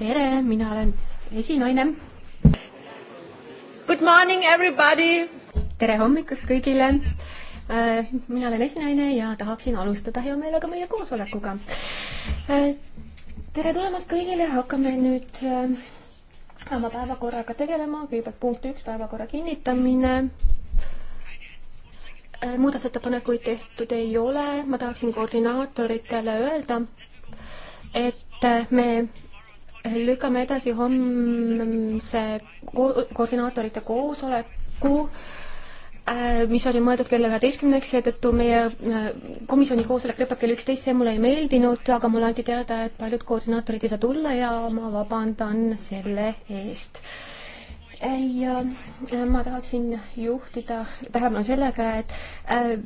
tere, mina olen esinaine. Good morning everybody! tere hommikust kõigile! Äh, mina olen esinaine ja tahaksin alustada hea meelega meie koosolekuga. Äh, tere tulemast kõigile, hakkame nüüd äh, oma päevakorraga tegelema, kõigepealt punkt üks, päevakorra kinnitamine. muudatusettepanekuid tehtud ei ole, ma tahaksin koordinaatoritele öelda, et me lükkame edasi homse ko koordinaatorite koosoleku, äh, mis oli mõeldud kella üheteistkümneks, seetõttu meie äh, komisjoni koosolek lõpeb kell üksteist, see mulle ei meeldinud, aga mulle anti teada, et paljud koordinaatorid ei saa tulla ja ma vabandan selle eest ja äh, ma tahaksin juhtida tähelepanu sellega, et äh,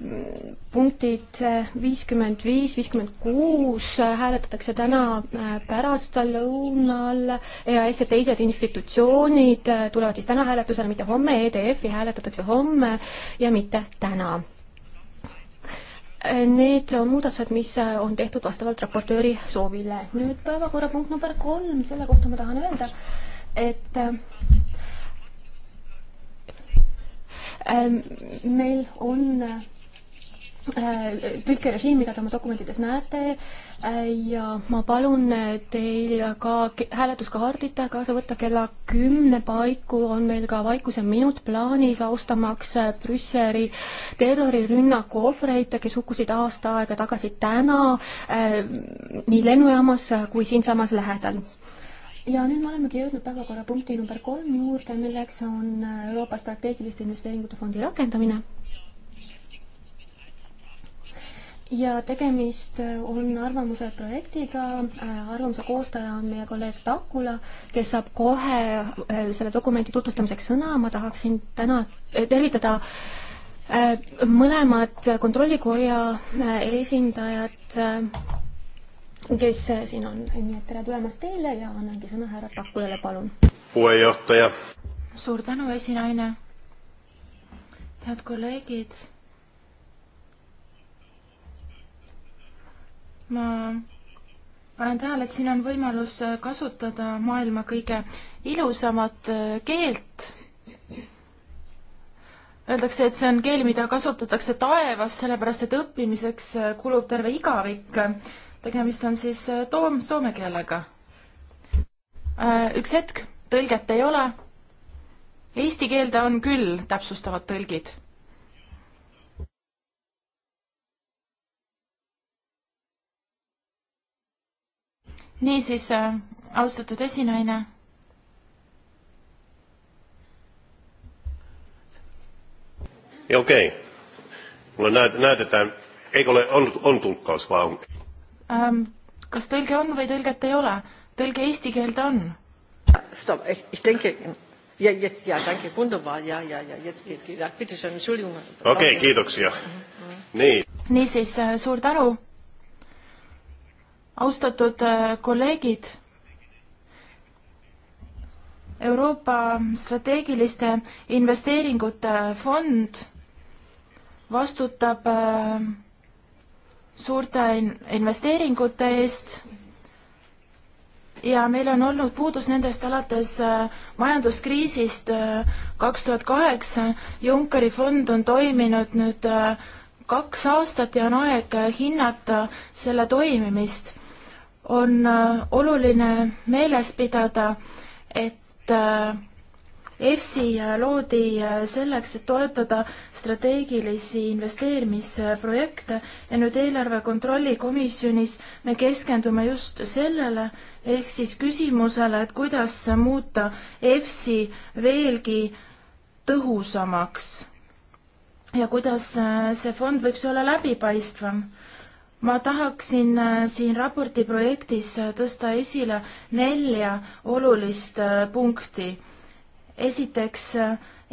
punktid äh, viiskümmend viis, viiskümmend kuus hääletatakse täna pärastlõunal, EAS ja teised institutsioonid tulevad siis täna hääletusele, mitte homme, EDF-i hääletatakse homme ja mitte täna. Need on muudatused, mis on tehtud vastavalt raportööri soovile. nüüd päevakorrapunkt number kolm, selle kohta ma tahan öelda, et Ähm, meil on äh, tõlkerežiim, mida te oma dokumentides näete äh, ja ma palun äh, teil ka hääletuskaardid kaasa võtta, kella kümne paiku on meil ka vaikuseminut plaanis, austamaks Brüsseli terrorirünnaku ohvreid, kes hukkusid aasta aega tagasi täna nii lennujaamas kui siinsamas lähedal ja nüüd me olemegi jõudnud päevakorrapunkti number kolm juurde, milleks on Euroopa strateegiliste investeeringute fondi rakendamine. ja tegemist on arvamuse projektiga, arvamuse koostaja on meie kolleeg Takula, kes saab kohe äh, selle dokumendi tutvustamiseks sõna, ma tahaksin täna äh, tervitada äh, mõlemad Kontrollikoja esindajad kes siin on, nii et tere tulemast teile ja annangi sõna härra Takujale, palun. puhejuhataja. suur tänu, esinaine. head kolleegid. ma panen tähele, et siin on võimalus kasutada maailma kõige ilusamat keelt Öeldakse, et see on keel, mida kasutatakse taevas, sellepärast et õppimiseks kulub terve igavik tegemist on siis äh, toom-, soome keelega. Äh, üks hetk, tõlget ei ole. Eesti keelde on küll täpsustavad tõlgid. niisiis, äh, austatud esinaine okei okay. mulle näytetään eikö ole on, on tulkkaus vai onko? ähm,. kas tõlge on või tõlget ei ole? tõlge eesti keelde on. Stop, ich denke, ja, jetzt, ja, danke, wunderbar, ja, ja, ja, jetzt geht's, ja, bitte schön, entschuldigung. okei okay,, kiitoksia mm. -hmm. nii. niisiis, äh, suur tänu. austatud äh, kolleegid. Euroopa strateegiliste investeeringute fond vastutab äh, suurte investeeringute eest ja meil on olnud puudus nendest alates äh, majanduskriisist äh, kaks tuhat kaheksa. Junckeri fond on toiminud nüüd äh, kaks aastat ja on aeg hinnata selle toimimist. on oluline meeles pidada, et EFSI äh, loodi äh, selleks, et toetada strateegilisi investeerimisprojekte ja nüüd eelarve kontrolli komisjonis me keskendume just sellele, ehk siis küsimusele, et kuidas muuta EFSI veelgi tõhusamaks ja kuidas äh, see fond võiks olla läbipaistvam ma tahaksin siin raporti projektis tõsta esile nelja olulist punkti esiteks,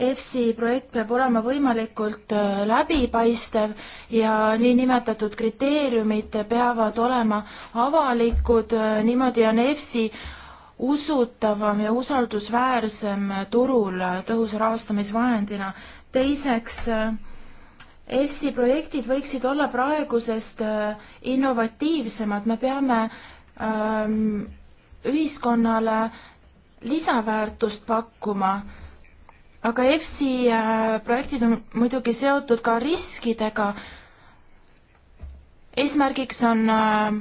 EFSI projekt peab olema võimalikult äh, läbipaistev ja niinimetatud kriteeriumid peavad olema avalikud, äh, niimoodi on EFSI usutavam ja usaldusväärsem turul tõhusa rahastamisvahendina. teiseks, äh, EFSI projektid võiksid olla praegusest innovatiivsemad, me peame ähm, ühiskonnale lisaväärtust pakkuma, aga EFSI äh, projektid on muidugi seotud ka riskidega. eesmärgiks on äh,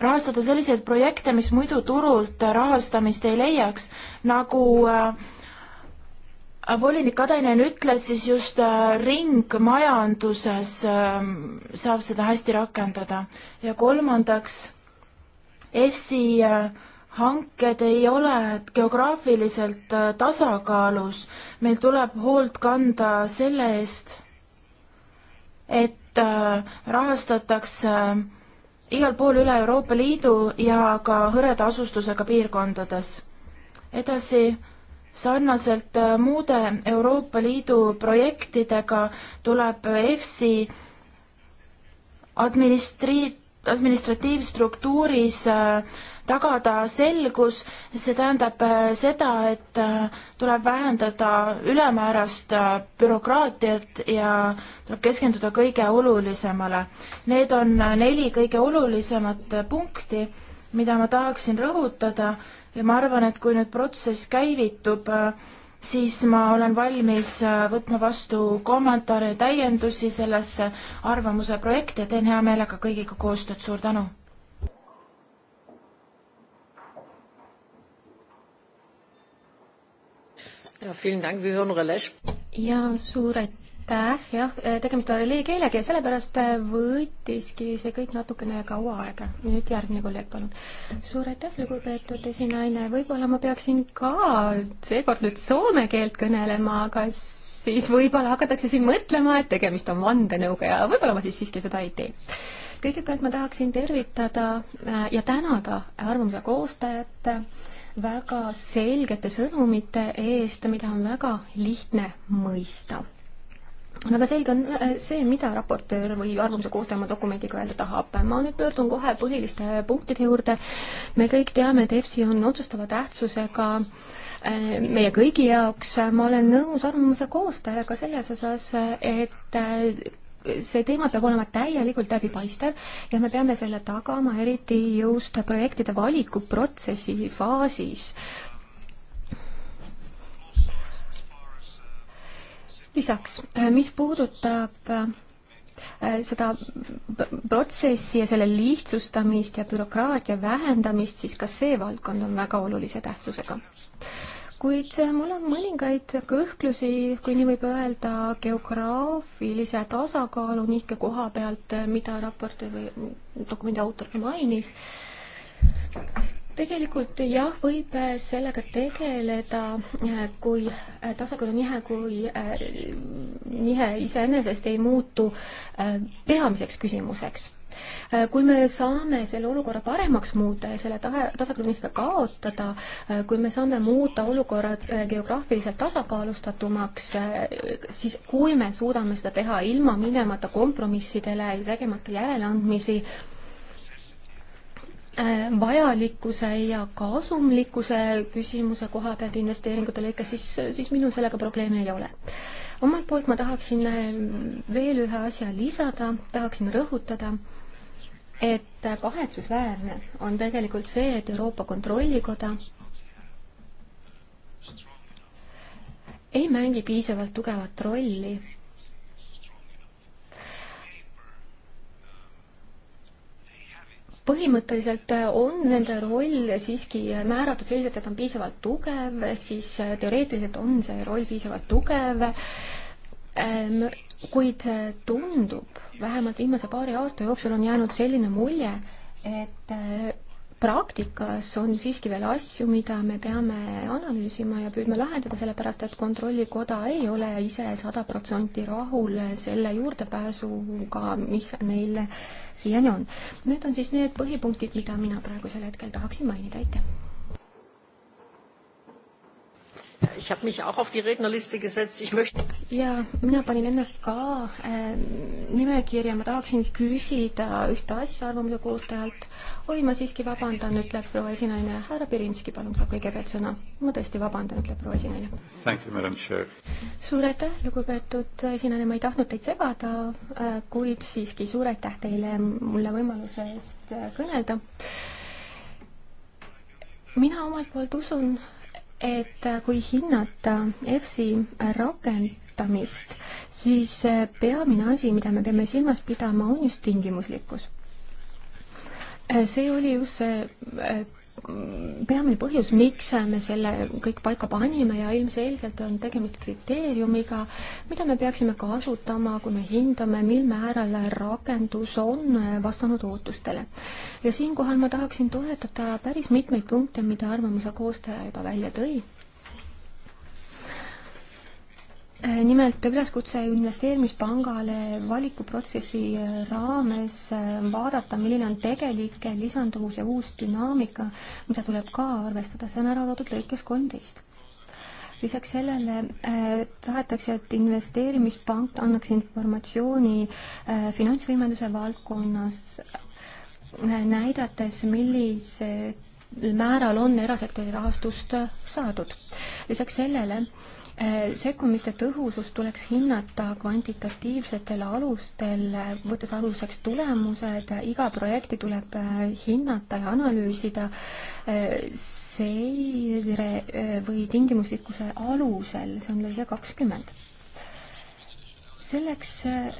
rahastada selliseid projekte, mis muidu turult äh, rahastamist ei leiaks, nagu volinik Kadanen ütles, siis just ringmajanduses ähm, saab seda hästi rakendada. ja kolmandaks, EFSI hanked ei ole geograafiliselt äh, tasakaalus. meil tuleb hoolt kanda selle eest, et äh, rahastatakse äh, igal pool üle Euroopa Liidu ja ka hõreda asustusega piirkondades. edasi, sarnaselt muude Euroopa Liidu projektidega tuleb EFSI administri-, administratiivstruktuuris äh, tagada selgus, see tähendab äh, seda, et äh, tuleb vähendada ülemäärast äh, bürokraatiat ja tuleb keskenduda kõige olulisemale. Need on neli kõige olulisemat punkti, mida ma tahaksin rõhutada ja ma arvan, et kui nüüd protsess käivitub, siis ma olen valmis võtma vastu kommentaare ja täiendusi sellesse arvamuse projekti ja teen hea meelega kõigiga koostööd, suur tänu! ja suur aitäh, jah, eh, tegemist on relee keelega ja sellepärast eh, võttiski see kõik natukene kaua aega. nüüd järgmine kolleeg, palun. suur aitäh, lugupeetud esinaine, võib-olla ma peaksin ka seekord nüüd soome keelt kõnelema, aga siis võib-olla hakatakse siin mõtlema, et tegemist on vandenõuga ja võib-olla ma siis siiski seda ei tee. kõigepealt ma tahaksin tervitada eh, ja tänada arvamuse koostajat väga selgete sõnumite eest, mida on väga lihtne mõista. väga selge on äh, see, mida raportöör või arvamuse koostaja oma dokumendiga öelda tahab. ma nüüd pöördun kohe põhiliste punktide juurde. me kõik teame, et EFSI on otsustava tähtsusega äh, meie kõigi jaoks, ma olen nõus arvamuse koostajaga selles osas, et äh, see teema peab olema täielikult läbipaistev ja me peame selle tagama eriti just projektide valikuprotsessi faasis. lisaks, äh, mis puudutab äh, seda protsessi ja selle lihtsustamist ja bürokraatia vähendamist, siis ka see valdkond on väga olulise tähtsusega kuid mul on mõningaid kõhklusi, kui nii võib öelda, geograafilise tasakaalu nihke koha pealt, mida raporti või dokumendi autor ka mainis. tegelikult jah, võib sellega tegeleda, eh, kui eh, tasakaalu nihe, kui eh, nihe iseenesest ei muutu peamiseks küsimuseks Äh, kui me saame selle olukorra paremaks muuta ja selle tahe, tasakaalunika kaotada, äh, kui me saame muuta olukorra äh, geograafiliselt tasakaalustatumaks, siis kui me suudame seda teha ilma minemata kompromissidele, tegemata järeleandmisi, vajalikkuse ja kasumlikkuse küsimuse koha pealt investeeringute lõikes, siis, siis minul sellega probleemi ei ole omalt poolt ma tahaksin veel ühe asja lisada, tahaksin rõhutada, et kahetsusväärne on tegelikult see, et Euroopa Kontrollikoda ei mängi piisavalt tugevat rolli põhimõtteliselt on nende roll siiski määratud selliselt, et on piisavalt tugev, ehk siis teoreetiliselt on see roll piisavalt tugev. Ehm, kuid äh, tundub, vähemalt viimase paari aasta jooksul on jäänud selline mulje, et äh, praktikas on siiski veel asju, mida me peame analüüsima ja püüdma lahendada, sellepärast et Kontrollikoda ei ole ise sada protsenti rahul selle juurdepääsuga, mis neil siiani on. Need on siis need põhipunktid, mida mina praegusel hetkel tahaksin mainida, aitäh! Ich habe mich auch auf die Rednerliste gesetzt. Ich möchte ja, mina panin ennast ka äh, nimekirja, ma tahaksin küsida ühte asja arvamuse koostajalt. oi, ma siiski vabandan, ütleb proua esinaine. härra Pirinski, palun, saab kõigepealt sõna. ma tõesti vabandan, ütleb proua esinaine. suur aitäh, lugupeetud esinaine, ma ei tahtnud teid segada äh,, kuid siiski suur aitäh teile mulle võimaluse eest äh, kõnelda mina omalt poolt usun, et kui hinnata EFSI rakendamist, siis peamine asi, mida me peame silmas pidama, on just tingimuslikkus. see oli just see peamine põhjus, miks me selle kõik paika panime ja ilmselgelt on tegemist kriteeriumiga, mida me peaksime kasutama, kui me hindame, mil määral rakendus on vastanud ootustele. ja siinkohal ma tahaksin toetada päris mitmeid punkte, mida arvamuse koostaja juba välja tõi nimelt üleskutse investeerimispangale valikuprotsessi raames äh, vaadata, milline on tegelik lisanduvus ja uus dünaamika, mida tuleb ka arvestada, see on ära toodud lõikes kolmteist. lisaks sellele eh, tahetakse, et investeerimispank annaks informatsiooni eh, finantsvõimenduse valdkonnas eh,, näidates, millise määral on erasektori rahastust saadud. lisaks sellele eh, Äh, sekkumiste tõhusust tuleks hinnata kvantitatiivsetel alustel, võttes aluseks tulemused, iga projekti tuleb äh, hinnata ja analüüsida äh, seire või tingimuslikkuse alusel, see on lõige kakskümmend selleks,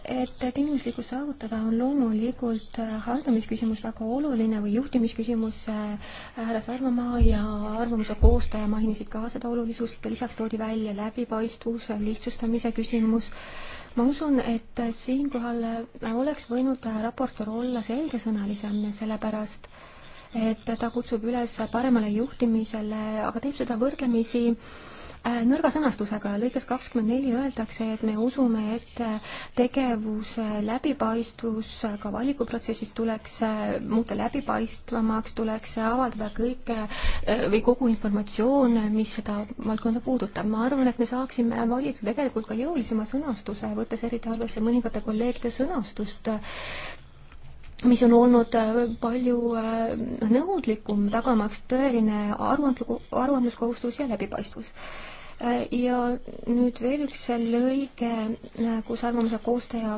et tingimuslikkus saavutada, on loomulikult äh, haldamisküsimus väga oluline või juhtimisküsimus äh, härra Sarvamaa ja arvamuse koostaja mainisid ka seda olulisust, lisaks toodi välja läbipaistvus, lihtsustamise küsimus. ma usun, et siinkohal äh, oleks võinud raportöör olla selgesõnalisem, sellepärast et ta kutsub üles paremale juhtimisele, aga teeb seda võrdlemisi äh, Äh, nõrga sõnastusega. lõikes kakskümmend neli öeldakse, et me usume, et äh, tegevuse läbipaistvus ka valikuprotsessis tuleks äh, muuta läbipaistvamaks, tuleks avaldada kõik või kogu informatsioon, mis seda valdkonda puudutab. ma arvan, et me saaksime valida tegelikult ka jõulisema sõnastuse, võttes eriti arvesse mõningate kolleegide sõnastust, mis on olnud palju nõudlikum, tagamaks tõeline aruandlu, aruandluskohustus ja läbipaistvus ja nüüd veel üks lõige, kus arvamuse koostaja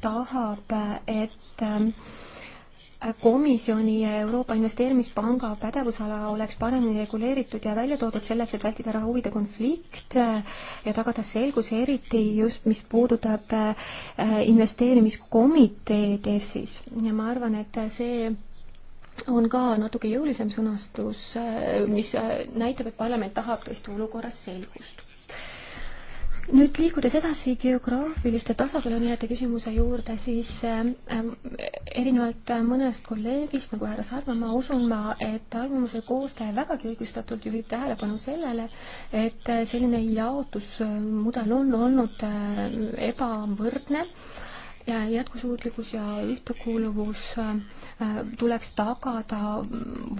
tahab, et äh, komisjoni ja Euroopa Investeerimispanga pädevusala oleks paremini reguleeritud ja välja toodud selleks, et vältida raha huvide konflikt äh, ja tagada selgus, eriti just, mis puudutab äh, investeerimiskomiteed EFSis ja ma arvan, et see on ka natuke jõulisem sõnastus, äh, mis äh, näitab, et parlament tahab tõesti olukorras selgust. nüüd liikudes edasi geograafiliste tasakaalunihete küsimuse juurde, siis äh, erinevalt mõnest kolleegist, nagu härra Sarvemaa, usun ma, et arvamuse koostaja vägagi õigustatult juhib tähelepanu sellele, et selline jaotusmudel on olnud ebavõrdne jätkusuutlikkus ja ühtekuuluvus äh, tuleks tagada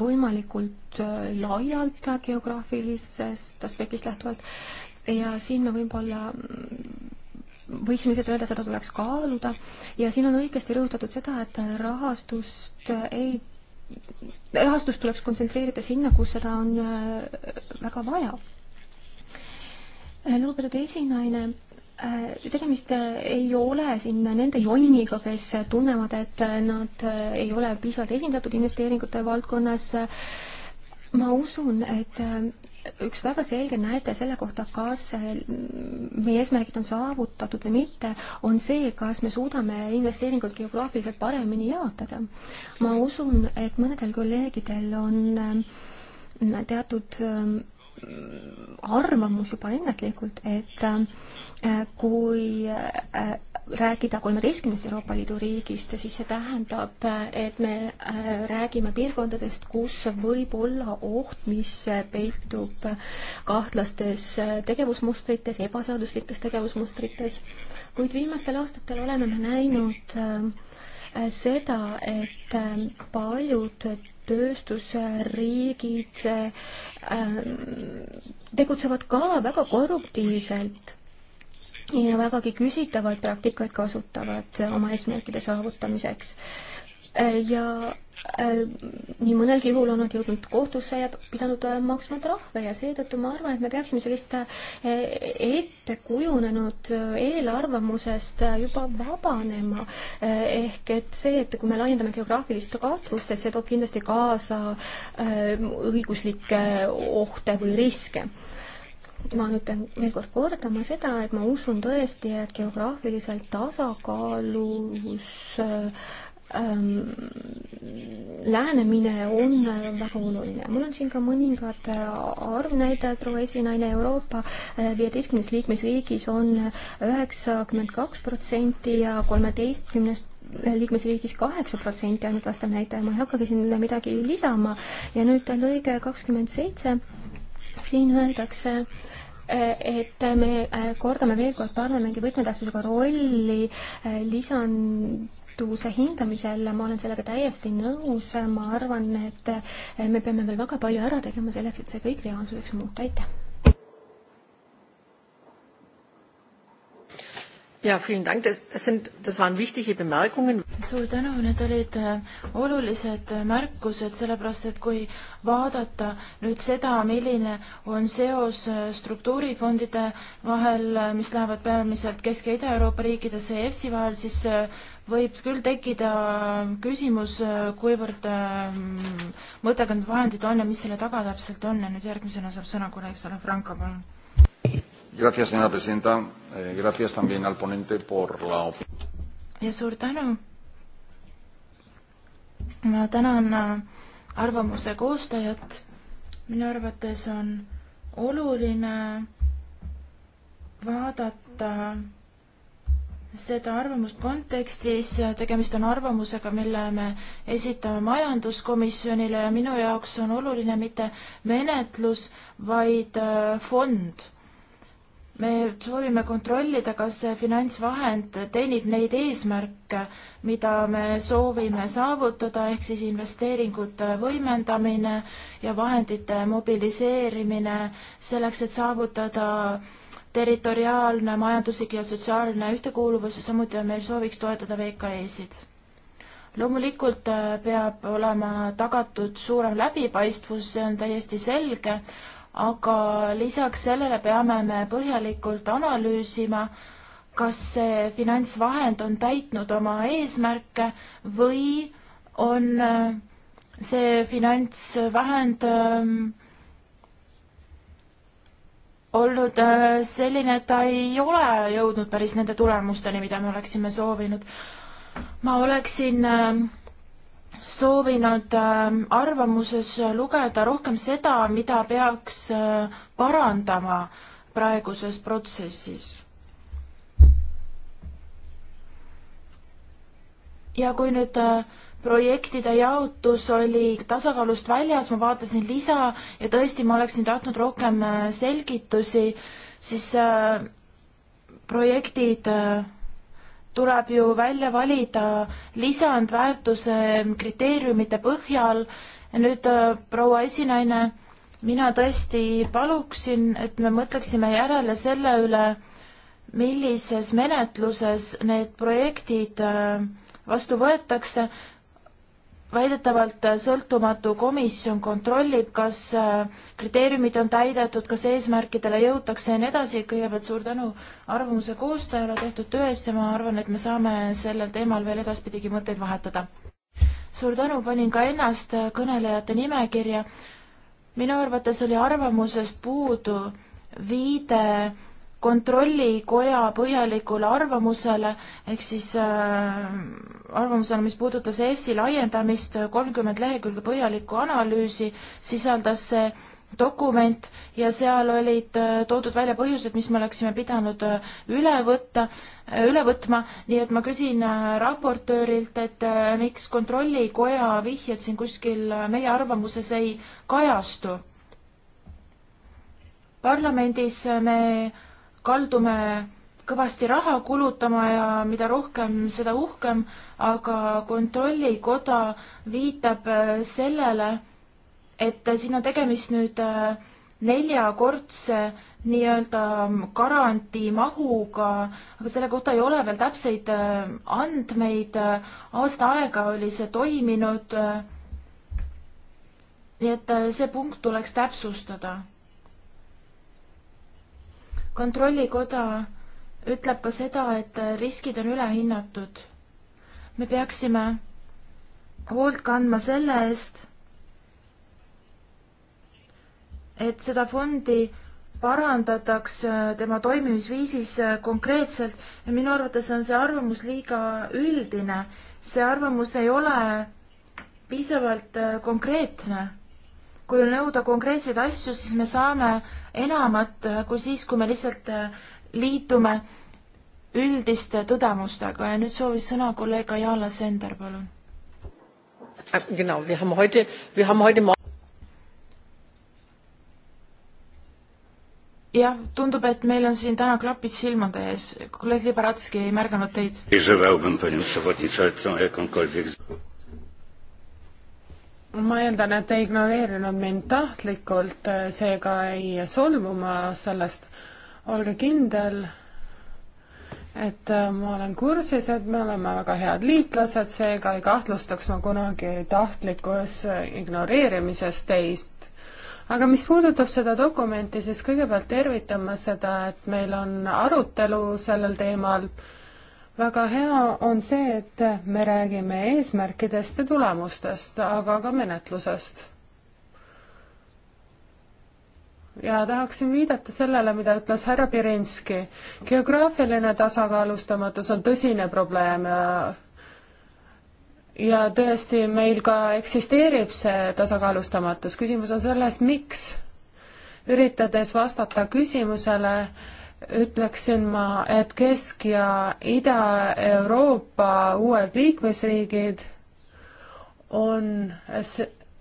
võimalikult äh, laialt geograafilisest aspektist lähtuvalt ja siin me võib-olla mm, võiksime lihtsalt öelda, seda tuleks kaaluda ja siin on õigesti rõhutatud seda, et rahastust ei, rahastust tuleks kontsentreerida sinna, kus seda on äh, väga vaja. lugupeetud esinaine Äh, tegemist äh, ei ole siin nende jonniga, kes tunnevad, et äh, nad ei ole piisavalt esindatud investeeringute valdkonnas. ma usun, et üks väga selge näide selle kohta, kas meie eesmärgid on saavutatud või mitte, on see, kas me suudame investeeringud geograafiliselt paremini jaotada. ma usun, et mõnedel kolleegidel on teatud ähm, arvamus juba ennatlikult, et äh, kui äh, rääkida kolmeteistkümnest Euroopa Liidu riigist, siis see tähendab, et me äh, räägime piirkondadest, kus võib olla oht, mis peitub kahtlastes tegevusmustrites, ebaseaduslikes tegevusmustrites, kuid viimastel aastatel oleme me näinud seda, et paljud tööstusriigid ähm, tegutsevad ka väga korruptiivselt ja vägagi küsitavaid praktikaid kasutavad oma eesmärkide saavutamiseks. ja Äh, nii mõnelgi juhul on nad jõudnud kohtusse ja pidanud äh, maksma trahve ja seetõttu ma arvan, et me peaksime sellist äh, ettekujunenud eelarvamusest juba vabanema. ehk et see, et kui me laiendame geograafilist kahtlust, et see toob kindlasti kaasa õiguslikke ohte või riske ma nüüd pean veel kord kordama seda, et ma usun tõesti, et geograafiliselt tasakaalus äh, Ähm, lähenemine on väga oluline. mul on siin ka mõningad äh, arvnäitajad, proua esinaine, Euroopa äh, viieteistkümnes liikmesriigis on üheksakümmend kaks protsenti ja kolmeteistkümnes liikmesriigis kaheksa protsenti ainult vastav näitaja, ma ei hakkagi siin midagi lisama. ja nüüd lõige kakskümmend seitse, siin öeldakse, et me äh, kordame veel kord parlamendi võtmetähtsusega rolli äh, lisanduse hindamisel, ma olen sellega täiesti nõus, ma arvan, et äh, me peame veel väga palju ära tegema selleks, et see kõik reaalsuseks muuta, aitäh! ja, vielen Dank, das, das sind, das waren wichtige Bemerkungen. suur tänu, need olid äh, olulised äh, märkused, sellepärast et kui vaadata nüüd seda, milline on seos äh, struktuurifondide vahel, mis lähevad peamiselt Kesk- ja Ida-Euroopa riikidesse ja EFSI vahel, siis võib küll tekkida küsimus, kuivõrd mõttekond vahendid on ja mis selle taga täpselt on ja nüüd järgmisena saab sõna kolleeg Sala Franco, palun Gracias, señora presidenta. Eh, gracias también al ponente por la opinión. ja suur tänu. ma tänan äh, arvamuse koostajat. minu arvates on oluline vaadata seda arvamust kontekstis, tegemist on arvamusega, mille me esitame majanduskomisjonile ja minu jaoks on oluline mitte menetlus, vaid äh, fond me soovime kontrollida, kas see finantsvahend teenib neid eesmärke, mida me soovime saavutada, ehk siis investeeringute võimendamine ja vahendite mobiliseerimine selleks, et saavutada territoriaalne, majanduslik ja sotsiaalne ühtekuuluvus ja samuti on meil sooviks toetada VKE-sid loomulikult äh, peab olema tagatud suurem läbipaistvus, see on täiesti selge, aga lisaks sellele peame me põhjalikult analüüsima, kas see finantsvahend on täitnud oma eesmärke või on äh, see finantsvahend ähm, olnud äh, selline, et ta ei ole jõudnud päris nende tulemusteni, mida me oleksime soovinud. ma oleksin ähm, soovinud ähm, arvamuses lugeda rohkem seda, mida peaks äh, parandama praeguses protsessis. ja kui nüüd äh, projektide jaotus oli tasakaalust väljas, ma vaatasin lisa ja tõesti, ma oleksin tahtnud rohkem äh, selgitusi, siis projektid äh, tuleb ju välja valida lisandväärtuse kriteeriumite põhjal. nüüd äh, proua esinaine, mina tõesti paluksin, et me mõtleksime järele selle üle, millises menetluses need projektid äh, vastu võetakse, väidetavalt äh, sõltumatu komisjon kontrollib, kas äh, kriteeriumid on täidetud, kas eesmärkidele jõutakse ja nii edasi. kõigepealt suur tänu arvamuse koostajale tehtud töö eest ja ma arvan, et me saame sellel teemal veel edaspidigi mõtteid vahetada. suur tänu, panin ka ennast äh, kõnelejate nimekirja. minu arvates oli arvamusest puudu viide kontrollikoja põhjalikule arvamusele ehk siis äh, arvamusele, mis puudutas EFSi laiendamist, kolmkümmend lehekülge põhjalikku analüüsi sisaldas see dokument ja seal olid äh, toodud välja põhjused, mis me oleksime pidanud äh, üle võtta äh,, üle võtma, nii et ma küsin äh, raportöörilt, et äh, miks kontrollikoja vihjed siin kuskil äh, meie arvamuses ei kajastu. parlamendis me äh, kaldume kõvasti raha kulutama ja mida rohkem, seda uhkem, aga Kontrollikoda viitab äh, sellele, et äh, siin on tegemist nüüd äh, neljakordse nii-öelda mm, garantiimahuga, aga selle kohta ei ole veel täpseid andmeid, aasta aega oli see toiminud, nii et see punkt tuleks täpsustada kontrollikoda ütleb ka seda, et riskid on ülehinnatud. me peaksime hoolt kandma selle eest, et seda fondi parandataks tema toimimisviisis konkreetselt ja minu arvates on see arvamus liiga üldine. see arvamus ei ole piisavalt konkreetne kui nõuda konkreetseid asju, siis me saame enamat kui siis, kui me lihtsalt äh, liitume üldiste tõdemustega ja nüüd soovis sõna kolleeg Ayala Sender, palun. Äh, genau, wir haben heute, wir haben heute jah, tundub, et meil on siin täna klapid silmade ees. kolleeg Liberatski ei märganud teid ma eeldan, et ei ignoreerinud mind tahtlikult, seega ei solvu ma sellest. olge kindel, et ma olen kursis, et me oleme väga head liitlased, seega ei kahtlustaks ma kunagi tahtlikus ignoreerimises teist. aga mis puudutab seda dokumenti, siis kõigepealt tervitan ma seda, et meil on arutelu sellel teemal väga hea on see, et me räägime eesmärkidest ja tulemustest, aga ka menetlusest. ja tahaksin viidata sellele, mida ütles härra Pirinski. geograafiline tasakaalustamatus on tõsine probleem ja ja tõesti, meil ka eksisteerib see tasakaalustamatus. küsimus on selles, miks, üritades vastata küsimusele, ütleksin ma, et Kesk- ja Ida-Euroopa uued liikmesriigid on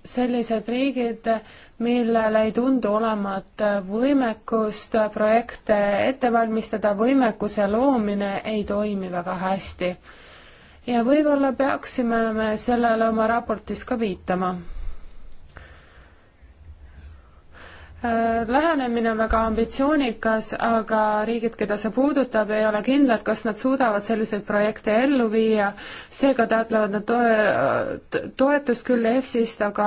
sellised riigid, millel ei tundu olevat võimekust projekte ette valmistada, võimekuse loomine ei toimi väga hästi. ja võib-olla peaksime me sellele oma raportis ka viitama Äh, lähenemine on väga ambitsioonikas, aga riigid, keda see puudutab, ei ole kindlad, kas nad suudavad selliseid projekte ellu viia, seega taotlevad nad toe-, toetust küll EFSist, aga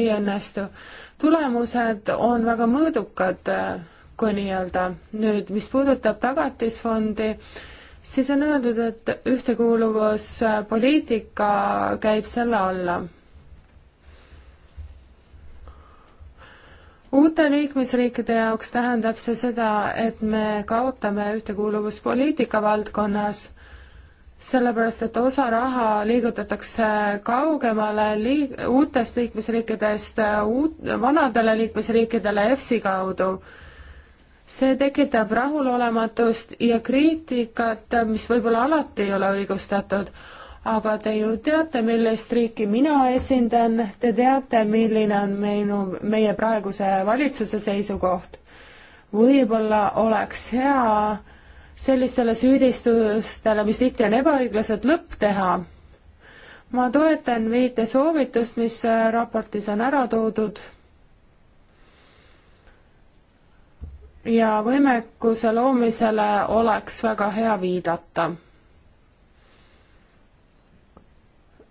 ei õnnestu. tulemused on väga mõõdukad, kui nii-öelda. nüüd, mis puudutab tagatisfondi, siis on öeldud, et ühtekuuluvuspoliitika käib selle alla uute liikmesriikide jaoks tähendab see seda, et me kaotame ühtekuuluvuspoliitika valdkonnas, sellepärast et osa raha liigutatakse kaugemale liik-, uutest liikmesriikidest uut-, vanadele liikmesriikidele EFSI kaudu see tekitab rahulolematust ja kriitikat, mis võib-olla alati ei ole õigustatud, aga te ju teate, millist riiki mina esindan, te teate, milline on meinu, meie praeguse valitsuse seisukoht. võib-olla oleks hea sellistele süüdistustele, mis tihti on ebaõiglased, lõpp teha. ma toetan viite soovitust, mis raportis on ära toodud. ja võimekuse loomisele oleks väga hea viidata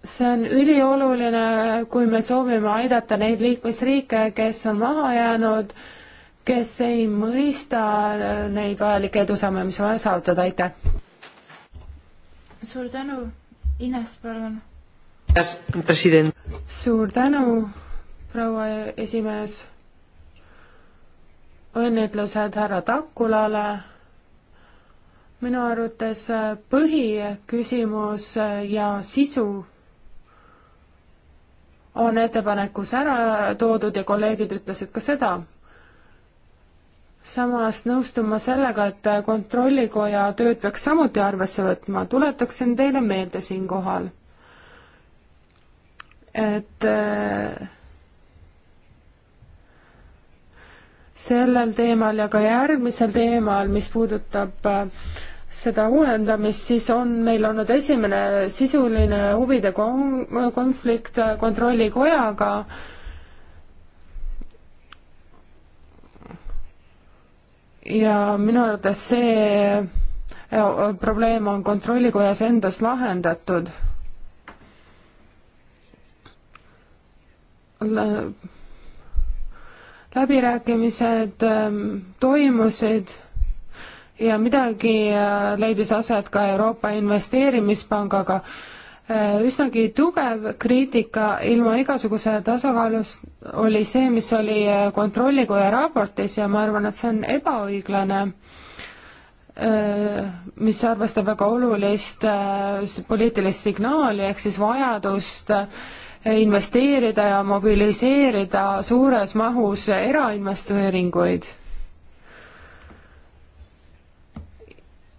see on ülioluline, kui me soovime aidata neid liikmesriike, kes on maha jäänud, kes ei mõista neid vajalikke edusamme, mis on vaja saavutada, aitäh! suur tänu, Ines, palun! suur tänu, proua esimees! õnnitlused härra Takulale minu arvates põhiküsimus ja sisu on ettepanekus ära toodud ja kolleegid ütlesid ka seda. samas nõustun ma sellega, et Kontrollikoja tööd peaks samuti arvesse võtma, tuletaksin teile meelde siinkohal, et äh, sellel teemal ja ka järgmisel teemal, mis puudutab äh, seda uuendamist, siis on meil olnud esimene sisuline huvide kon-, konflikt Kontrollikojaga, ja minu arvates see äh, probleem on Kontrollikojas endas lahendatud läbirääkimised ähm, toimusid ja midagi äh, leidis aset ka Euroopa Investeerimispangaga. Äh, üsnagi tugev kriitika ilma igasuguse tasakaalus oli see, mis oli äh, Kontrollikoja raportis ja ma arvan, et see on ebaõiglane, mis arvestab väga olulist poliitilist signaali ehk siis vajadust investeerida ja mobiliseerida suures mahus erainvesteeringuid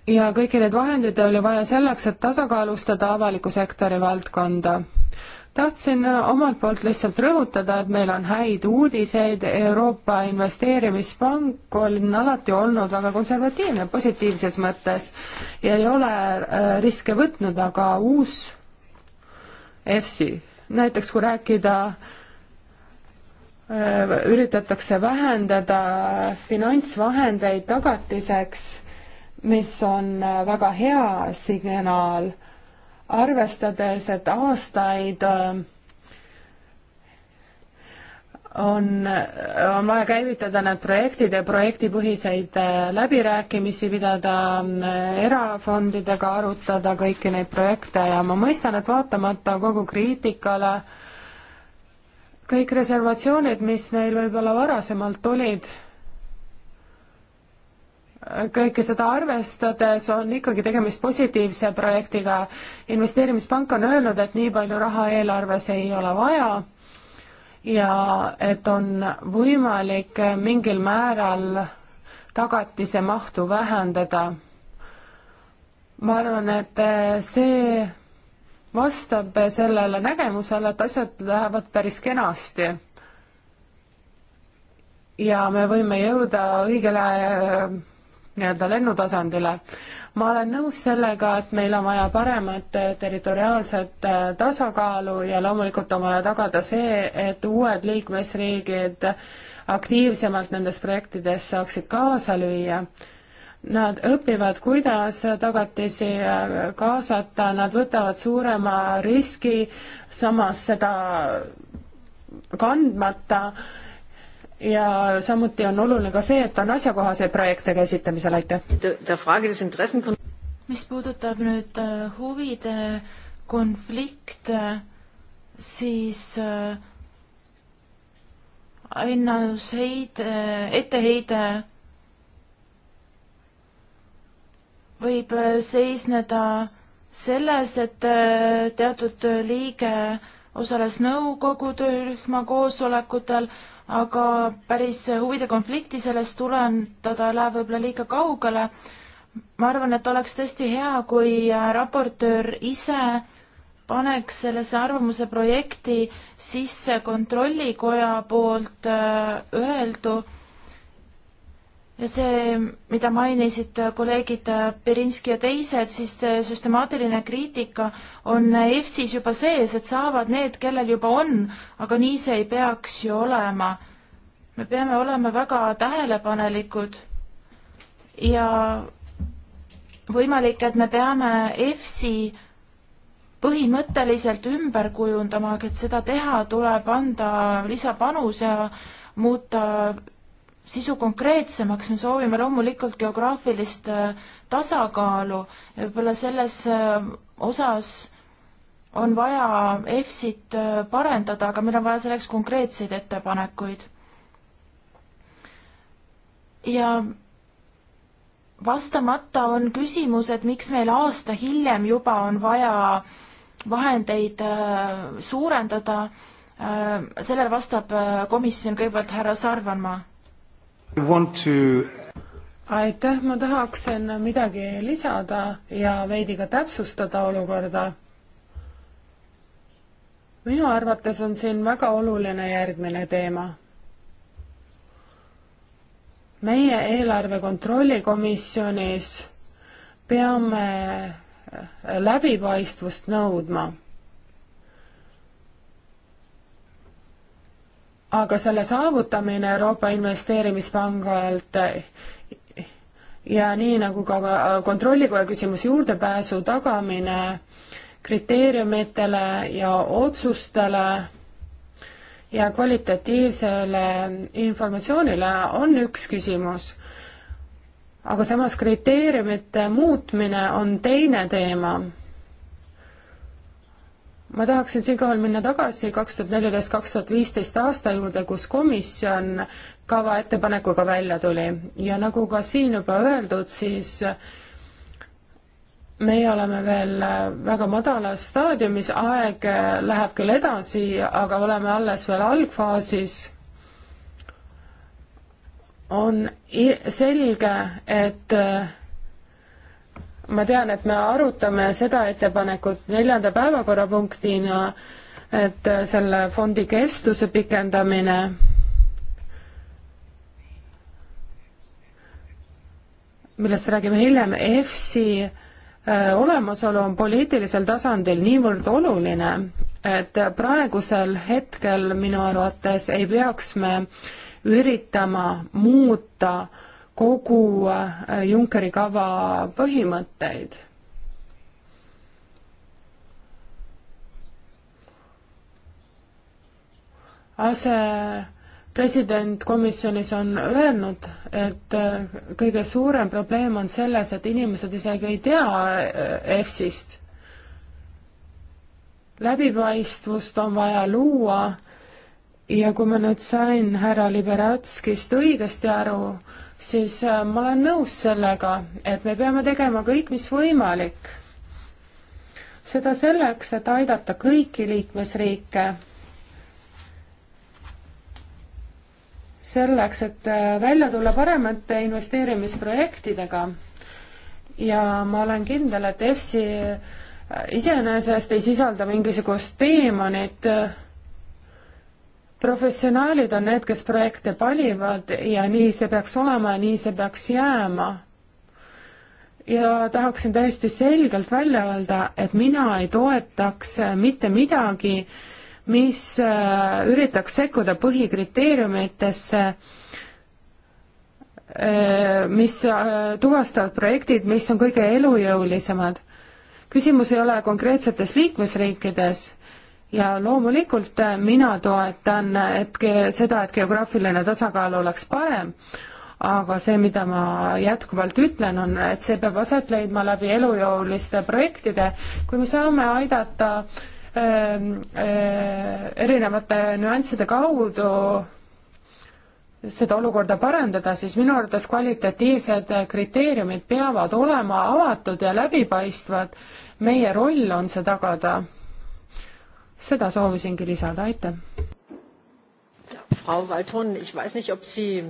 ja kõiki neid vahendeid oli vaja selleks, et tasakaalustada avaliku sektori valdkonda. tahtsin omalt poolt lihtsalt rõhutada, et meil on häid uudiseid, Euroopa Investeerimispank on alati olnud väga konservatiivne positiivses mõttes ja ei ole äh, riske võtnud, aga uus EFSI, näiteks kui rääkida äh, üritatakse vähendada finantsvahendeid tagatiseks mis on äh, väga hea signaal, arvestades, et aastaid äh, on, äh, on vaja käivitada need projektid ja projektipõhiseid läbirääkimisi pidada, erafondidega arutada kõiki neid projekte ja ma mõistan, et vaatamata kogu kriitikale, kõik reservatsioonid, mis meil võib-olla varasemalt olid, kõike seda arvestades on ikkagi tegemist positiivse projektiga. investeerimispank on öelnud, et nii palju raha eelarves ei ole vaja ja et on võimalik mingil määral tagatise mahtu vähendada. ma arvan, et see vastab sellele nägemusele, et asjad lähevad päris kenasti ja me võime jõuda õigele nii-öelda lennutasandile. ma olen nõus sellega, et meil on vaja paremat eh, territoriaalset eh, tasakaalu ja loomulikult on vaja tagada see, et uued liikmesriigid aktiivsemalt nendes projektides saaksid kaasa lüüa nad õpivad, kuidas tagatisi eh, kaasata, nad võtavad suurema riski, samas seda kandmata ja samuti on oluline ka see, et on asjakohaseid projekte käsitlemisel, aitäh! mis puudutab nüüd äh, huvide konflikte, äh, siis ainus äh, heide, etteheide võib seisneda selles, et teatud liige osales nõukogu töörühma koosolekutel, aga päris huvide konflikti sellest tulendada läheb võib-olla liiga kaugele. ma arvan, et oleks tõesti hea, kui äh, raportöör ise paneks sellesse arvamuse projekti sisse Kontrollikoja poolt äh, öeldu äh, ja see, mida mainisid kolleegid Berinski ja teised, siis see süstemaatiline kriitika on EFSis juba sees, et saavad need, kellel juba on, aga nii see ei peaks ju olema. me peame olema väga tähelepanelikud ja võimalik, et me peame EFSi põhimõtteliselt ümber kujundama, aga et seda teha, tuleb anda lisapanus ja muuta sisu konkreetsemaks, me soovime loomulikult geograafilist äh, tasakaalu ja võib-olla selles äh, osas on vaja EFSit äh, parendada, aga meil on vaja selleks konkreetseid ettepanekuid. ja vastamata on küsimus, et miks meil aasta hiljem juba on vaja vahendeid suurendada, sellele vastab komisjon kõigepealt härra Sarvanmaa aitäh, ma tahaksin midagi lisada ja veidi ka täpsustada olukorda. minu arvates on siin väga oluline järgmine teema meie eelarve kontrollikomisjonis peame läbipaistvust nõudma aga selle saavutamine Euroopa Investeerimispangalt ja nii nagu ka kontrollikoja küsimus, juurdepääsu tagamine kriteeriumitele ja otsustele ja kvalitatiivsele informatsioonile on üks küsimus. aga samas kriteeriumite muutmine on teine teema ma tahaksin siinkohal minna tagasi kaks tuhat neliteist, kaks tuhat viisteist aasta juurde, kus komisjon kava ettepanekuga välja tuli ja nagu ka siin juba öeldud, siis meie oleme veel väga madalas staadiumis, aeg läheb küll edasi, aga oleme alles veel algfaasis. on selge, et ma tean, et me arutame seda ettepanekut neljanda päevakorrapunktina, et selle fondi kestuse pikendamine millest räägime hiljem, EFSi äh, olemasolu on poliitilisel tasandil niivõrd oluline, et praegusel hetkel minu arvates ei peaks me üritama muuta äh, kogu äh, Junckeri kava põhimõtteid. asepresident komisjonis on öelnud, et äh, kõige suurem probleem on selles, et inimesed isegi ei tea EFSist. Äh, läbipaistvust on vaja luua ja kui ma nüüd sain härra Liberatskist õigesti aru, siis äh, ma olen nõus sellega, et me peame tegema kõik, mis võimalik. seda selleks, et aidata kõiki liikmesriike. selleks, et äh, välja tulla paremate investeerimisprojektidega. ja ma olen kindel, et EFSI äh, iseenesest ei sisalda mingisugust teemonit professionaalid on need, kes projekte valivad ja nii see peaks olema ja nii see peaks jääma. ja tahaksin täiesti selgelt välja öelda, et mina ei toetaks mitte midagi, mis äh, üritaks sekkuda põhikriteeriumitesse, äh, mis äh, tuvastavad projektid, mis on kõige elujõulisemad. küsimus ei ole konkreetsetes liikmesriikides ja loomulikult äh, mina toetan, et seda, et geograafiline tasakaal oleks parem, aga see, mida ma jätkuvalt ütlen, on, et see peab aset leidma läbi elujõuliste projektide, kui me saame aidata äh, äh, erinevate nüansside kaudu seda olukorda parandada, siis minu arvates kvalitatiivsed kriteeriumid peavad olema avatud ja läbipaistvad. meie roll on see tagada seda soovisingi lisada, aitäh. Frau Waldhorn, ich weiß nicht, ob Sie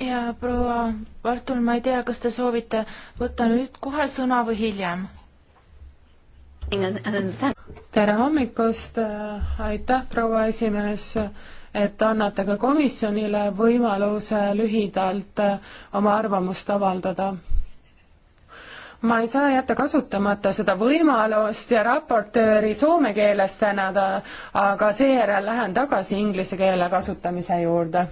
ja proua Vartul, ma ei tea, kas te soovite võtta nüüd kohe sõna või hiljem? tere hommikust, aitäh, proua esimees, et annate ka komisjonile võimaluse lühidalt oma arvamust avaldada ma ei saa jätta kasutamata seda võimalust ja raportööri soome keeles tänada, aga seejärel lähen tagasi inglise keele kasutamise juurde.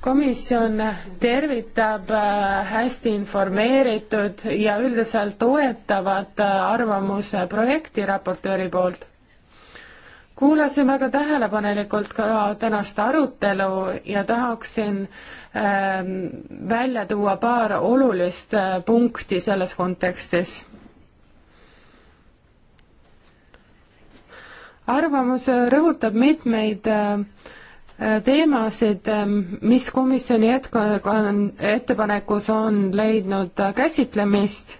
komisjon tervitab äh, hästi informeeritud ja üldiselt toetavat äh, arvamuse projekti raportööri poolt kuulasin väga tähelepanelikult ka tänast arutelu ja tahaksin ähm, välja tuua paar olulist äh, punkti selles kontekstis. arvamus äh, rõhutab mitmeid äh, teemasid, ähm, mis komisjoni ettepanekus on leidnud käsitlemist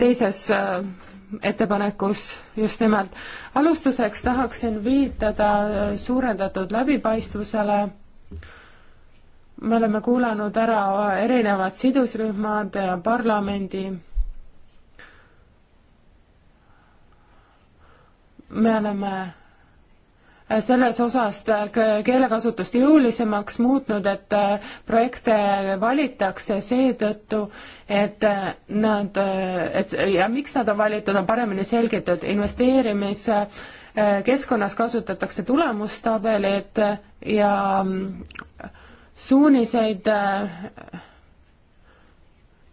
teises ettepanekus just nimelt. alustuseks tahaksin viitada suurendatud läbipaistvusele, me oleme kuulanud ära erinevad sidusrühmad ja parlamendi me oleme selles osas keelekasutust jõulisemaks muutnud, et äh, projekte valitakse seetõttu, et äh, nad, äh, et ja miks nad on valitud, on paremini selgitud, investeerimiskeskkonnas kasutatakse tulemustabeleid ja mm, suuniseid,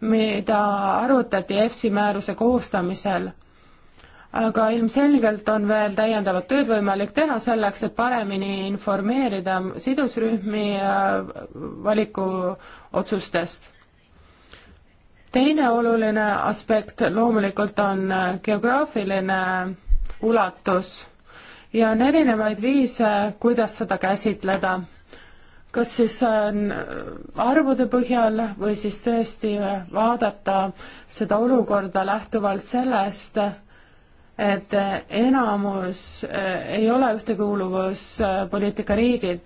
mida arutati EFSI määruse koostamisel aga ilmselgelt on veel täiendavat tööd võimalik teha selleks, et paremini informeerida sidusrühmi valikuotsustest. teine oluline aspekt loomulikult on geograafiline ulatus ja on erinevaid viise, kuidas seda käsitleda. kas siis on arvude põhjal või siis tõesti vaadata seda olukorda lähtuvalt sellest, et enamus eh, ei ole ühtekuuluvuspoliitika riigid,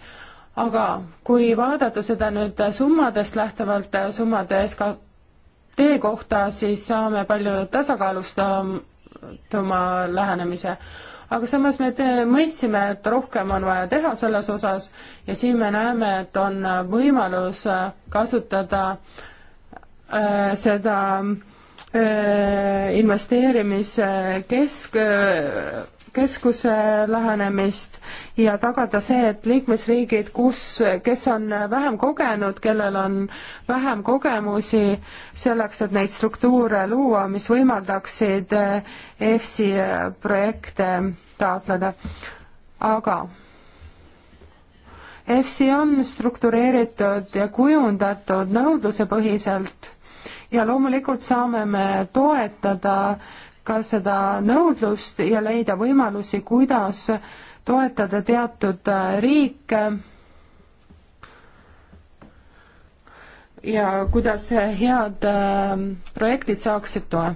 aga kui vaadata seda nüüd summadest lähtuvalt, summade SKT kohta, siis saame palju tasakaalustatuma lähenemise. aga samas me mõistsime, et rohkem on vaja teha selles osas ja siin me näeme, et on võimalus kasutada äh, seda äh, Äh, investeerimiskesk, keskuse lähenemist ja tagada see, et liikmesriigid, kus, kes on vähem kogenud, kellel on vähem kogemusi, selleks, et neid struktuure luua, mis võimaldaksid äh, EFSI äh, projekte taotleda. aga EFSI on struktureeritud ja kujundatud nõudlusepõhiselt ja loomulikult saame me toetada ka seda nõudlust ja leida võimalusi, kuidas toetada teatud äh, riike ja kuidas head äh, projektid saaksid toe.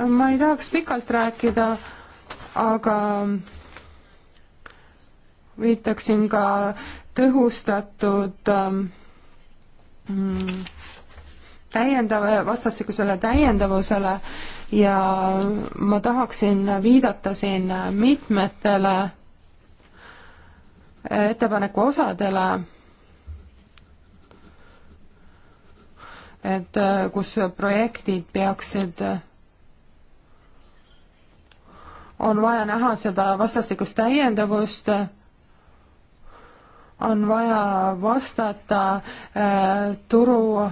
ma ei tahaks pikalt rääkida, aga viitaksin ka tõhustatud ähm, täiendav, vastastikusele täiendavusele ja ma tahaksin viidata siin mitmetele ettepaneku osadele, et kus projektid peaksid, on vaja näha seda vastastikust täiendavust on vaja vastata äh, turu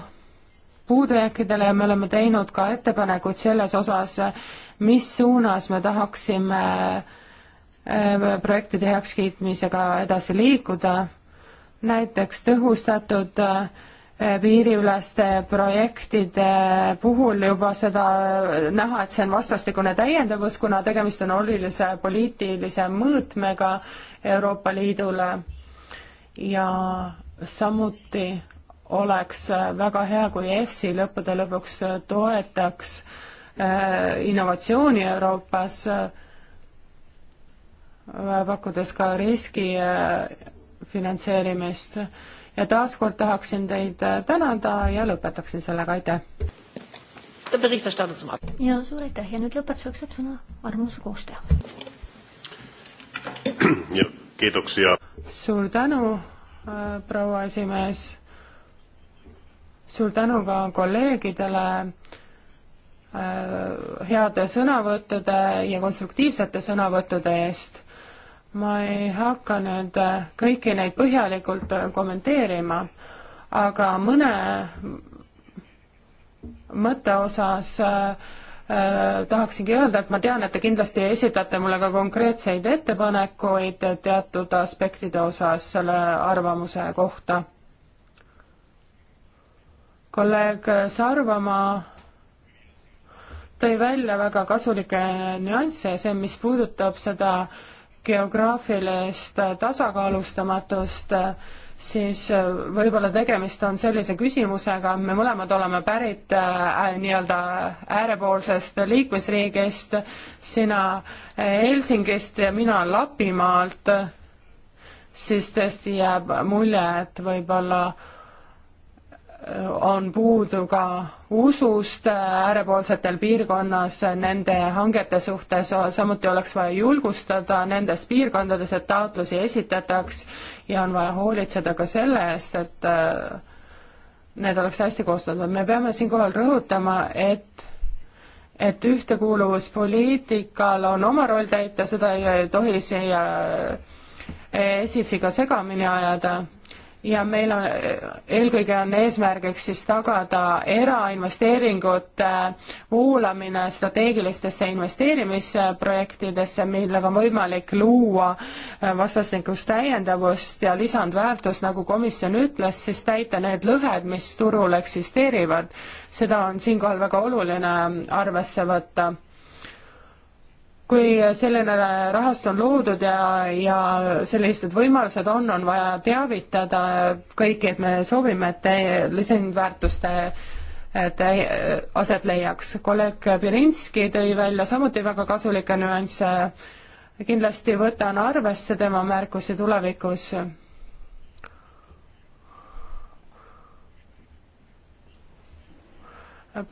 puudujääkidele ja me oleme teinud ka ettepanekuid selles osas, mis suunas me tahaksime äh, projektide heakskiitmisega edasi liikuda, näiteks tõhustatud äh, piiriüleste projektide puhul juba seda äh, näha, et see on vastastikune täiendavus, kuna tegemist on olulise poliitilise mõõtmega Euroopa Liidule ja samuti oleks väga hea, kui EFSI lõppude lõpuks toetaks äh, innovatsiooni Euroopas, äh, pakkudes ka riski äh, finantseerimist. ja taaskord tahaksin teid tänada ja lõpetaksin sellega, aitäh! ja suur aitäh ja nüüd lõpetuseks saab sõna armuse koostöö. suur tänu, äh, proua esimees. suur tänu ka kolleegidele äh, heade sõnavõttude ja konstruktiivsete sõnavõttude eest. ma ei hakka nüüd äh, kõiki neid põhjalikult kommenteerima, aga mõne mõtte osas äh, Äh, tahaksingi öelda, et ma tean, et te kindlasti esitate mulle ka konkreetseid ettepanekuid teatud aspektide osas selle arvamuse kohta. kolleeg Sarvamaa tõi välja väga kasulikke nüansse, see, mis puudutab seda geograafilist tasakaalustamatust äh,, siis äh, võib-olla tegemist on sellise küsimusega, me mõlemad oleme pärit äh, nii-öelda äärepoolsest liikmesriigist, sina äh, Helsingist ja mina Lapimaalt, äh, siis tõesti jääb mulje, et võib-olla äh, on puudu ka usust äärepoolsetel piirkonnas nende hangete suhtes, samuti oleks vaja julgustada nendes piirkondades, et taotlusi esitataks ja on vaja hoolitseda ka selle eest, et äh, need oleks hästi koostatud. me peame siinkohal rõhutama, et et ühtekuuluvuspoliitikal on oma roll täita, seda ei tohi siia äh, ESIF-iga segamini ajada ja meil on, eelkõige on eesmärgiks siis tagada erainvesteeringute voolamine strateegilistesse investeerimisprojektidesse, millega on võimalik luua äh, vastastikust täiendavust ja lisandväärtust, nagu komisjon ütles, siis täita need lõhed, mis turul eksisteerivad. seda on siinkohal väga oluline arvesse võtta kui selline rahastu on loodud ja, ja sellised võimalused on, on vaja teavitada kõiki, et me soovime, et lisandväärtuste et aset leiaks. kolleeg Pirinski tõi välja samuti väga kasulikke nüansse. kindlasti võtan arvesse tema märkusi tulevikus.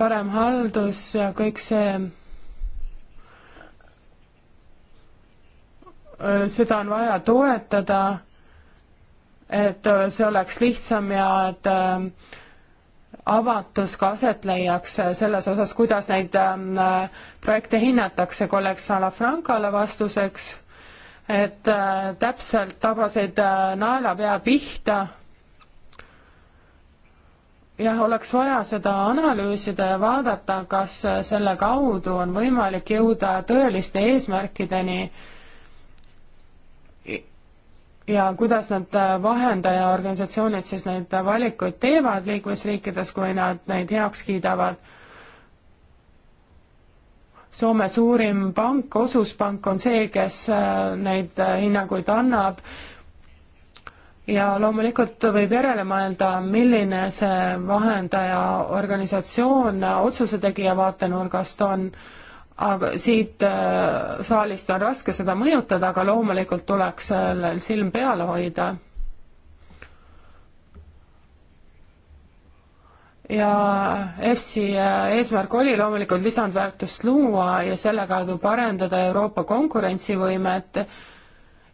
parem haldus ja kõik see Äh, seda on vaja toetada, et äh, see oleks lihtsam ja et äh, avatus ka aset leiaks selles osas, kuidas neid ähm, projekte hinnatakse, kolleeg Salafrancale vastuseks, et täpselt tabasid naelapea pihta jah, oleks vaja seda analüüsida ja vaadata, kas selle kaudu on võimalik jõuda tõeliste eesmärkideni ja kuidas nad äh, vahendajaorganisatsioonid siis neid valikuid teevad liikmesriikides, kui nad neid heaks kiidavad. Soome suurim pank, Osuspank on see, kes äh, neid äh, hinnanguid annab ja loomulikult võib järele mõelda, milline see vahendaja organisatsioon otsuse tegija vaatenurgast on aga siit äh, saalist on raske seda mõjutada, aga loomulikult tuleks sellel silm peal hoida. ja EFSi äh, eesmärk oli loomulikult lisandväärtust luua ja selle kaudu parendada Euroopa konkurentsivõimet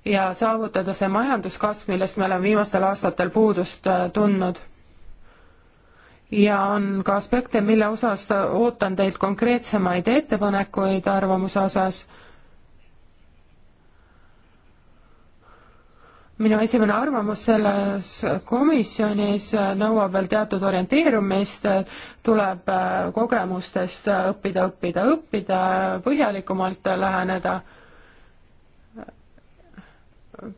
ja saavutada see majanduskasv, millest me oleme viimastel aastatel puudust äh, tundnud ja on ka aspekte, mille osas ootan teilt konkreetsemaid ettepanekuid arvamuse osas. minu esimene arvamus selles komisjonis nõuab veel teatud orienteerumist, tuleb kogemustest õppida, õppida, õppida, põhjalikumalt läheneda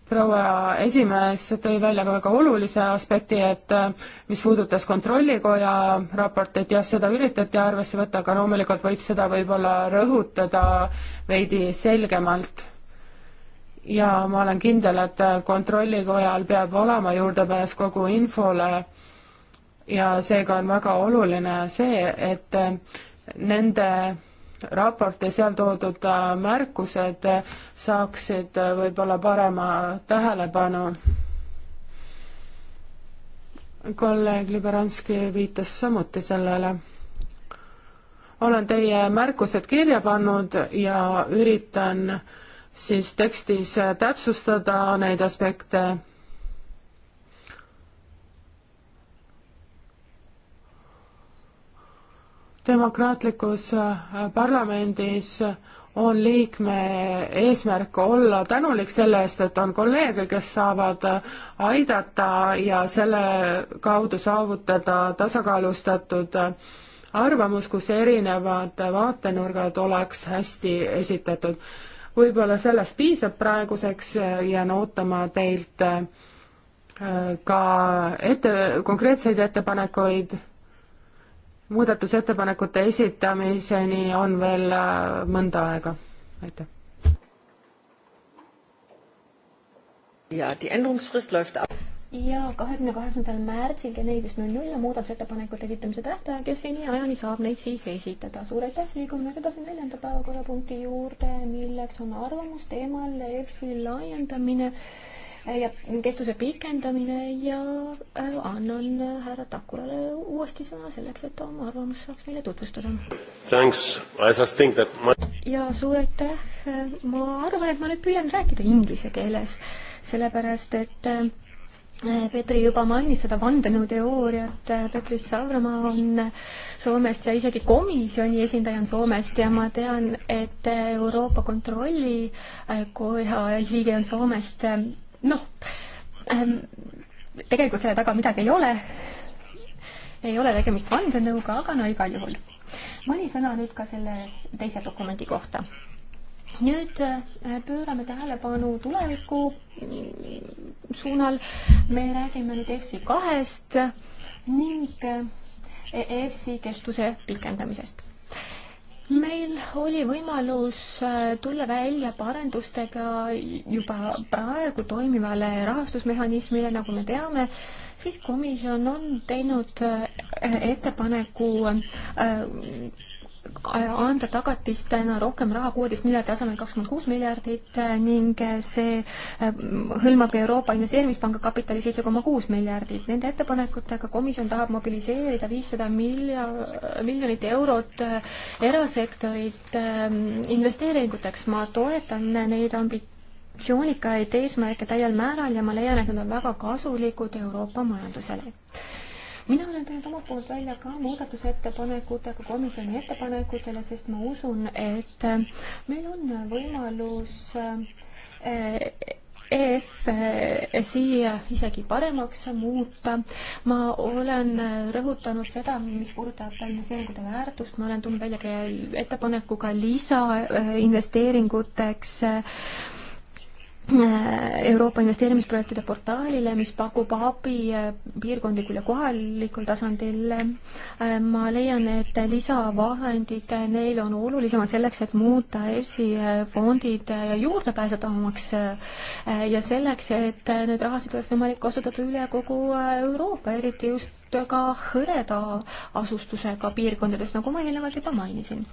proua esimees tõi välja ka väga olulise aspekti, et äh, mis puudutas Kontrollikoja raportit, jah, seda üritati arvesse võtta, aga loomulikult võib seda võib-olla rõhutada veidi selgemalt. ja ma olen kindel, et Kontrollikojal peab olema juurdepääs kogu infole ja seega on väga oluline see, et äh, nende raport ja seal toodud äh, märkused saaksid äh, võib-olla parema tähelepanu. kolleeg Liberanski viitas samuti sellele. olen teie märkused kirja pannud ja üritan siis tekstis täpsustada neid aspekte demokraatlikus äh, parlamendis on liikme eesmärk olla tänulik selle eest, et on kolleege, kes saavad äh, aidata ja selle kaudu saavutada tasakaalustatud äh, arvamus, kus erinevad vaatenurgad oleks hästi esitatud. võib-olla sellest piisab praeguseks, jään ootama teilt ka ette, konkreetseid ettepanekuid muudatusettepanekute esitamiseni on veel äh, mõnda aega, aitäh. ja, die Änderungsfrist läuft ab ja kahekümne kaheksandal märtsil kell neliteist null null on muudatusettepanekute esitamise tähtaeg ja seni ajani saab neid siis esitada. suur aitäh, liigume nüüd edasi neljanda päevakorrapunkti juurde, milleks on arvamus teemal EFSi laiendamine ja kestuse pikendamine ja äh, annan äh, härra Takulale uuesti sõna selleks, et ta oma arvamust saaks meile tutvustada. My... ja suur aitäh, ma arvan, et ma nüüd püüan rääkida inglise keeles, sellepärast et äh, Petri juba mainis seda vandenõuteooriat, Petri Savramaa on Soomest ja isegi komisjoni esindaja on Soomest ja ma tean, et Euroopa Kontrollikoja liige on Soomest noh ähm,, tegelikult selle taga midagi ei ole, ei ole tegemist vandenõuga, aga no igal juhul. mõni sõna nüüd ka selle teise dokumendi kohta nüüd äh, pöörame tähelepanu tuleviku mm, suunal. me räägime nüüd EFSI kahest ning äh, EFSI kestuse pikendamisest meil oli võimalus äh, tulla välja parendustega juba praegu toimivale rahastusmehhanismile, nagu me teame, siis komisjon on teinud äh, ettepaneku äh, anda tagatistena rohkem raha, kuueteist miljardi asemel kakskümmend kuus miljardit äh, ning äh, see äh, hõlmab ka Euroopa Investeerimispanga kapitali seitse koma kuus miljardit. Nende ettepanekutega komisjon tahab mobiliseerida viissada milja-, miljonit eurot erasektorit ähm, investeeringuteks. ma toetan neid ambitsioonikaid eesmärke täiel määral ja ma leian, et nad on väga kasulikud Euroopa majandusele mina olen tulnud omalt poolt välja ka muudatusettepanekutega komisjoni ettepanekutele, sest ma usun, et äh, meil on võimalus äh, EFSi äh, isegi paremaks muuta. ma olen rõhutanud seda, mis puudutab investeeringute väärtust, ma olen tulnud välja ka ettepanekuga lisainvesteeringuteks äh, Äh, Euroopa investeerimisprojektide portaalile, mis pakub abi äh, piirkondlikul ja kohalikul tasandil. Äh, ma leian, et lisavahendid neil on olulisemad selleks, et muuta EFSI fondid juurdepääsetavamaks ja selleks, et need rahasid oleks võimalik kasutada üle kogu Euroopa, eriti just ka hõreda asustusega piirkondades, nagu ma eelnevalt juba mainisin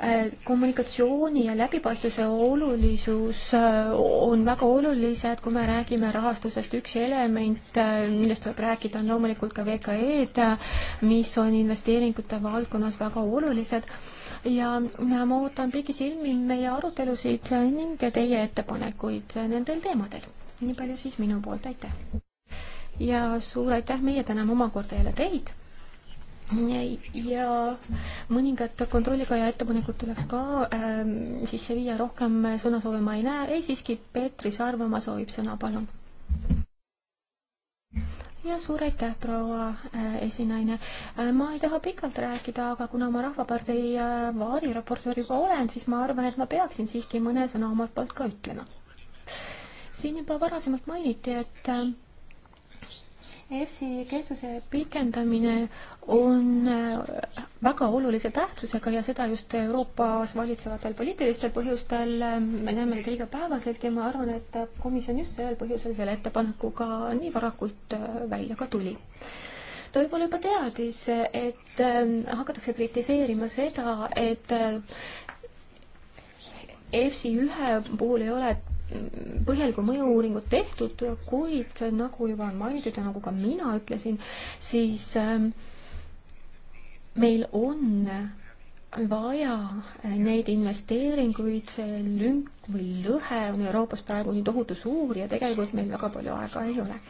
Äh, kommunikatsiooni ja läbipaistvuse olulisus äh, on väga olulised, kui me räägime rahastusest. üks element, äh, millest tuleb rääkida, on loomulikult ka VKE-d, mis on investeeringute valdkonnas väga olulised ja ma ootan pikisilmi meie arutelusid ning teie ettepanekuid nendel teemadel. nii palju siis minu poolt, aitäh! ja suur aitäh, meie täname omakorda jälle teid ja mõningad kontrolliga ja ettepanekud tuleks ka ähm, sisse viia, rohkem sõnasoove ma ei näe, ei siiski Peetri Sarvamaa soovib sõna, palun. ja suur aitäh, proua äh, esinaine äh,. ma ei taha pikalt rääkida, aga kuna ma Rahvapartei äh, vaariraportöör juba olen, siis ma arvan, et ma peaksin siiski mõne sõna omalt poolt ka ütlema. siin juba varasemalt mainiti, et äh, EFSi kestuse pikendamine on äh, väga olulise tähtsusega ja seda just Euroopas valitsevatel poliitilistel põhjustel. Äh, me näeme neid igapäevaselt ja ma arvan, et komisjon just sellel põhjusel selle ettepanekuga nii varakult äh, välja ka tuli ta võib-olla juba teadis, et hakatakse kritiseerima seda, et EFSI ühe puhul ei ole põhjalikku mõju-uuringut tehtud, kuid nagu juba on mainitud ja nagu ka mina ütlesin, siis ähm, meil on vaja neid investeeringuid, see lünk või lõhe on Euroopas praegu nii tohutu suur ja tegelikult meil väga palju aega ei ole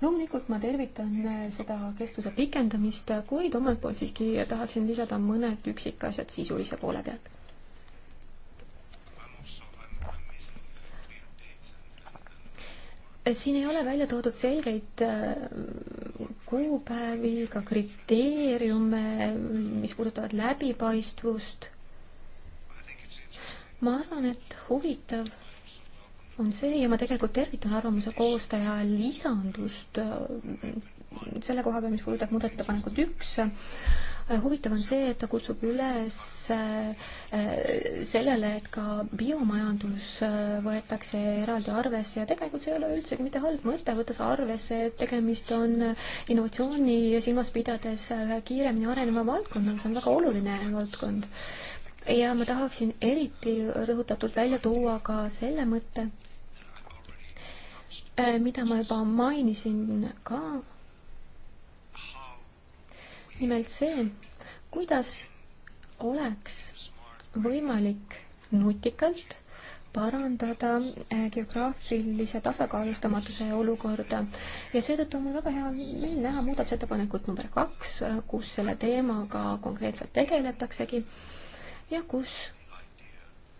loomulikult ma tervitan äh, seda kestuse pikendamist, kuid omalt poolt siiski tahaksin lisada mõned üksikasjad sisulise poole pealt. siin ei ole välja toodud selgeid äh, kuupäevi ega kriteeriume, mis puudutavad läbipaistvust. ma arvan, et huvitav on see ja ma tegelikult tervitan arvamuse koostaja lisandust äh, selle koha peal, mis puudutab muudatusettepanekut üks, huvitav on see, et ta kutsub üles äh, sellele, et ka biomajandus äh, võetakse eraldi arvesse ja tegelikult see ei ole üldsegi mitte halb mõte, võttes arvesse, et tegemist on innovatsiooni silmas pidades ühe äh, kiiremini areneva valdkonnaga, see on väga oluline valdkond. ja ma tahaksin eriti rõhutatult välja tuua ka selle mõtte, mida ma juba mainisin ka nimelt see, kuidas oleks võimalik nutikalt parandada äh, geograafilise tasakaalustamatuse olukorda ja seetõttu on mul väga hea meel näha muudatusettepanekut number kaks, äh, kus selle teemaga konkreetselt tegeletaksegi ja kus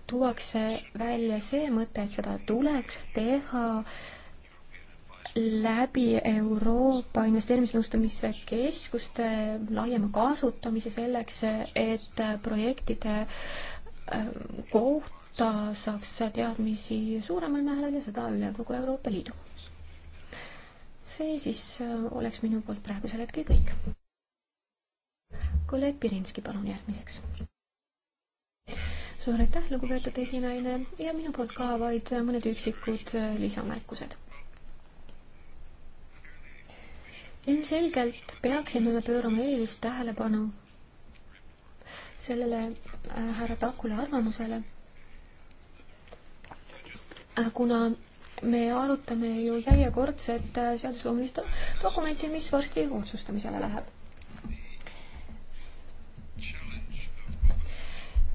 tuuakse välja see mõte, et seda tuleks teha äh, läbi Euroopa Investeerimisnõustamise Keskuste laiema kasutamise selleks, et projektide äh, kohta saaks teadmisi suuremal määral ja seda üle kogu Euroopa Liidu. see siis äh, oleks minu poolt praegusel hetkel kõik. kolleeg Pirinski, palun järgmiseks. suur aitäh, lugupeetud esinaine ja minu poolt ka vaid mõned üksikud äh, lisamärkused ilmselgelt peaksime me pöörama erilist tähelepanu sellele äh, härra Takule arvamusele, äh, kuna me arutame ju järjekordset äh, seadusloomulist dokumenti, mis varsti otsustamisele läheb.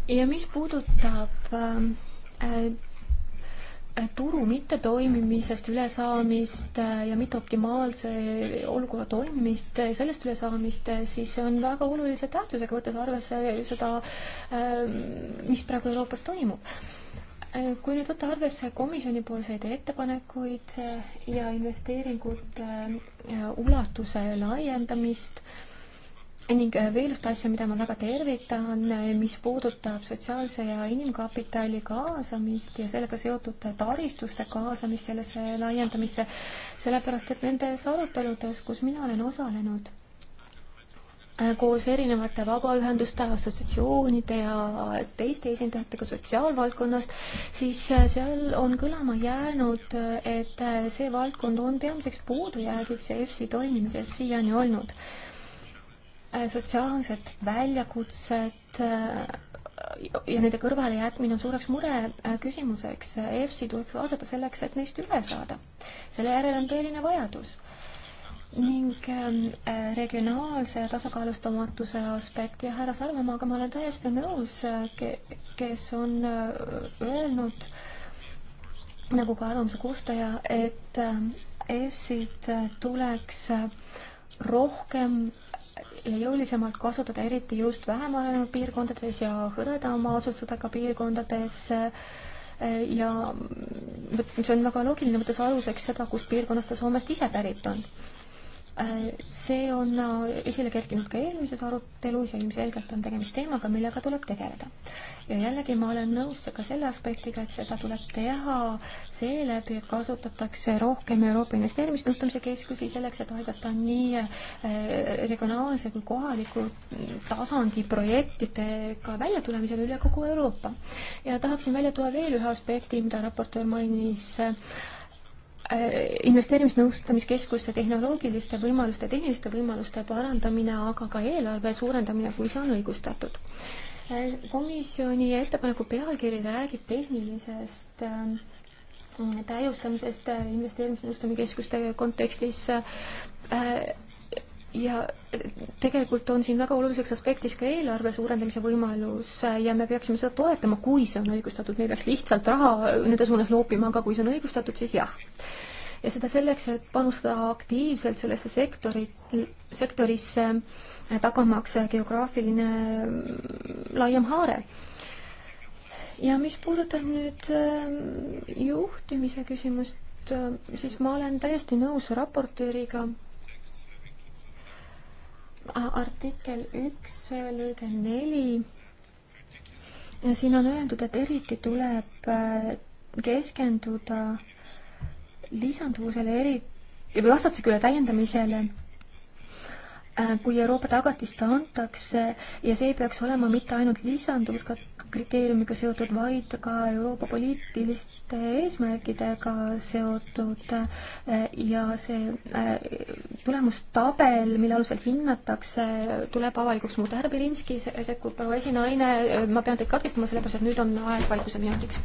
ja mis puudutab ähm, äh, turu mittetoimimisest ülesaamist äh, ja mitteoptimaalse olukorra toimimist, äh, sellest ülesaamist, äh, siis see on väga olulise tähtsusega, võttes arvesse seda, ähm, mis praegu Euroopas toimub. kui nüüd võtta arvesse komisjonipoolseid ettepanekuid ja investeeringute ulatuse laiendamist, ning äh, veel ühte asja, mida ma väga tervitan, äh, mis puudutab sotsiaalse ja inimkapitali kaasamist ja sellega seotud äh, taristuste kaasamist sellesse laiendamisse, sellepärast et nendes aruteludes, kus mina olen osalenud, koos erinevate vabaühenduste, assotsiatsioonide ja teiste esindajatega sotsiaalvaldkonnast, siis seal on kõlama jäänud, et see valdkond on peamiseks puudujäägiks EFSi toimimises siiani olnud Äh, sotsiaalsed väljakutsed äh, ja nende kõrvalejätmine on suureks mureküsimuseks. Äh, EFSi tuleks kaasata selleks, et neist üle saada. selle järele on tõeline vajadus. ning ähm, regionaalse tasakaalustamatuse aspekt ja härra Sarvemaaga ma olen täiesti nõus, kes on öelnud, nagu ka arvamuse koostaja, et ähm, EFSid tuleks rohkem jõulisemalt kasutada, eriti just vähem arenenud piirkondades ja hõredama asustusega piirkondades ja see on väga loogiline, võttes aluseks seda, kust piirkonnast ta Soomest ise pärit on. Äh, see on äh, esile kerkinud ka eelmises arutelus ja ilmselgelt on tegemist teemaga, millega tuleb tegeleda. ja jällegi ma olen nõus ka selle aspektiga, et seda tuleb teha seeläbi, et kasutatakse rohkem Euroopa Investeerimisnõustamise Keskusi selleks, et aidata nii äh, regionaalse kui kohaliku tasandi projektidega väljatulemisel üle kogu Euroopa. ja tahaksin välja tuua veel ühe aspekti, mida raportöör mainis äh, Äh, investeerimisnõustamiskeskuste tehnoloogiliste võimaluste, tehniliste võimaluste parandamine, aga ka eelarve suurendamine, kui see on õigustatud. Äh, komisjoni ettepaneku pealkiri räägib tehnilisest äh, täiustamisest investeerimisnõustamiskeskuste kontekstis ja eh, tegelikult on siin väga oluliseks aspektis ka eelarve suurendamise võimalus eh, ja me peaksime seda toetama, kui see on õigustatud, me ei peaks lihtsalt raha eh, nende suunas loopima, aga kui see on õigustatud, siis jah. ja seda selleks, et panustada aktiivselt sellesse sektori, sektorisse, tagamaks geograafiline mm, laiem haare ja mis puudutab nüüd juhtimise küsimust, siis ma olen täiesti nõus raportööriga artikkel üks lõige neli. siin on öeldud, et eriti tuleb äh, keskenduda lisanduvusele eri, või vastastikule täiendamisele äh, kui Euroopa tagatist antakse ja see peaks olema mitte ainult lisanduvus, kriteeriumiga seotud, vaid ka Euroopa poliitiliste eesmärkidega seotud ja see äh, tulemustabel, mille alusel hinnatakse, tuleb avalikuks muuta. härra Belinski sekkub, proua esinaine, ma pean teid katkestama, sellepärast et nüüd on aeg vaikuse minutiks.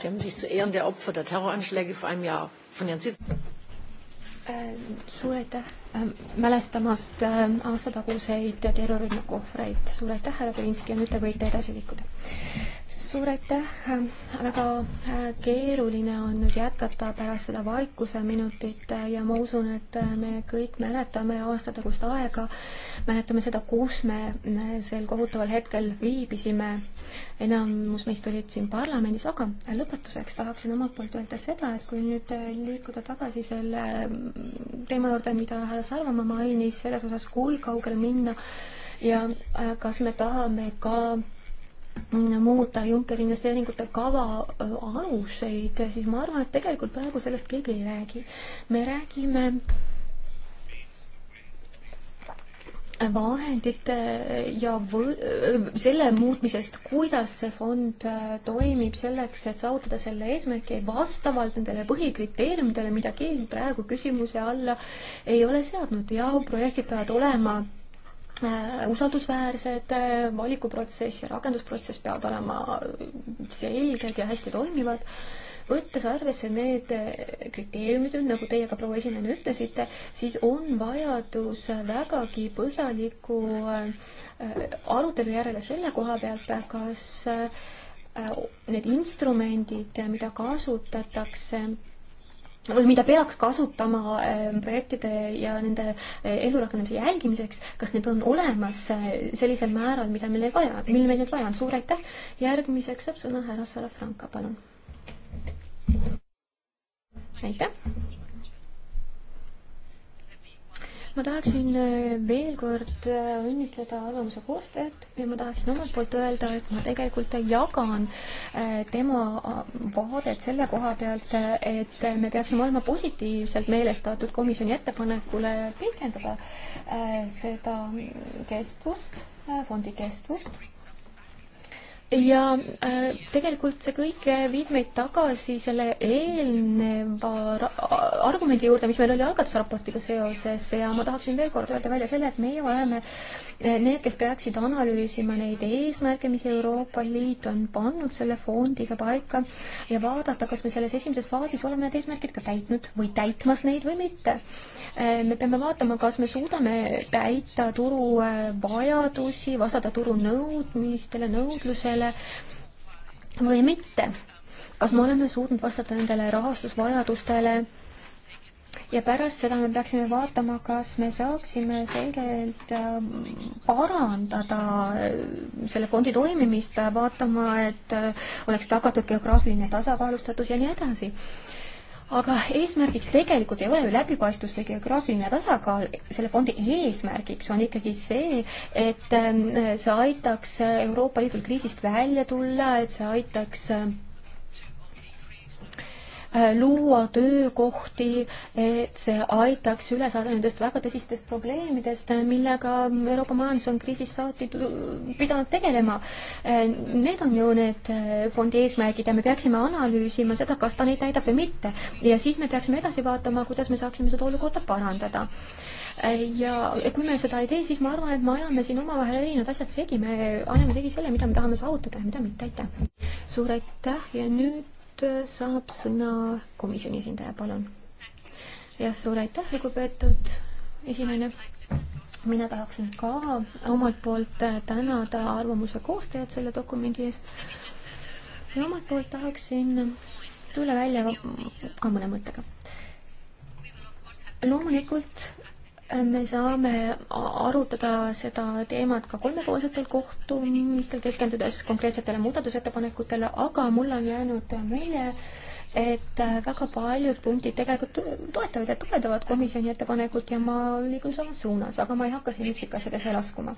Sie haben sich zu Ehren der Opfer der Terroranschläge vor einem Jahr von Herrn Sitz. Äh, suur aitäh ähm, mälestamast ähm, aastataguseid terrorünnaku ohvreid, suur aitäh, härra Belinski ja nüüd te võite edasi liikuda suur aitäh, väga äh, keeruline on nüüd jätkata pärast seda vaikuseminutit ja ma usun, et me kõik mäletame aastatagust aega, mäletame seda, kus me äh, sel kohutaval hetkel viibisime. enamus meist olid siin parlamendis, aga lõpetuseks tahaksin omalt poolt öelda seda, et kui nüüd äh, liikuda tagasi selle mm, teema juurde, mida härra Sarvamaa mainis, selles osas, kui kaugele minna ja kas me tahame ka muuta Junckeri investeeringute kava äh, aluseid, siis ma arvan, et tegelikult praegu sellest keegi ei räägi. me räägime vahendite ja võ-, äh, selle muutmisest, kuidas see fond äh, toimib selleks, et saavutada selle eesmärki vastavalt nendele põhikriteeriumidele, mida keegi praegu küsimuse alla ei ole seadnud ja projektid peavad olema Äh, usaldusväärsed, äh, valikuprotsess ja rakendusprotsess peavad olema selged ja hästi toimivad, võttes arvesse need äh, kriteeriumid, nagu teie ka, proua esineja, ütlesite, siis on vajadus vägagi põhjaliku arutelu järele selle koha pealt, kas need instrumendid, mida kasutatakse või mida peaks kasutama ähm, projektide ja nende äh, ellurakendamise jälgimiseks, kas need on olemas äh, sellisel määral, mida meil vaja, mil meil neid vaja on, suur aitäh. järgmiseks saab sõna härra Salafranca, palun. aitäh ma tahaksin äh, veel kord äh, õnnitleda arvamuse koostajat ja ma tahaksin omalt poolt öelda, et ma tegelikult jagan äh, tema vaadet selle koha pealt, et me peaksime olema positiivselt meelestatud komisjoni ettepanekule pikendada seda kestvust, fondi kestvust ja äh, tegelikult see kõik viib meid tagasi selle eelneva argumendi juurde, mis meil oli algatusraportiga seoses ja ma tahaksin veel kord öelda välja selle, et meie oleme äh, Eh, need, kes peaksid analüüsima neid eesmärke, mis Euroopa Liit on pannud selle fondiga paika ja vaadata, kas me selles esimeses faasis oleme need eesmärgid ka täitnud või täitmas neid või mitte. Eh, me peame vaatama, kas me suudame täita turu eh, vajadusi, vastata turu nõudmistele, nõudlusele või mitte. kas me oleme suutnud vastata nendele rahastusvajadustele ja pärast seda me peaksime vaatama, kas me saaksime selgelt äh, parandada äh, selle fondi toimimist, vaatama, et äh, oleks tagatud geograafiline tasakaalustatus ja nii edasi aga eesmärgiks tegelikult ei ole ju läbipaistvus või geograafiline tasakaal, selle fondi eesmärgiks on ikkagi see, et see aitaks Euroopa Liidul kriisist välja tulla, et see aitaks Äh, luua töökohti, et see aitaks üle saada nendest väga tõsistest probleemidest, millega Euroopa majandus on kriisis saati pidanud tegelema. Äh, need on ju need äh, fondi eesmärgid ja me peaksime analüüsima seda, kas ta neid täidab või mitte. ja siis me peaksime edasi vaatama, kuidas me saaksime seda olukorda parandada ja kui me seda ei tee, siis ma arvan, et me ajame siin omavahel erinevad asjad segi, me ajame segi selle, mida me tahame saavutada ja mida mitte, aitäh. suur aitäh ja nüüd nüüd saab sõna komisjoni esindaja, palun. jah, suur aitäh, lugupeetud esinaine. mina tahaksin ka omalt poolt tänada arvamuse koostajat selle dokumendi eest ja omalt poolt tahaksin tulla välja ka mõne mõttega loomulikult me saame arutada seda teemat ka kolmepoolsetel kohtumistel, keskendudes konkreetsetele muudatusettepanekutele, aga mulle on jäänud mulje, et väga paljud punktid tegelikult toetavad ja tugevdavad komisjoni ettepanekut ja ma liigun samas suunas, aga ma ei hakka siin üksikasjadesse laskuma.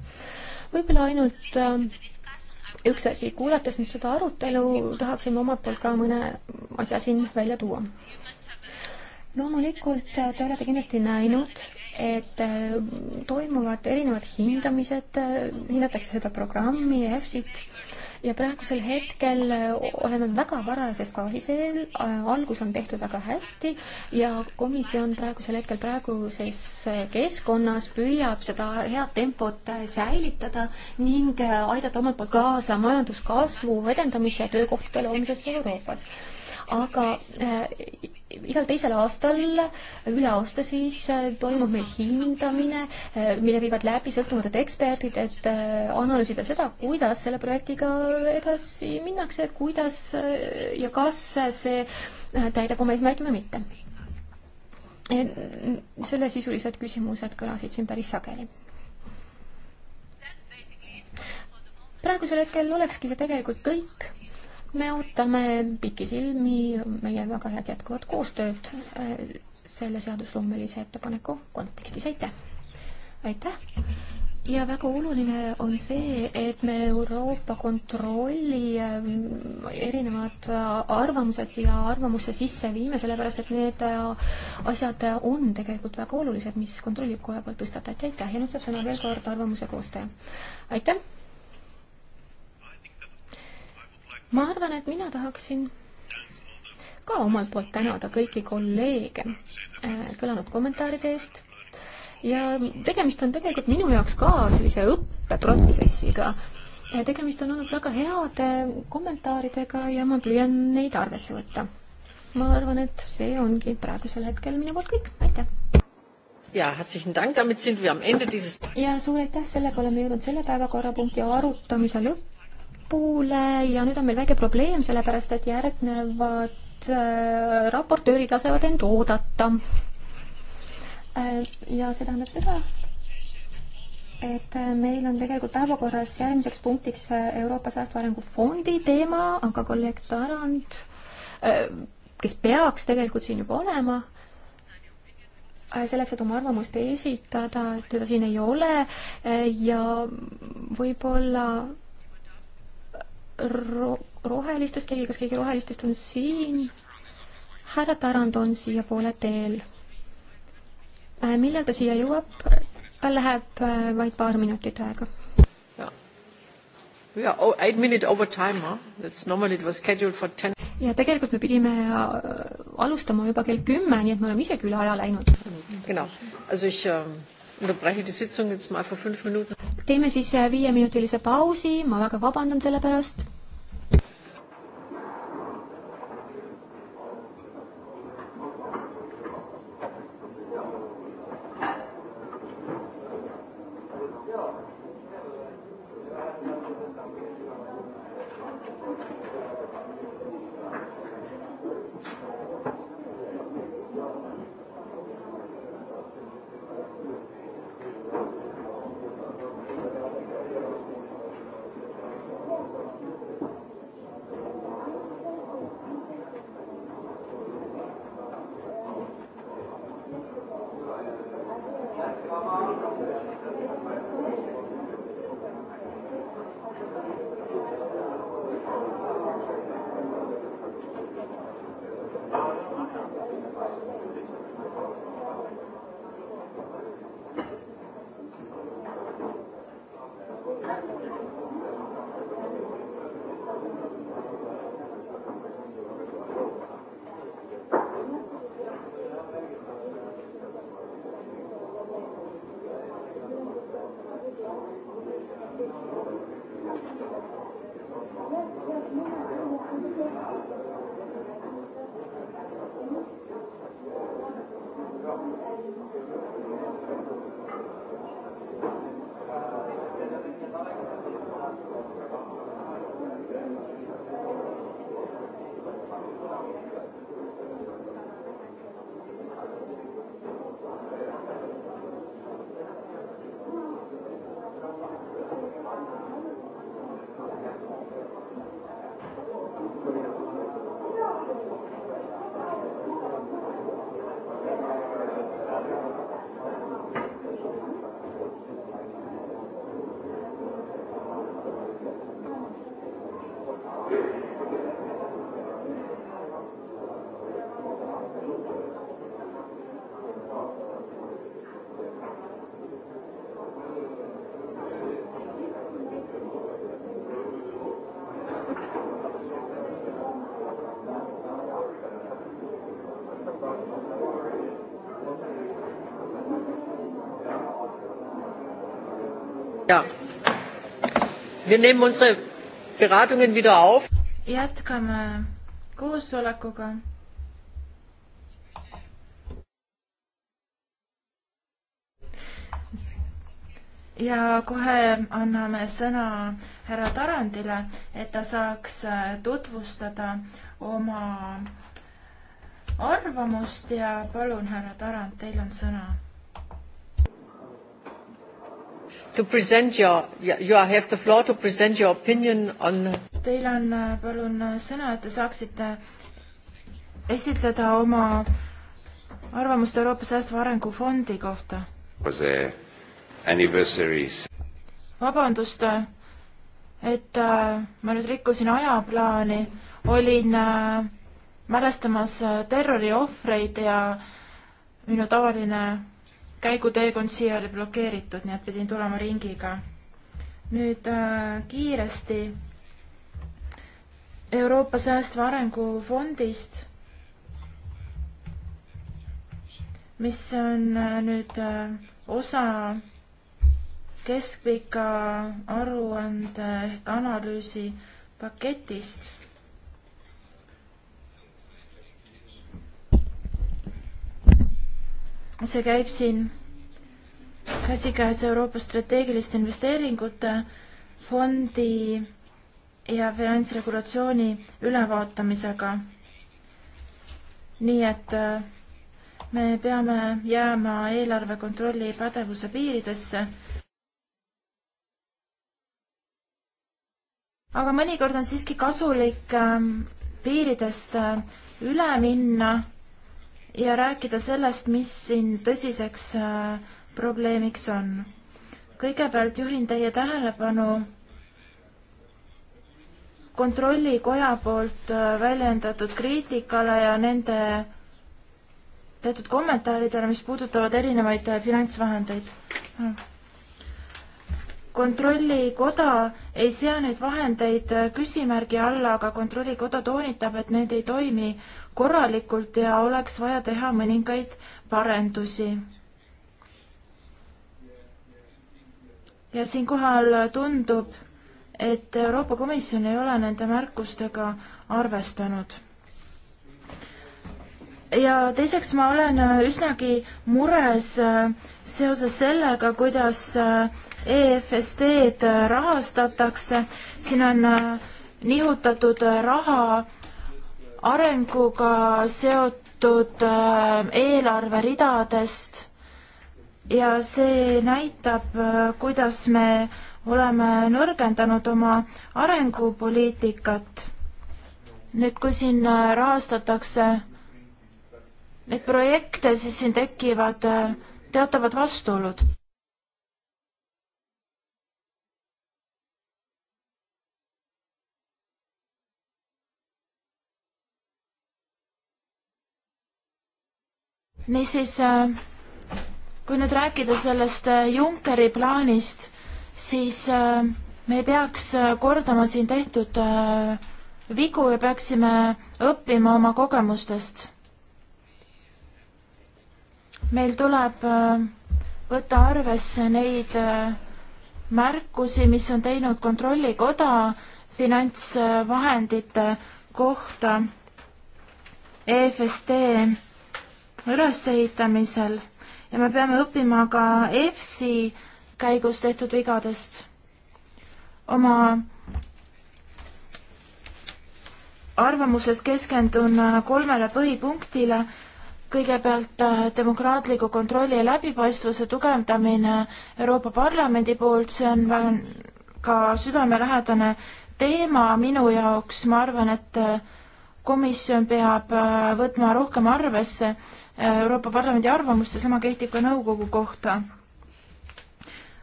võib-olla ainult äh, üks asi, kuulates nüüd seda arutelu, tahaksin omalt poolt ka mõne asja siin välja tuua. loomulikult äh, te olete kindlasti näinud, et äh, toimuvad erinevad hindamised, äh, hinnatakse seda programmi, EFSit, ja praegusel hetkel äh, oleme väga varajases faasis veel, algus on tehtud väga hästi ja komisjon praegusel hetkel praeguses keskkonnas püüab seda head tempot säilitada ning aidata omalt poolt kaasa majanduskasvu edendamise ja töökohtade loomisesse Euroopas aga äh, igal teisel aastal, äh, üle aasta siis, äh, toimub meil hindamine, mille viivad läbi sõltumatud eksperdid, et analüüsida seda, kuidas selle projektiga edasi minnakse, kuidas ja kas see täidab oma eesmärgi või mitte. sellesisulised küsimused kõlasid siin päris sageli praegusel hetkel olekski see tegelikult kõik me ootame pikisilmi meie väga head jätkuvat koostööd äh, selle seadusloomelise ettepaneku kontekstis, aitäh! aitäh! ja väga oluline on see, et me Euroopa Kontrolli äh, erinevad äh, arvamused siia arvamusse sisse viime, sellepärast et need asjad on tegelikult väga olulised, mis Kontrollikoja poolt tõstatati, aitäh ja nüüd saab sõna veel kord arvamuse koostaja. aitäh! ma arvan, et mina tahaksin ka omalt poolt tänada kõiki kolleege äh, kõlanud kommentaaride eest ja tegemist on tegelikult minu jaoks ka sellise õppeprotsessiga. tegemist on olnud väga heade kommentaaridega ja ma püüan neid arvesse võtta. ma arvan, et see ongi praegusel hetkel minu poolt kõik, aitäh! ja herzlichen Dank, damit sind wir am Ende dieses ja suur aitäh, sellega oleme jõudnud selle päevakorrapunkti arutamise lõppu lõpule ja nüüd on meil väike probleem, sellepärast et järgnevad äh, raportöörid lasevad end oodata äh,. ja see tähendab seda, et äh, meil on tegelikult päevakorras järgmiseks punktiks äh, Euroopa Säästva Arengu Fondi teema, aga kolleeg Tarand, äh, kes peaks tegelikult siin juba olema, selleks, et oma arvamust esitada, teda siin ei ole ja võib-olla ro-, rohelistest keegi, kas keegi rohelistest on siin? härra Tarand on siiapoole teel. Äh, millal ta siia jõuab? tal läheb äh, vaid paar minutit aega. Yeah, oh, eight minute over time, huh? That's normally it was scheduled for ten. ja tegelikult me pidime äh, alustama juba kell kümme, nii et me oleme isegi üle aja läinud. Genau, also ich äh, unterbreche die Sitzung jetzt mal für fünf Minuten teeme siis viieminutilise pausi, ma väga vabandan selle pärast Wir nehmen unsere Beratungen wieder auf. jätkame koosolekuga. ja kohe anname sõna härra Tarandile, et ta saaks äh, tutvustada oma arvamust ja palun, härra Tarand, teil on sõna to present your, you have the floor to present your opinion on Teil on äh, palun äh, sõna, et te saaksite esitleda oma arvamust Euroopa Säästva Arengufondi kohta. vabandust, äh, et ma nüüd rikkusin ajaplaani, olin mälestamas terroriohvreid ja minu tavaline käiguteekond siia oli blokeeritud, nii et pidin tulema ringiga. nüüd äh, kiiresti Euroopa Säästva Arengu Fondist, mis on äh, nüüd äh, osa keskpika aruande ehk analüüsi paketist see käib siin käsikäes Euroopa strateegiliste investeeringute fondi ja finantsregulatsiooni ülevaatamisega. nii et äh, me peame jääma eelarve kontrolli pädevuse piiridesse. aga mõnikord on siiski kasulik ähm, piiridest äh, üle minna ja rääkida sellest, mis siin tõsiseks äh, probleemiks on. kõigepealt juhin teie tähelepanu kontrollikoja poolt äh, väljendatud kriitikale ja nende teatud kommentaaridele, mis puudutavad erinevaid äh, finantsvahendeid. kontrollikoda ei sea neid vahendeid küsimärgi alla, aga kontrollikoda toonitab, et need ei toimi korralikult ja oleks vaja teha mõningaid parendusi. ja siinkohal tundub, et Euroopa Komisjon ei ole nende märkustega arvestanud. ja teiseks ma olen üsnagi mures seoses sellega, kuidas EFSD-d rahastatakse, siin on nihutatud raha arenguga seotud äh, eelarveridadest ja see näitab, äh, kuidas me oleme nõrgendanud oma arengupoliitikat. nüüd, kui siin äh, rahastatakse neid projekte, siis siin tekivad teatavad vastuolud niisiis, äh, kui nüüd rääkida sellest äh, Junckeri plaanist, siis äh, me ei peaks kordama siin tehtud vigu ja peaksime õppima oma kogemustest. meil tuleb võtta arvesse neid märkusi, mis on teinud Kontrollikoda finantsvahendite kohta EFSD ülesehitamisel ja me peame õppima ka EFSI käigus tehtud vigadest. oma arvamuses keskendun kolmele põhipunktile. kõigepealt äh, demokraatliku kontrolli ja läbipaistvuse tugevdamine Euroopa Parlamendi poolt, see on väga ka südamelähedane teema minu jaoks, ma arvan, et äh, komisjon peab äh, võtma rohkem arvesse äh, Euroopa Parlamendi arvamust ja sama kehtib ka nõukogu kohta.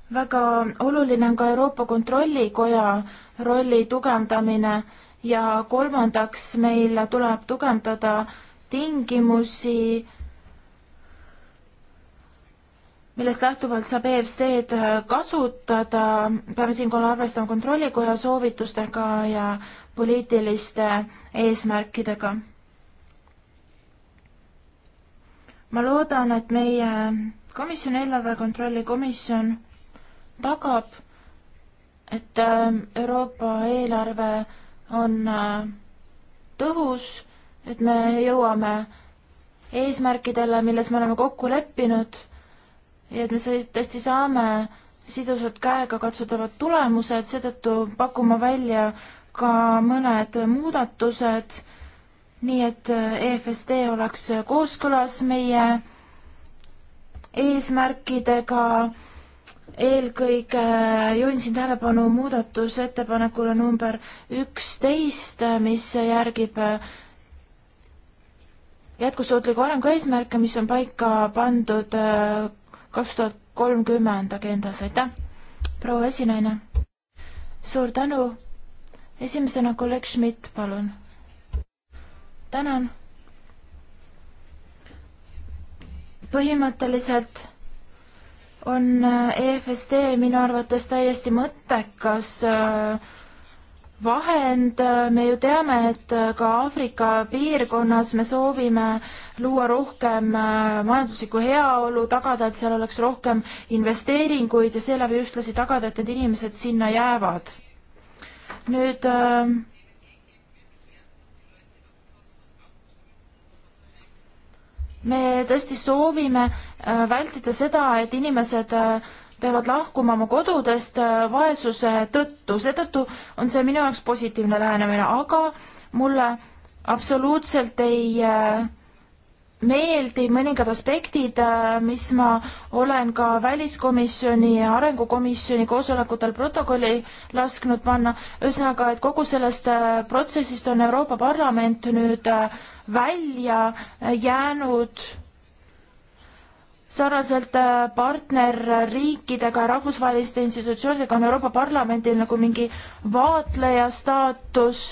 väga oluline on ka Euroopa Kontrollikoja rolli tugevdamine ja kolmandaks meil tuleb tugevdada tingimusi millest lähtuvalt saab EFC-d äh, kasutada, peame siinkohal arvestama Kontrollikoja soovitustega ja poliitiliste eesmärkidega. ma loodan, et meie komisjon, eelarve kontrolli komisjon tagab, et äh, Euroopa eelarve on äh, tõhus, et me jõuame eesmärkidele, milles me oleme kokku leppinud ja et me tõesti saame sidusad käegakatsutavad tulemused, seetõttu pakuma välja ka mõned muudatused, nii et äh, EFSD oleks kooskõlas meie eesmärkidega, eelkõige äh, juhin siin tähelepanu muudatusettepanekule number üksteist, äh, mis järgib jätkusuutliku arengu eesmärke, mis on paika pandud kaks tuhat kolmkümmend agendas, aitäh! proua esinaine, suur tänu! esimesena kolleeg Schmidt, palun! tänan! põhimõtteliselt on äh, EFSD minu arvates täiesti mõttekas äh, vahend, me ju teame, et ka Aafrika piirkonnas me soovime luua rohkem äh, majanduslikku heaolu, tagada, et seal oleks rohkem investeeringuid ja seeläbi ühtlasi tagada, et need inimesed sinna jäävad. nüüd äh, me tõesti soovime äh, vältida seda, et inimesed äh, peavad lahkuma oma kodudest äh, vaesuse tõttu, seetõttu on see minu jaoks positiivne lähenemine, aga mulle absoluutselt ei äh, meeldi mõningad aspektid, äh, mis ma olen ka väliskomisjoni ja arengukomisjoni koosolekutel protokolli lasknud panna. ühesõnaga, et kogu sellest protsessist on Euroopa Parlament nüüd välja jäänud sarnaselt äh, partnerriikidega, rahvusvaheliste institutsioonidega on Euroopa Parlamendil nagu mingi vaatleja staatus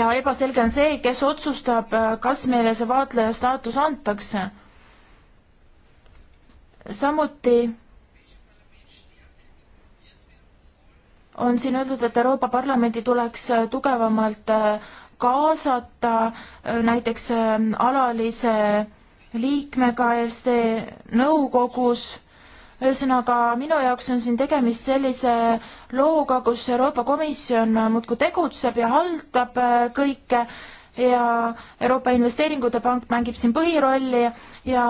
ja ebaselge on see, kes otsustab, äh, kas meile see vaatleja staatus antakse. samuti on siin öeldud, et Euroopa Parlamendi tuleks äh, tugevamalt kaasata näiteks alalise liikmega EFSD nõukogus. ühesõnaga, minu jaoks on siin tegemist sellise looga, kus Euroopa Komisjon muudkui tegutseb ja haldab äh, kõike ja Euroopa Investeeringute Pank mängib siin põhirolli ja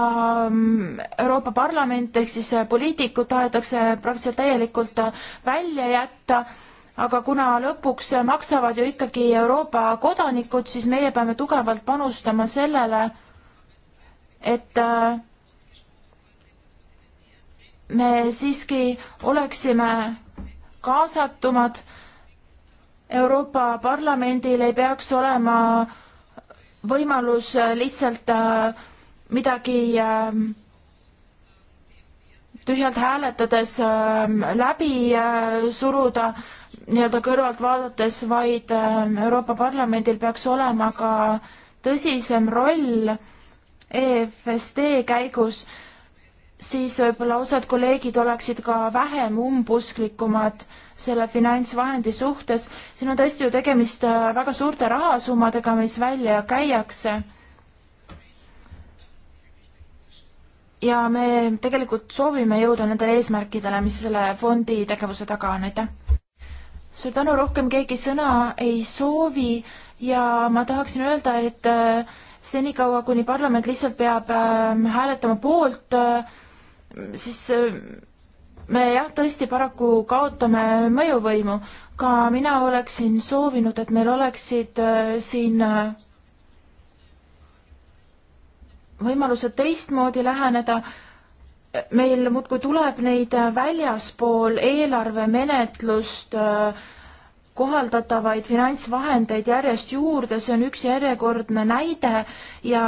mm, Euroopa Parlament ehk siis äh, poliitikud tahetakse praktiliselt täielikult äh, välja jätta, aga kuna lõpuks maksavad ju ikkagi Euroopa kodanikud, siis meie peame tugevalt panustama sellele, et äh, me siiski oleksime kaasatumad. Euroopa Parlamendil ei peaks olema võimalus lihtsalt äh, midagi äh, tühjalt hääletades läbi suruda nii-öelda kõrvalt vaadates, vaid Euroopa Parlamendil peaks olema ka tõsisem roll EFSD käigus, siis võib-olla osad kolleegid oleksid ka vähem umbusklikumad selle finantsvahendi suhtes. siin on tõesti ju tegemist äh, väga suurte rahasummadega, mis välja käiakse. ja me tegelikult soovime jõuda nendele eesmärkidele, mis selle fondi tegevuse taga on, aitäh. suur tänu, rohkem keegi sõna ei soovi ja ma tahaksin öelda, et äh, senikaua, kuni parlament lihtsalt peab äh, hääletama poolt äh,, siis äh, me jah, tõesti paraku kaotame mõjuvõimu. ka mina oleksin soovinud, et meil oleksid äh, siin äh, võimalused teistmoodi läheneda meil muudkui tuleb neid väljaspool eelarvemenetlust äh, kohaldatavaid finantsvahendeid järjest juurde, see on üks järjekordne näide ja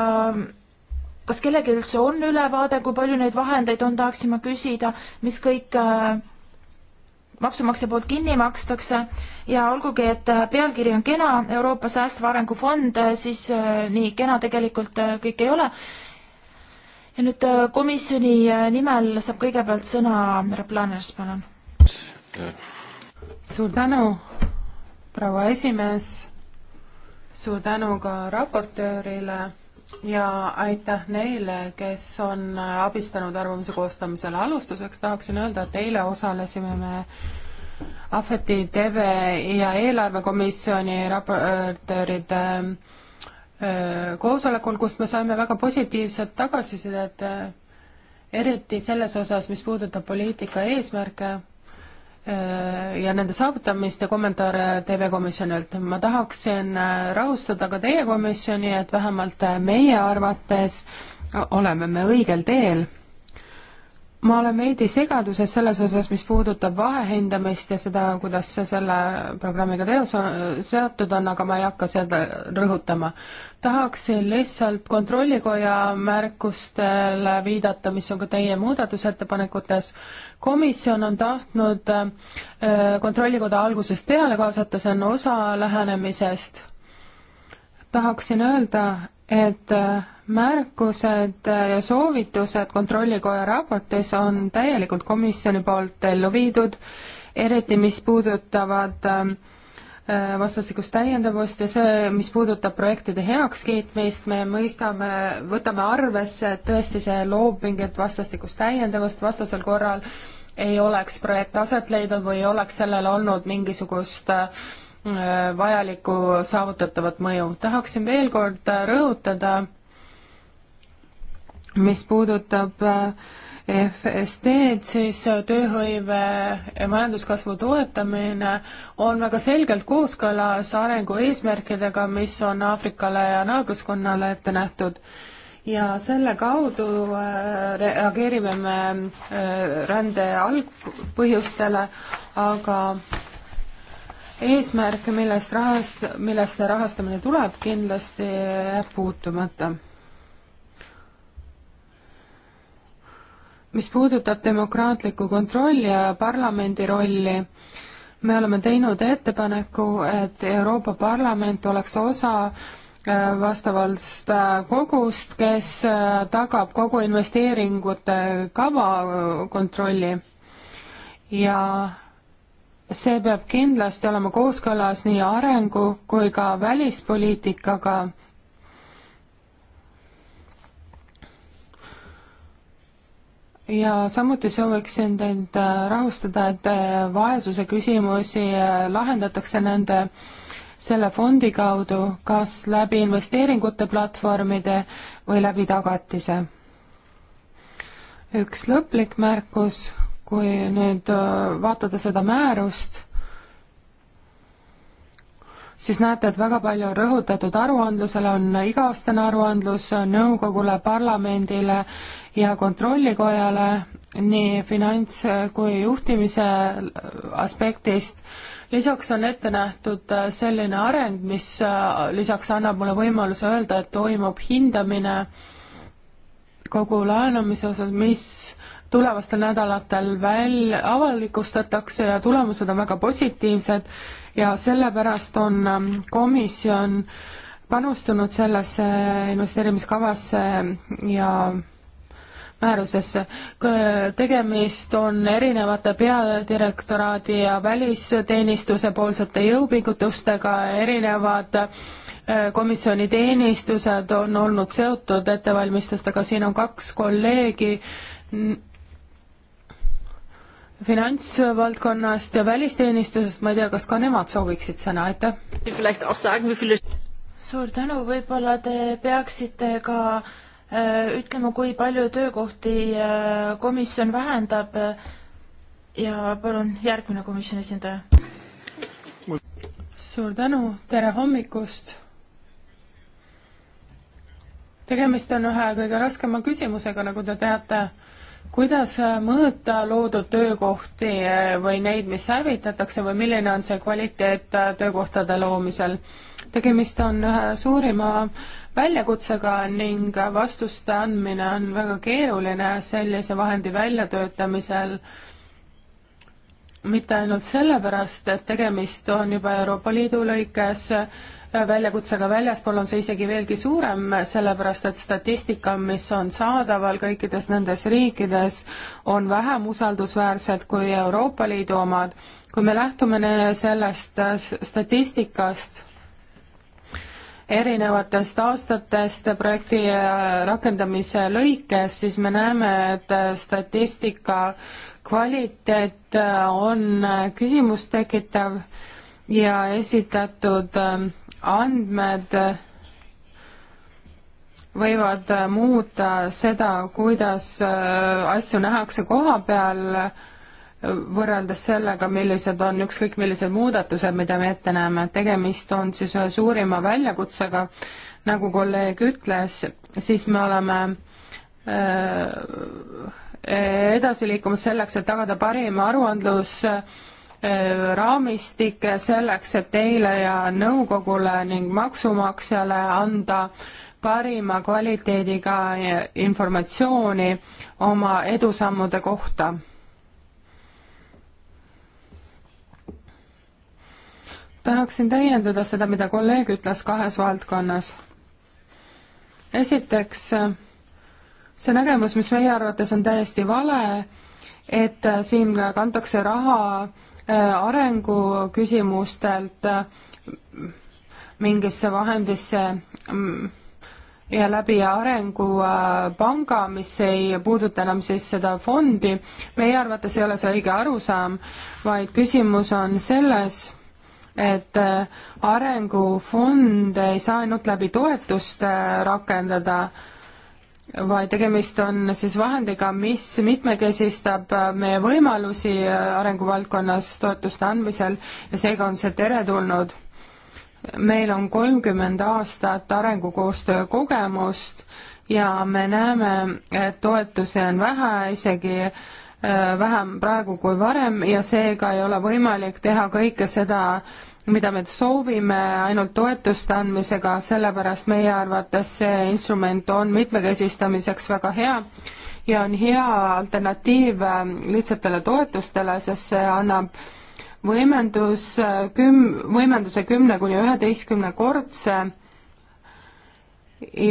kas kellelgi üldse on ülevaade, kui palju neid vahendeid on, tahaksin ma küsida, mis kõik äh, maksumaksja poolt kinni makstakse ja olgugi, et äh, pealkiri on kena, Euroopa Säästva Arengu Fond, äh, siis nii kena tegelikult kõik ei ole. ja nüüd komisjoni nimel saab kõigepealt sõna härra Planers, palun. suur tänu proua esimees, suur tänu ka raportöörile ja aitäh neile, kes on abistanud arvamuse koostamisel. alustuseks tahaksin öelda, et eile osalesime me Ahveti TV ja eelarvekomisjoni raportööride koosolekul, kust me saime väga positiivset tagasisidet, eriti selles osas, mis puudutab poliitika eesmärke Äh, ja nende saavutamiste kommentaare TV Komisjonilt. ma tahaksin äh, rahustada ka teie komisjoni, et vähemalt meie arvates oleme me õigel teel ma olen veidi segaduses selles osas, mis puudutab vahehindamist ja seda, kuidas see selle programmiga teos on, seotud on, aga ma ei hakka seda rõhutama. tahaksin lihtsalt Kontrollikoja märkustele viidata, mis on ka teie muudatusettepanekutes. komisjon on tahtnud äh, Kontrollikoda algusest peale kaasata, see on osa lähenemisest. tahaksin öelda, et äh, märkused ja soovitused Kontrollikoja raportis on täielikult komisjoni poolt ellu viidud, eriti mis puudutavad ähm, äh, vastastikust täiendavust ja see, mis puudutab projektide heakskiitmist, me mõistame, võtame arvesse, et tõesti see loob mingit vastastikust täiendavust, vastasel korral ei oleks projekt aset leidnud või ei oleks sellel olnud mingisugust äh, vajalikku saavutatavat mõju. tahaksin veel kord rõhutada, mis puudutab äh, FSD-d, siis äh, tööhõive majanduskasvu toetamine on väga selgelt kooskõlas arengu eesmärkidega, mis on Aafrikale ja naabruskonnale ette nähtud. ja selle kaudu äh, reageerime me rände algpõhjustele, aga eesmärk, millest rahast, millest see rahastamine tuleb, kindlasti jääb puutumata mis puudutab demokraatlikku kontrolli ja parlamendi rolli, me oleme teinud ettepaneku, et Euroopa Parlament oleks osa äh, vastavast äh, kogust, kes äh, tagab kogu investeeringute kava kontrolli ja see peab kindlasti olema kooskõlas nii arengu kui ka välispoliitikaga ja samuti sooviksin teid äh, rahustada, et äh, vaesuse küsimusi äh, lahendatakse nende selle fondi kaudu, kas läbi investeeringute platvormide või läbi tagatise. üks lõplik märkus, kui nüüd vaatada seda määrust siis näete, et väga palju on rõhutatud aruandlusele, on iga-aastane aruandlus nõukogule, parlamendile ja kontrollikojale nii finants- kui juhtimise aspektist. lisaks on ette nähtud äh, selline areng, mis äh, lisaks annab mulle võimaluse öelda, et toimub hindamine kogu laenamise osas, mis tulevastel nädalatel väl-, avalikustatakse ja tulemused on väga positiivsed ja sellepärast on ähm, komisjon panustanud sellesse investeerimiskavasse ja määrusesse. tegemist on erinevate peadirektoraadi ja välisteenistuse poolsete jõupingutustega, erinevad äh, komisjoni teenistused on olnud seotud ettevalmistustega, siin on kaks kolleegi finantsvaldkonnast ja välisteenistusest, ma ei tea, kas ka nemad sooviksid sõna, aitäh. suur tänu, võib-olla te peaksite ka äh, ütlema, kui palju töökohti äh, komisjon vähendab ja palun järgmine komisjoni esindaja. suur tänu, tere hommikust tegemist on ühe kõige raskema küsimusega, nagu te teate kuidas mõõta loodud töökohti eh, või neid, mis hävitatakse või milline on see kvaliteet eh, töökohtade loomisel? tegemist on ühe suurima väljakutsega ning vastuste andmine on väga keeruline sellise vahendi väljatöötamisel, mitte ainult sellepärast, et tegemist on juba Euroopa Liidu lõikes äh, väljakutsega väljaspool on see isegi veelgi suurem, sellepärast et statistika, mis on saadaval kõikides nendes riikides, on vähem usaldusväärsed kui Euroopa Liidu omad. kui me lähtume sellest äh, statistikast, erinevatest aastatest projekti äh, rakendamise lõikes, siis me näeme, et äh, statistika kvaliteet on küsimust tekitav ja esitatud äh, andmed võivad muuta seda, kuidas äh, asju nähakse koha peal, võrreldes sellega, millised on ükskõik millised muudatused, mida me ette näeme, et tegemist on siis ühe suurima väljakutsega, nagu kolleeg ütles, siis me oleme äh, edasi liikumas selleks, et tagada parim aruandlus äh, raamistik selleks, et teile ja nõukogule ning maksumaksjale anda parima kvaliteediga informatsiooni oma edusammude kohta. tahaksin täiendada seda, mida kolleeg ütles kahes valdkonnas. esiteks, see nägemus, mis meie arvates on täiesti vale, et siin kantakse raha Äh, arenguküsimustelt äh, mingisse vahendisse mm, ja läbi Arengupanga, äh, mis ei puuduta enam siis seda fondi, meie arvates ei ole see õige arusaam, vaid küsimus on selles, et arengufond ei saa ainult läbi toetuste rakendada äh, vaid tegemist on siis vahendiga, mis mitmekesistab äh, meie võimalusi äh, arenguvaldkonnas toetuste andmisel ja seega on see teretulnud. meil on kolmkümmend aastat arengukoostöö kogemust ja me näeme, et toetusi on vähe, isegi äh, vähem praegu kui varem ja seega ei ole võimalik teha kõike seda, mida me soovime ainult toetuste andmisega, sellepärast meie arvates see instrument on mitmekesistamiseks väga hea ja on hea alternatiiv lihtsatele toetustele, sest see annab võimendus küm-, võimenduse kümne kuni üheteistkümnekordse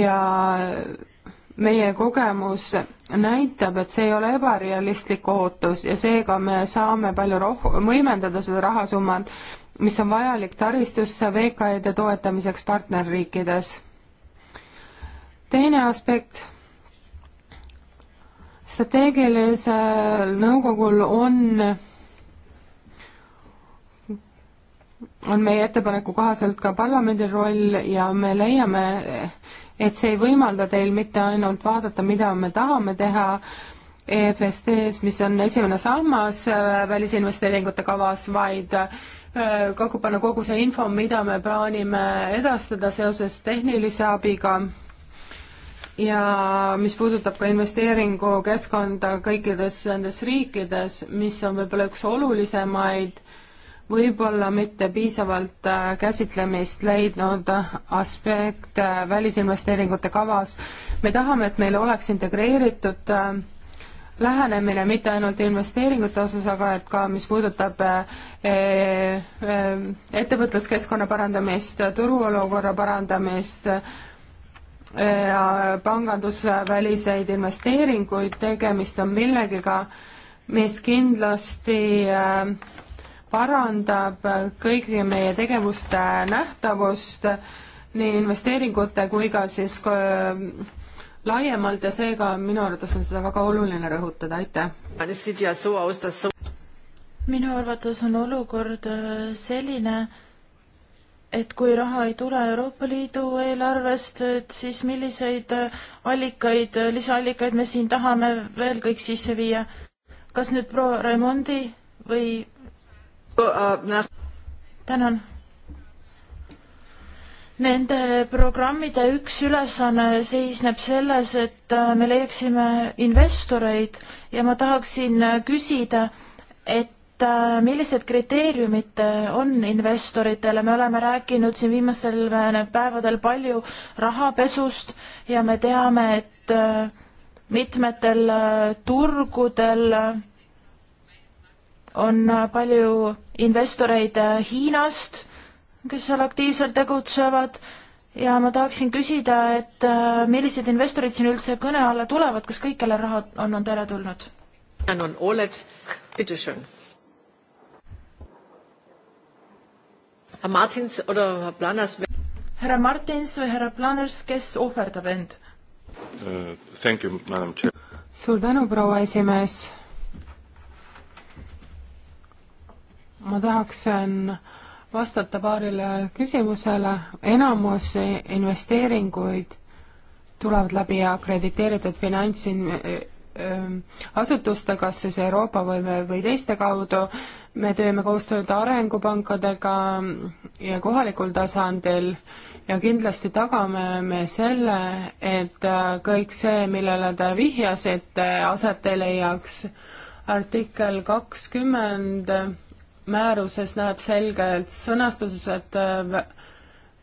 ja meie kogemus näitab, et see ei ole ebarealistlik ootus ja seega me saame palju roh-, võimendada seda rahasummat mis on vajalik taristusse VKE-de toetamiseks partnerriikides. teine aspekt, strateegilisel nõukogul on on meie ettepaneku kohaselt ka parlamendi roll ja me leiame, et see ei võimalda teil mitte ainult vaadata, mida me tahame teha EFSD-s, mis on esimene sammas äh, välisinvesteeringute kavas, vaid Äh, kokku panna kogu see info, mida me plaanime edastada seoses tehnilise abiga ja mis puudutab ka investeeringukeskkonda kõikides nendes riikides, mis on võib-olla üks olulisemaid, võib-olla mitte piisavalt äh, käsitlemist leidnud aspekt äh, välisinvesteeringute kavas. me tahame, et meil oleks integreeritud äh, lähenemine mitte ainult investeeringute osas, aga et ka, mis puudutab äh, äh, ettevõtluskeskkonna parandamist, turuolukorra parandamist äh, ja pangandusväliseid investeeringuid, tegemist on millegiga, mis kindlasti parandab kõigi meie tegevuste nähtavust, nii investeeringute kui ka siis laiemalt ja seega minu arvates on seda väga oluline rõhutada, aitäh! minu arvates on olukord äh, selline, et kui raha ei tule Euroopa Liidu eelarvest, et siis milliseid äh, allikaid, äh, lisaallikaid me siin tahame veel kõik sisse viia. kas nüüd proua Raimondi või? tänan Nende programmide üks ülesanne seisneb selles, et äh, me leiaksime investoreid ja ma tahaksin äh, küsida, et äh, millised kriteeriumid on investoritele, me oleme rääkinud siin viimastel päevadel palju rahapesust ja me teame, et mitmetel turgudel on palju investoreid Hiinast kes seal aktiivselt tegutsevad ja ma tahaksin küsida, et äh, millised investorid siin üldse kõne alla tulevad, kas kõik, kelle raha on, on teretulnud? Anon Olev, bitteschön. Martins oder Planas? härra Martins või härra Planas, kes ohverdab end uh,? Thank you, madam chair. suur tänu, proua esimees. ma tahaksin vastata paarile küsimusele. enamus investeeringuid tulevad läbi akrediteeritud finantsin-, äh, äh, asutuste, kas siis Euroopa või, või teiste kaudu, me teeme koostööd arengupankadega ja kohalikul tasandil ja kindlasti tagame me selle, et kõik see, millele te vihjasite, aset ei leiaks. artikkel kakskümmend määruses näeb selgelt sõnastuses, et äh,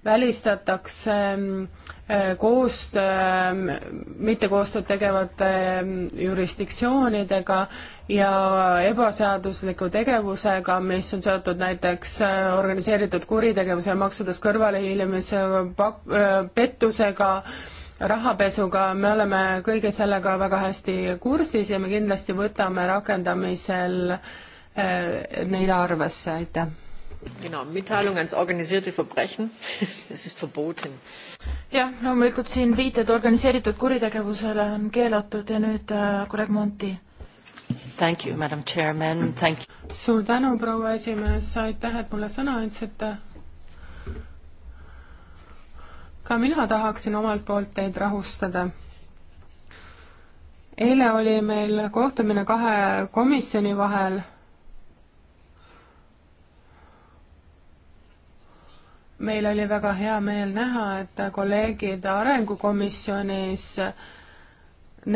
välistatakse mm, äh, koostöö, mm, mitte koostööd tegevate mm, jurisdiktsioonidega ja ebaseadusliku tegevusega, mis on seotud näiteks äh, organiseeritud kuritegevuse, maksudest kõrvalehiilimise, pettusega, rahapesuga, me oleme kõige sellega väga hästi kursis ja me kindlasti võtame rakendamisel äh, Äh, neid arvesse, aitäh. Genau, mitteilung ans organisierte verbrechen, das ist verboten. jah, loomulikult siin viited organiseeritud kuritegevusele on keelatud ja nüüd äh, kolleeg Monti. Thank you, madam chairman, thank you. suur tänu, proua esimees, aitäh, et mulle sõna andsite ka mina tahaksin omalt poolt teid rahustada. eile oli meil kohtumine kahe komisjoni vahel meil oli väga hea meel näha, et kolleegid Arengukomisjonis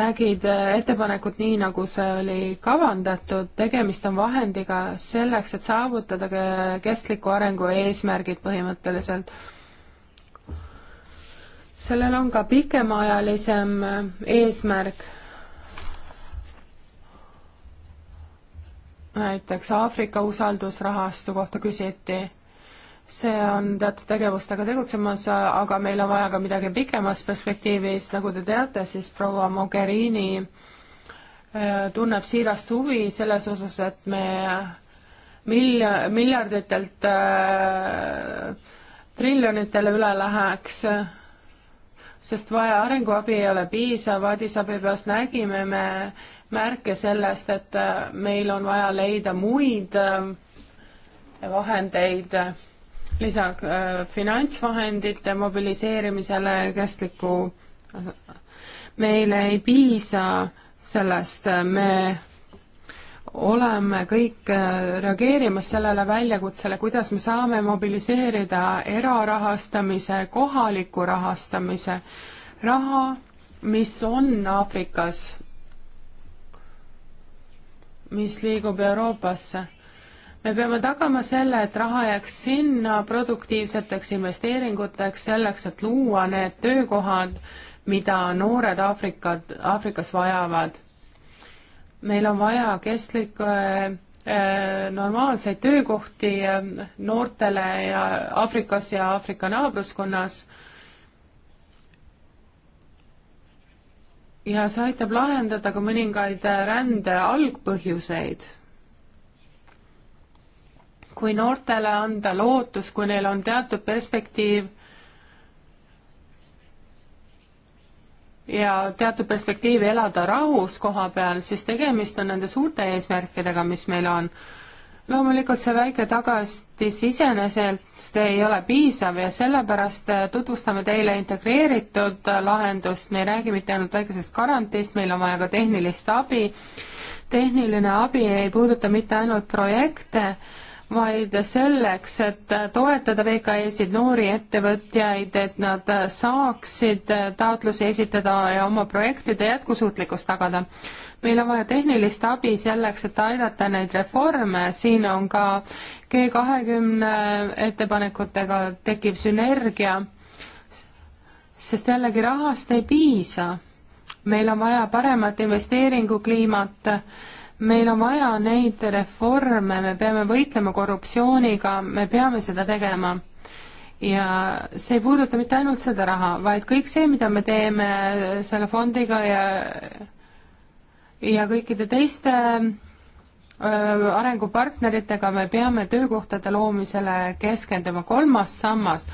nägid ettepanekut nii, nagu see oli kavandatud, tegemist on vahendiga selleks, et saavutada kestliku arengu eesmärgid põhimõtteliselt. sellel on ka pikemaajalisem eesmärk näiteks Aafrika usaldusrahastu kohta küsiti see on teatud tegevustega tegutsemas, aga meil on vaja ka midagi pikemas perspektiivis, nagu te teate, siis proua Mogherini äh, tunneb siirast huvi selles osas, et me mil-, miljarditelt äh, triljonitele üle läheks, sest vaja arenguabi ei ole piisav, Addis Abebas nägime me märke sellest, et äh, meil on vaja leida muid äh, vahendeid lisa äh, finantsvahendite mobiliseerimisele kestliku, meile ei piisa sellest, äh, me oleme kõik äh, reageerimas sellele väljakutsele, kuidas me saame mobiliseerida erarahastamise, kohaliku rahastamise, raha, mis on Aafrikas, mis liigub Euroopasse me peame tagama selle, et raha jääks sinna produktiivseteks investeeringuteks, selleks et luua need töökohad, mida noored Aafrikad, Aafrikas vajavad. meil on vaja kestlikke äh, eh, normaalseid töökohti äh, noortele ja Aafrikas ja Aafrika naabruskonnas ja see aitab lahendada ka mõningaid rände algpõhjuseid kui noortele anda lootus, kui neil on teatud perspektiiv ja teatud perspektiivi elada rahus koha peal, siis tegemist on nende suurte eesmärkidega, mis meil on. loomulikult see väike tagastis iseenesest ei ole piisav ja sellepärast tutvustame teile integreeritud lahendust, me ei räägi mitte ainult väikesest garantiist, meil on vaja ka tehnilist abi. tehniline abi ei puuduta mitte ainult projekte, vaid selleks, et toetada VKE-sid, noori ettevõtjaid, et nad saaksid taotlusi esitada ja oma projektide jätkusuutlikkust tagada. meil on vaja tehnilist abi selleks, et aidata neid reforme, siin on ka G kahekümne ettepanekutega tekkiv sünergia, sest jällegi rahast ei piisa. meil on vaja paremat investeeringukliimat meil on vaja neid reforme, me peame võitlema korruptsiooniga, me peame seda tegema. ja see ei puuduta mitte ainult seda raha, vaid kõik see, mida me teeme selle fondiga ja ja kõikide teiste arengupartneritega me peame töökohtade loomisele keskenduma, kolmas sammas.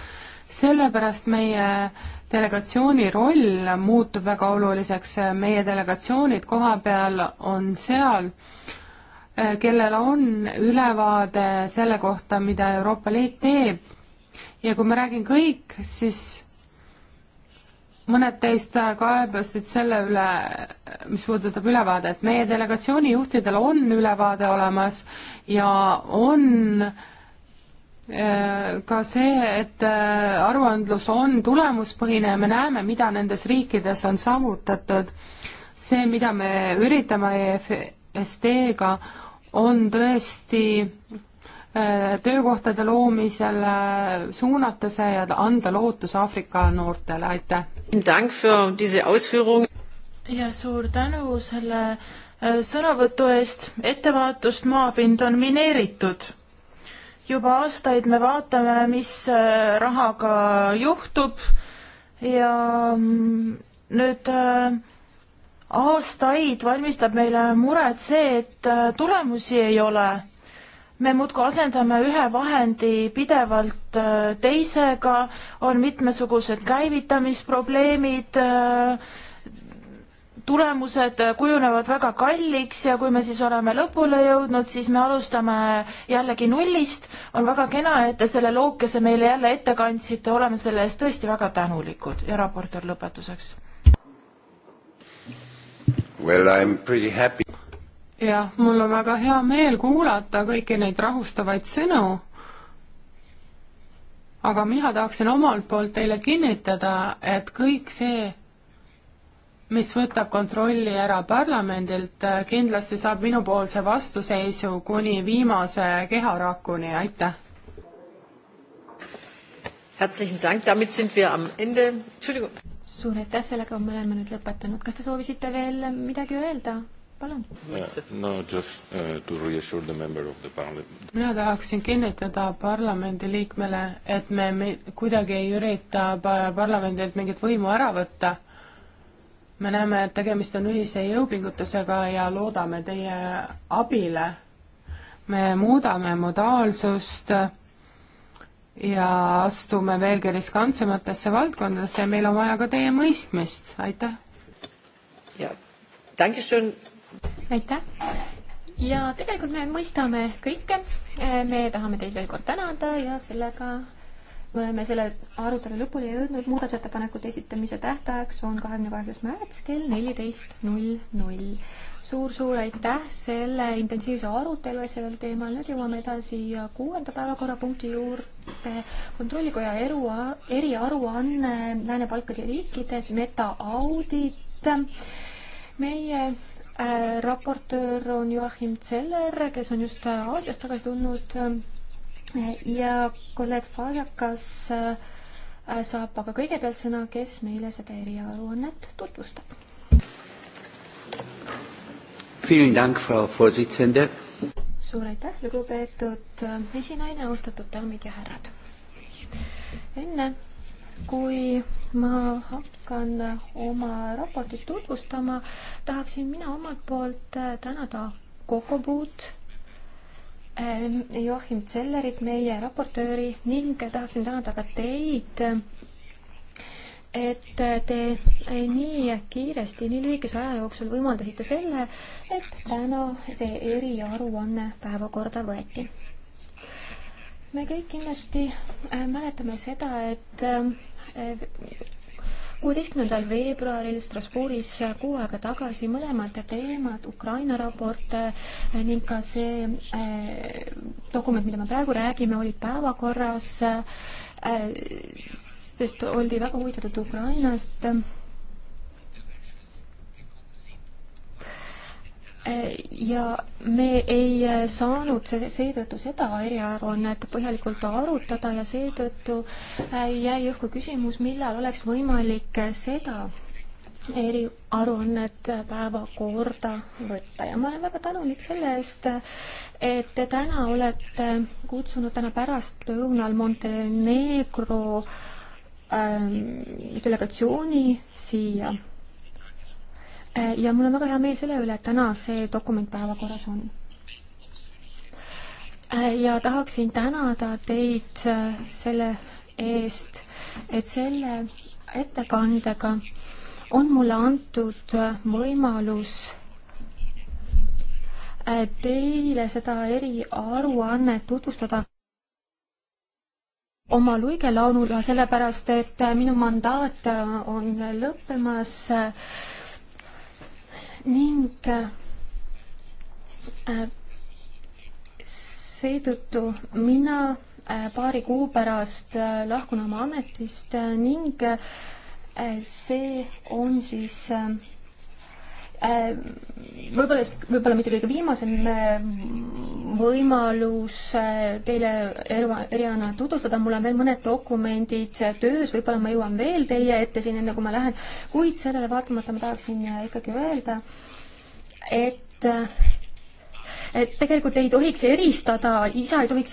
sellepärast meie delegatsiooni roll muutub väga oluliseks, meie delegatsioonid koha peal on seal, eh, kellel on ülevaade selle kohta, mida Euroopa Liit teeb. ja kui ma räägin kõik, siis mõned teist kaebasid selle üle, mis puudutab ülevaadet. meie delegatsiooni juhtidel on ülevaade olemas ja on äh, Äh, ka see, et äh, aruandlus on tulemuspõhine ja me näeme, mida nendes riikides on saavutatud. see, mida me üritame EFSD-ga, on tõesti äh, töökohtade loomisele suunata see ja anda lootus Aafrika noortele, aitäh! ja suur tänu selle sõnavõtu eest, ettevaatust maapind on mineeritud juba aastaid me vaatame, mis äh, rahaga juhtub ja mm, nüüd äh, aastaid valmistab meile muret see, et äh, tulemusi ei ole. me muudkui asendame ühe vahendi pidevalt teisega, on mitmesugused käivitamisprobleemid äh,, tulemused kujunevad väga kalliks ja kui me siis oleme lõpule jõudnud, siis me alustame jällegi nullist. on väga kena, et te selle lookese meile jälle ette kandsite, oleme selle eest tõesti väga tänulikud ja raportöör lõpetuseks. Well I am pretty happy. jah, mul on väga hea meel kuulata kõiki neid rahustavaid sõnu. aga mina tahaksin omalt poolt teile kinnitada, et kõik see, mis võtab kontrolli ära parlamendilt, kindlasti saab minupoolse vastuseisu kuni viimase keharakuni, aitäh! suur aitäh, sellega me oleme nüüd lõpetanud. kas te soovisite veel midagi öelda? palun yeah,. No, just uh, to reassure the member of the parliament. mina tahaksin kinnitada parlamendiliikmele, et me, me kuidagi ei ürita parlamendilt mingit võimu ära võtta me näeme, et tegemist on ühise jõupingutusega ja loodame teie abile. me muudame modaalsust ja astume veelgi riskantsematesse valdkondadesse ja meil on vaja ka teie mõistmist, aitäh! aitäh! ja tegelikult me mõistame kõike, me tahame teid veel kord tänada ja sellega me oleme selle arutelu lõpuni jõudnud, muudatusettepanekute esitamise tähtajaks on kahekümne kaheksas märts kell neliteist null null. suur-suur aitäh selle intensiivse arutelu eest sellel teemal, nüüd jõuame edasi kuuenda päevakorrapunkti juurde. kontrollikoja eru, eriaruanne Lääne-Balkani riikides, metaaudit. meie äh, raportöör on Joachim Zeller, kes on just äh, Aasiast tagasi tulnud äh, ja kolleeg Fajakas äh, saab aga kõigepealt sõna, kes meile seda eriaruannet tutvustab. suur aitäh, lugupeetud äh, esinaine, austatud daamid ja härrad. enne kui ma hakkan äh, oma raportit tutvustama, tahaksin mina omalt poolt tänada Kokobut Ähm, Joachim Zellerit, meie raportööri ning tahaksin tänada ka teid, et te nii kiiresti, nii lühikese aja jooksul võimaldasite selle, et täna see eriaruanne päevakorda võeti. me kõik kindlasti äh, mäletame seda, et äh, kuueteistkümnendal veebruaril Strasbourgis kuu aega tagasi mõlemad teemad, Ukraina raport eh, ning ka see eh, dokument, mida me praegu räägime, olid päevakorras, eh, sest oldi väga huvitatud Ukrainast ja me ei eh, saanud seetõttu seda eriaruannet põhjalikult arutada ja seetõttu eh, jäi õhku küsimus, millal oleks võimalik seda eriaruannet päevakorda võtta ja ma olen väga tänulik selle eest, et te täna olete kutsunud täna pärastlõunal Montenegro ähm, delegatsiooni siia Eh, ja mul on väga hea meel selle üle, et täna see dokument päevakorras on eh, ja tahaksin tänada teid eh, selle eest, et selle ettekandega on mulle antud võimalus teile seda eriaruannet tutvustada oma luigelaulule, sellepärast et minu mandaat on lõppemas ning äh, seetõttu mina äh, paari kuu pärast äh, lahkun oma ametist ning see on siis Äh, võib-olla just, võib-olla mitte kõige viimasem äh, võimalus äh, teile erva, eriana tutvustada, mul on veel mõned dokumendid töös, võib-olla ma jõuan veel teie ette siin, enne kui ma lähen, kuid sellele vaatamata ma tahaksin ikkagi öelda, et et tegelikult ei tohiks eristada, isa ei tohiks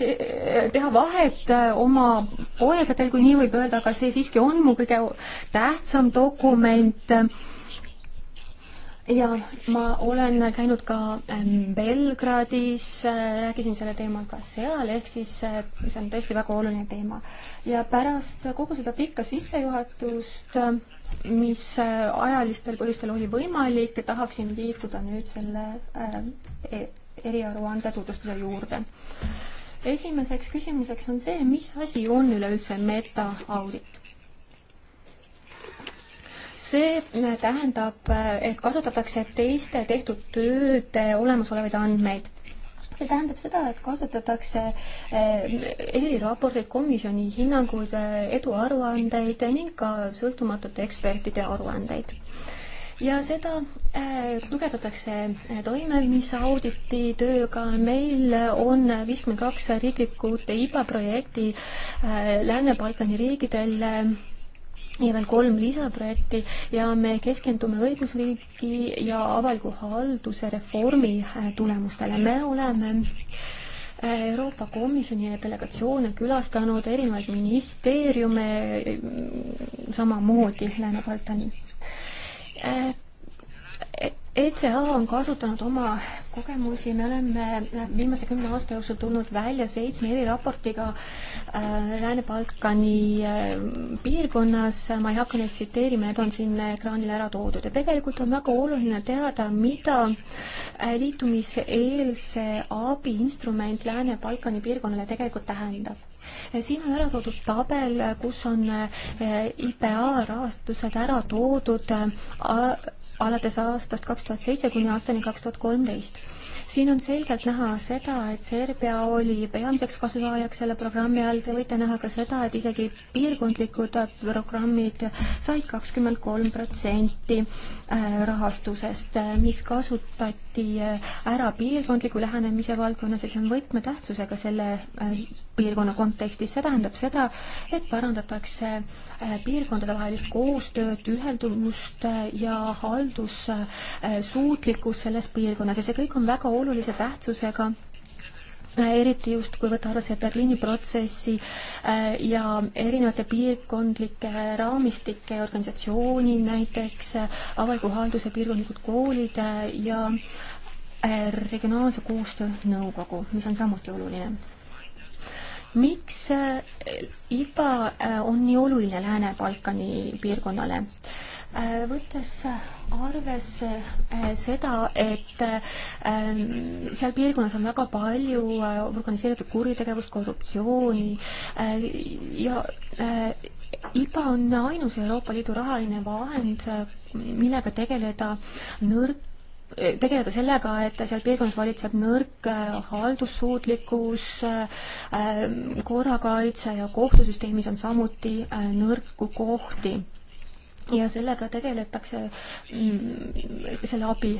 teha vahet oma poegadel, kui nii võib öelda, aga see siiski on mu kõige tähtsam dokument äh, ja ma olen käinud ka ähm, Belgradis, äh, rääkisin sellel teemal ka seal, ehk siis äh, see on tõesti väga oluline teema. ja pärast kogu seda pikka sissejuhatust, äh, mis ajalistel põhjustel oli võimalik, tahaksin liikuda nüüd selle e-, eriaruande tutvustuse juurde. esimeseks küsimuseks on see, mis asi on üleüldse metaaudit see tähendab, et kasutatakse teiste tehtud tööde olemasolevaid andmeid. see tähendab seda, et kasutatakse eh, eriraporteid, komisjoni hinnanguid, eh, eduaruandeid ning ka sõltumatute ekspertide aruandeid ja seda eh, tugevdatakse toimimise auditi tööga. meil on viiskümmend kaks riiklikud IPA projekti Lääne-Balkani riikidel ja veel kolm lisaprojekti ja me keskendume õigusriigi ja avaliku halduse reformi äh, tulemustele. me oleme äh, Euroopa Komisjoni delegatsioone külastanud, erinevaid ministeeriume äh, samamoodi Lääne-Balkani ECA on kasutanud oma kogemusi, me oleme viimase kümne aasta jooksul tulnud välja seitsme eriraportiga äh, Lääne-Balkani äh, piirkonnas, ma ei hakka neid tsiteerima, need on siin ekraanil ära toodud ja tegelikult on väga oluline teada, mida äh, liitumiseelse abi instrument Lääne-Balkani piirkonnale tegelikult tähendab siin on ära toodud tabel, kus on IPA rahastused ära toodud alates aastast kaks tuhat seitse kuni aastani kaks tuhat kolmteist siin on selgelt näha seda, et Serbia oli peamiseks kasusaajaks selle programmi all, te võite näha ka seda, et isegi piirkondlikud programmid said kakskümmend kolm protsenti äh, rahastusest, äh, mis kasutati äh, ära piirkondliku lähenemise valdkonnas ja see on võtmetähtsusega selle piirkonna kontekstis, see tähendab seda, et parandatakse piirkondadevahelist koostööd, ühelduvust ja haldussuutlikkust selles piirkonnas ja see kõik on väga olulise tähtsusega eriti just, kui võtta arvesse Berliini protsessi äh, ja erinevate piirkondlike raamistike, organisatsioonid näiteks, äh, avaliku halduse piirkondlikud koolid äh, ja regionaalse koostöö nõukogu, mis on samuti oluline. miks IPA on nii oluline Lääne-Balkani piirkonnale? Äh, võttes arvesse äh, seda, et ähm, seal piirkonnas on väga palju äh, organiseeritud kuritegevust, korruptsiooni ja IPA on ainus Euroopa Liidu rahaline vahend, millega tegeleda nõrk tegeleda sellega, et seal piirkonnas valitseb nõrk haldussuutlikkus, korrakaitse ja kohtusüsteemis on samuti nõrku kohti ja sellega tegeletakse mm, selle abi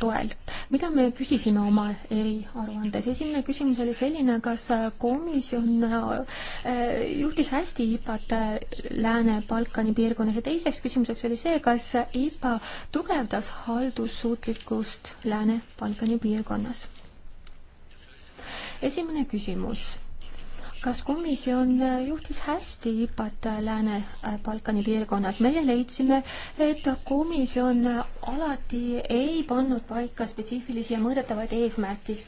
toel. mida me küsisime oma eriaruandes? esimene küsimus oli selline, kas komisjon äh, juhtis hästi IPA-t äh, Lääne-Balkani piirkonnas ja teiseks küsimuseks oli see, kas IPA tugevdas haldussuutlikkust Lääne-Balkani piirkonnas? esimene küsimus kas komisjon juhtis hästi IPA-t Lääne-Balkani piirkonnas? meie leidsime, et komisjon alati ei pannud paika spetsiifilisi ja mõõdetavaid eesmärkis,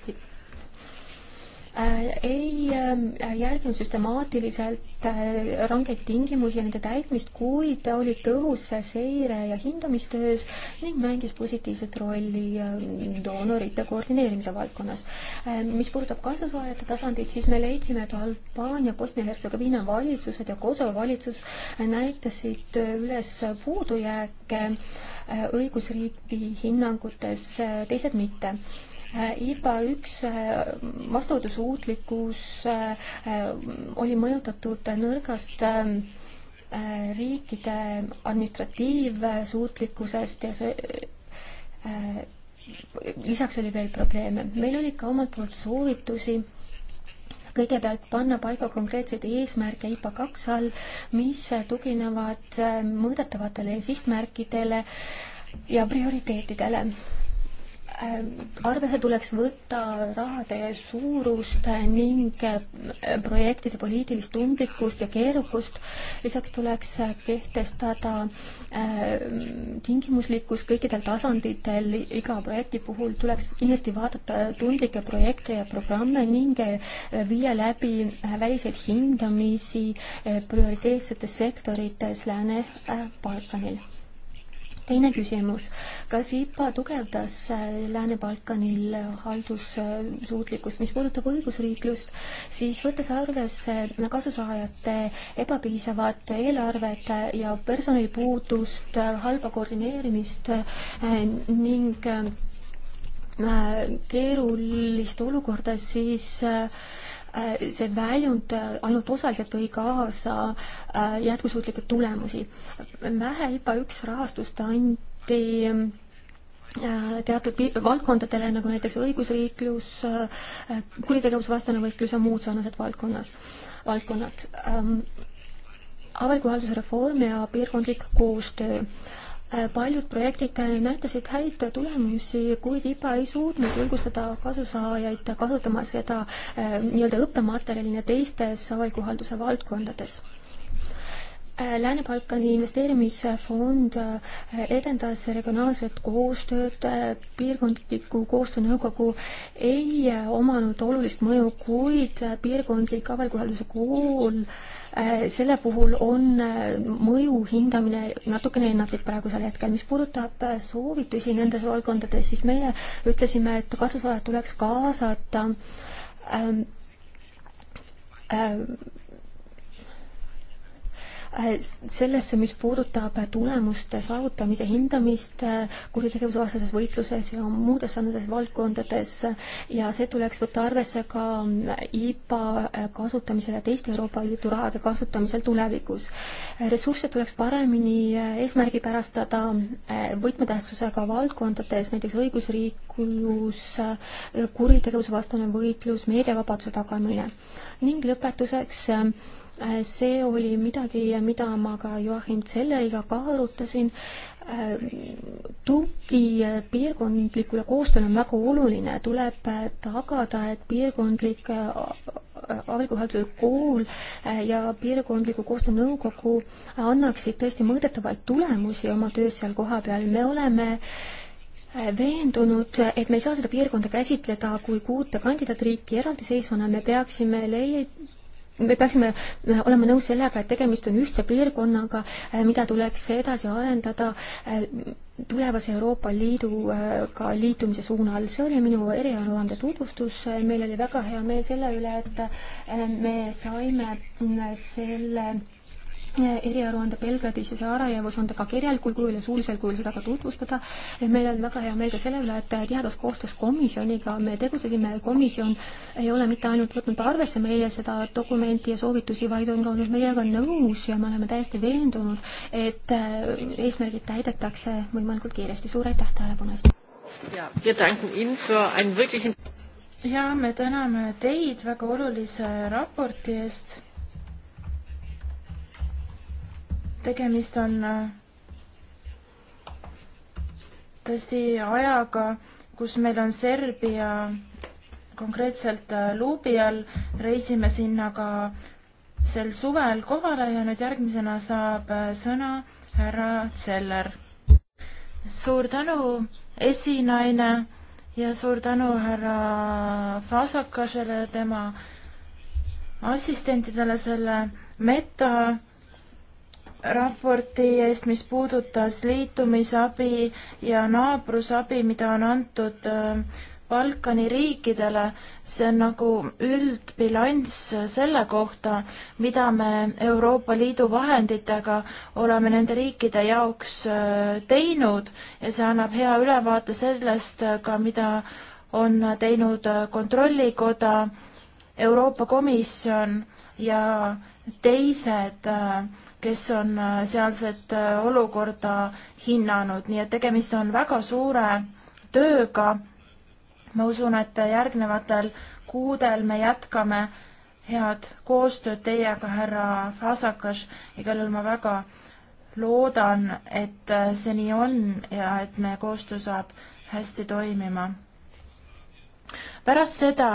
Äh, ei ähm, järginud süstemaatiliselt äh, rangeid tingimusi ja nende täitmist, kuid oli tõhus seire- ja hindamistöös ning mängis positiivset rolli ähm, doonorite koordineerimise valdkonnas. Äh, mis puudutab kasusaajate tasandit, siis me leidsime, et Albaania, Bosnia-Hertsegoviina valitsused ja Kosovo valitsus näitasid üles puudujääke õigusriigi hinnangutes, teised mitte Äh, IPA üks äh, vastuvõtusuutlikkus äh, oli mõjutatud nõrgast ähm, riikide administratiivsuutlikkusest ja see lisaks oli veel probleeme. meil olid ka omalt poolt soovitusi kõigepealt panna paika konkreetseid eesmärke IPA kaks all, mis tuginevad mõõdetavatele sihtmärkidele ja prioriteetidele. Äh, arvesse tuleks võtta rahade suurust ning äh, projektide poliitilist tundlikkust ja keerukust. lisaks tuleks kehtestada äh, tingimuslikkus kõikidel tasanditel, iga projekti puhul tuleks kindlasti vaadata tundlikke projekte ja programme ning viia läbi väliseid hindamisi prioriteetsetes sektorites Lääne-Balkanil teine küsimus, kas IPA tugevdas äh, Lääne-Balkanil äh, haldussuutlikkust, mis puudutab õigusriiklust, siis võttes arvesse äh, kasusaajate ebapiisavat eelarvet ja personalipuudust, halba koordineerimist ning keerulist olukorda, siis Äh, see väljund äh, ainult osaliselt tõi kaasa äh, jätkusuutlikke tulemusi. Mähe IPA üks rahastust anti teatud valdkondadele, nagu näiteks õigusriiklus, kuritegevusvastane võitlus ja muud sarnased valdkonnas, valdkonnad ähm, avaliku halduse reform ja piirkondlik koostöö paljud projektid näitasid häid tulemusi, kuid IPA ei suutnud julgustada kasusaajaid kasutama seda äh, nii-öelda õppematerjalina teistes avaliku halduse valdkondades äh, Lääne-Balkani investeerimisfond äh, edendas regionaalset koostööd, piirkondliku koostöönõukogu ei omanud olulist mõju, kuid piirkondlik avaliku halduse kool Äh, selle puhul on äh, mõju hindamine natukene ennatlik praegusel hetkel. mis puudutab äh, soovitusi nendes valdkondades, siis meie ütlesime, et kasusaajad tuleks kaasata ähm, ähm, Äh, sellesse, mis puudutab tulemuste saavutamise hindamist äh, kuritegevusvastases võitluses ja muudes sarnases valdkondades ja see tuleks võtta arvesse ka mm, IPA äh, kasutamisel ja teiste Euroopa Liidu rahade kasutamisel tulevikus. ressursse tuleks paremini eesmärgipärastada võtmetähtsusega valdkondades, näiteks õigusriiklus, kuritegevusvastane võitlus, meediavabaduse tagamine ning lõpetuseks Äh, see oli midagi, mida ma ka Joachim Zelleriga ka arutasin. Äh, tugi äh, piirkondlikule koostööle on väga oluline, tuleb tagada, et piirkondlik avaliku halduse kool ja piirkondliku koostöönõukogu annaksid tõesti mõõdetavaid tulemusi oma töös seal kohapeal. me oleme veendunud, et me ei saa seda piirkonda käsitleda kui kuute kandidaatriiki eraldiseisvana, me peaksime leid-, me peaksime äh, olema nõus sellega, et tegemist on ühtse piirkonnaga, äh, mida tuleks edasi arendada äh, tulevase Euroopa Liiduga liitumise suunal. see oli minu eriaruande tutvustus, meil oli väga hea meel selle üle, et me saime selle eriaruande Belgradis ja Sarajevos on ta ka kirjalikul kujul ja suulisel kujul seda ka tutvustada. meil on väga hea meel ka selle üle, et tihedas koostöös komisjoniga me tegutsesime, komisjon ei ole mitte ainult võtnud arvesse meie seda dokumenti ja soovitusi, vaid on ka olnud meiega nõus ja me oleme täiesti veendunud, et äh, eesmärgid täidetakse võimalikult kiiresti. suur aitäh tähelepanu eest! ja, wir danken Ihnen für einen wirklichen ja, me täname teid väga olulise raporti eest tegemist on äh, tõesti ajaga, kus meil on Serbia konkreetselt äh, luubi all, reisime sinna ka sel suvel kohale ja nüüd järgmisena saab äh, sõna härra Zeller. suur tänu, esinaine ja suur tänu härra Fasakasele ja tema assistentidele selle meta raporti eest, mis puudutas liitumisabi ja naabrusabi, mida on antud ähm, Balkani riikidele, see on nagu üldbilanss selle kohta, mida me Euroopa Liidu vahenditega oleme nende riikide jaoks äh, teinud ja see annab hea ülevaate sellest äh, ka, mida on teinud äh, Kontrollikoda, Euroopa Komisjon ja teised äh, kes on äh, sealset äh, olukorda hinnanud, nii et tegemist on väga suure tööga. ma usun, et järgnevatel kuudel me jätkame head koostööd teiega, härra Fasakas, igal juhul ma väga loodan, et äh, see nii on ja et meie koostöö saab hästi toimima. pärast seda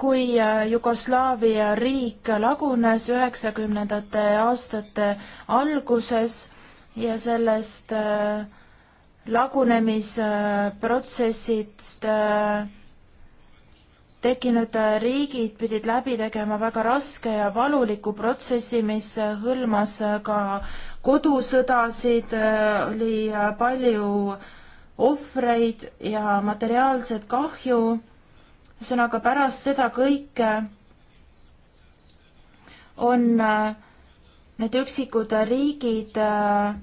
kui äh, Jugoslaavia riik lagunes üheksakümnendate aastate alguses ja sellest äh, lagunemisprotsessist äh, tekkinud riigid pidid läbi tegema väga raske ja valuliku protsessi, mis hõlmas ka kodusõdasid, oli palju ohvreid ja materiaalset kahju ühesõnaga pärast seda kõike on äh, need üksikud riigid äh,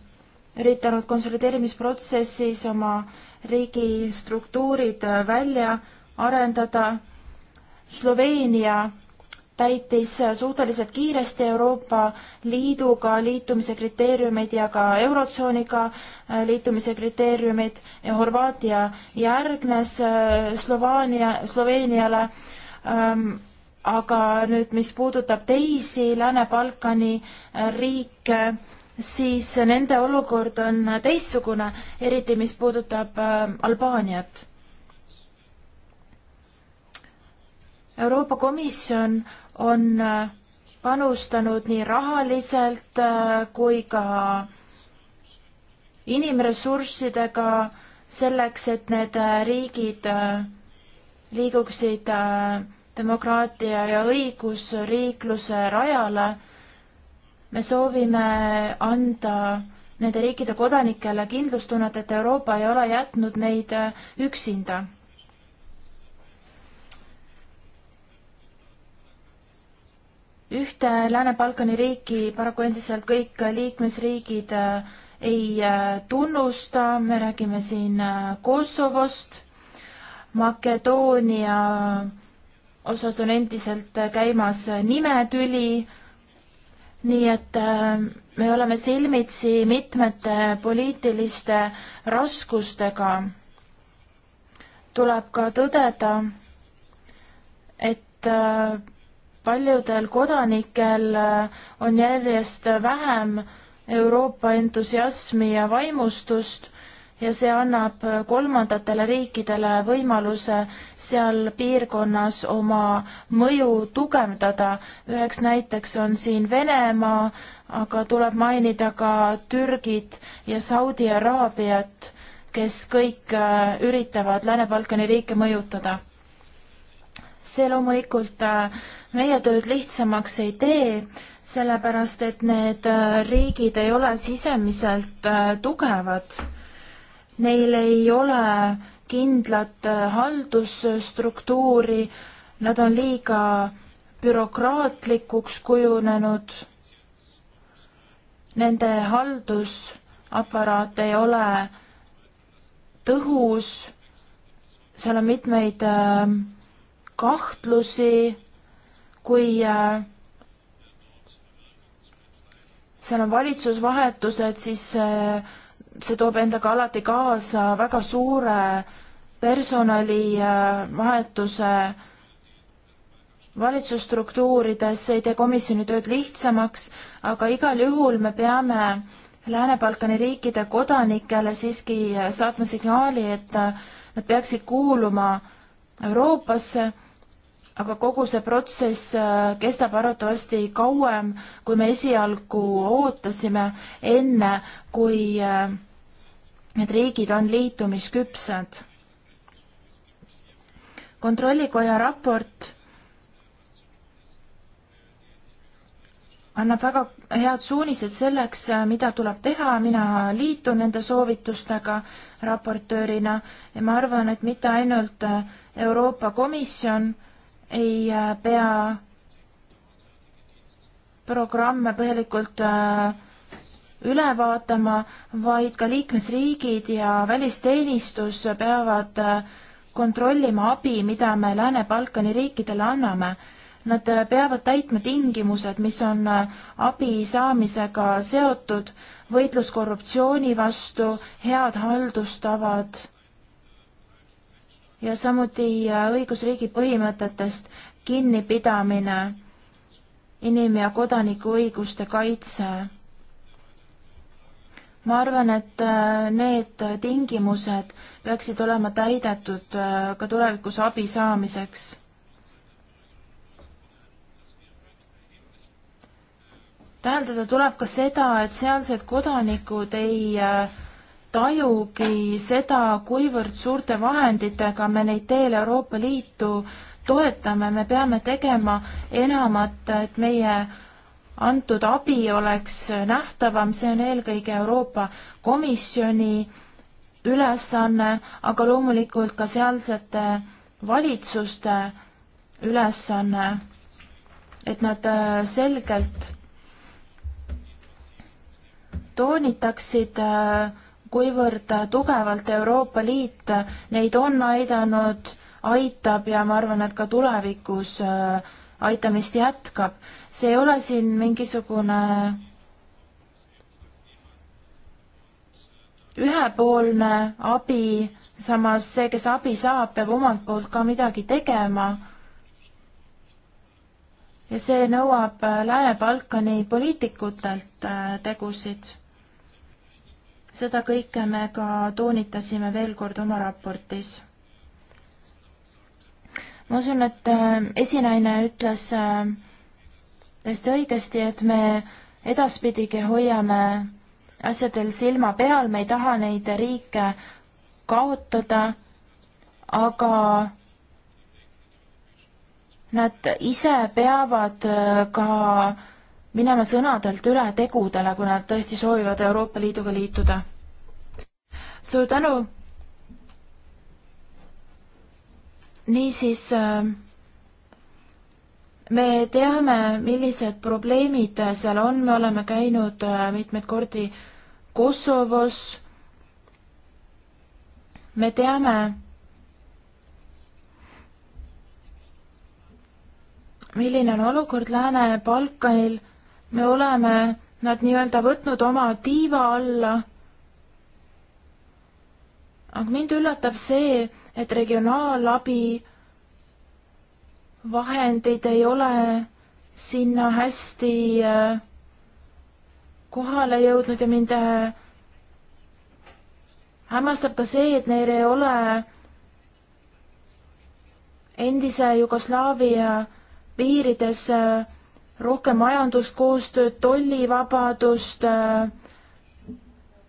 üritanud konsolideerimisprotsessis oma riigistruktuurid äh, välja arendada. Sloveenia täitis suhteliselt kiiresti Euroopa Liiduga liitumise kriteeriumid ja ka Eurotsooniga äh, liitumise kriteeriumid ja Horvaatia järgnes äh, Slovaania, Sloveeniale ähm,. aga nüüd, mis puudutab teisi Lääne-Balkani äh, riike, siis nende olukord on teistsugune, eriti mis puudutab äh, Albaaniat. Euroopa Komisjon on äh, panustanud nii rahaliselt äh, kui ka inimressurssidega selleks, et need äh, riigid liiguksid demokraatia ja õigusriikluse rajale. me soovime anda nende riikide kodanikele kindlustunnet, et Euroopa ei ole jätnud neid üksinda ühte Lääne-Balkani riiki paraku endiselt kõik liikmesriigid äh, ei äh, tunnusta, me räägime siin äh, Kosovost, Makedoonia osas on endiselt käimas nimetüli, nii et me oleme silmitsi mitmete poliitiliste raskustega. tuleb ka tõdeda, et paljudel kodanikel äh, on järjest vähem Euroopa entusiasmi ja vaimustust ja see annab kolmandatele riikidele võimaluse seal piirkonnas oma mõju tugevdada. üheks näiteks on siin Venemaa, aga tuleb mainida ka Türgit ja Saudi Araabiat, kes kõik äh, üritavad Lääne-Balkani riike mõjutada see loomulikult äh, meie tööd lihtsamaks ei tee, sellepärast et need äh, riigid ei ole sisemiselt äh, tugevad. Neil ei ole kindlat haldusstruktuuri, nad on liiga bürokraatlikuks kujunenud. Nende haldusaparaat ei ole tõhus, seal on mitmeid äh, kahtlusi, kui äh, seal on valitsusvahetused, siis äh, see toob endaga alati kaasa väga suure personalivahetuse äh, valitsusstruktuurides, see ei tee komisjoni tööd lihtsamaks, aga igal juhul me peame Lääne-Balkani riikide kodanikele siiski saatma signaali, et nad peaksid kuuluma Euroopasse aga kogu see protsess äh, kestab arvatavasti kauem, kui me esialgu ootasime, enne kui äh, need riigid on liitumisküpsed. kontrollikoja raport annab väga head suunised selleks, äh, mida tuleb teha, mina liitun nende soovitustega raportöörina ja ma arvan, et mitte ainult Euroopa Komisjon, ei äh, pea programme põhjalikult äh, üle vaatama, vaid ka liikmesriigid ja välisteenistus peavad äh, kontrollima abi, mida me Lääne-Balkani riikidele anname. Nad peavad täitma tingimused, mis on abi saamisega seotud, võitlus korruptsiooni vastu, head haldustavad ja samuti äh, õigusriigi põhimõtetest kinnipidamine, inim- ja kodanikuõiguste kaitse. ma arvan, et äh, need tingimused peaksid olema täidetud äh, ka tulevikus abi saamiseks. täheldada tuleb ka seda, et sealsed kodanikud ei äh, tajugi seda, kuivõrd suurte vahenditega me neid teel Euroopa Liitu toetame, me peame tegema enamat, et meie antud abi oleks nähtavam, see on eelkõige Euroopa Komisjoni ülesanne, aga loomulikult ka sealsete valitsuste ülesanne, et nad äh, selgelt toonitaksid äh, kuivõrd tugevalt Euroopa Liit neid on aidanud, aitab ja ma arvan, et ka tulevikus äh, aitamist jätkab. see ei ole siin mingisugune ühepoolne abi, samas see, kes abi saab, peab omalt poolt ka midagi tegema. ja see nõuab äh, Lääne-Balkani poliitikutelt äh, tegusid seda kõike me ka toonitasime veel kord oma raportis. ma usun, et äh, esinaine ütles äh, täiesti õigesti, et me edaspidigi hoiame asjadel silma peal, me ei taha neid riike kaotada, aga nad ise peavad äh, ka äh, minema sõnadelt üle tegudele, kui nad tõesti soovivad Euroopa Liiduga liituda. suur tänu. niisiis äh, me teame, millised probleemid seal on, me oleme käinud äh, mitmeid kordi Kosovos. me teame, milline on olukord Lääne-Balkanil me oleme nad nii-öelda võtnud oma tiiva alla. aga mind üllatab see, et regionaalabi vahendid ei ole sinna hästi äh, kohale jõudnud ja mind äh, hämmastab ka see, et neil ei ole endise Jugoslaavia piirides äh, rohkem majanduskoostööd, tollivabadust, äh,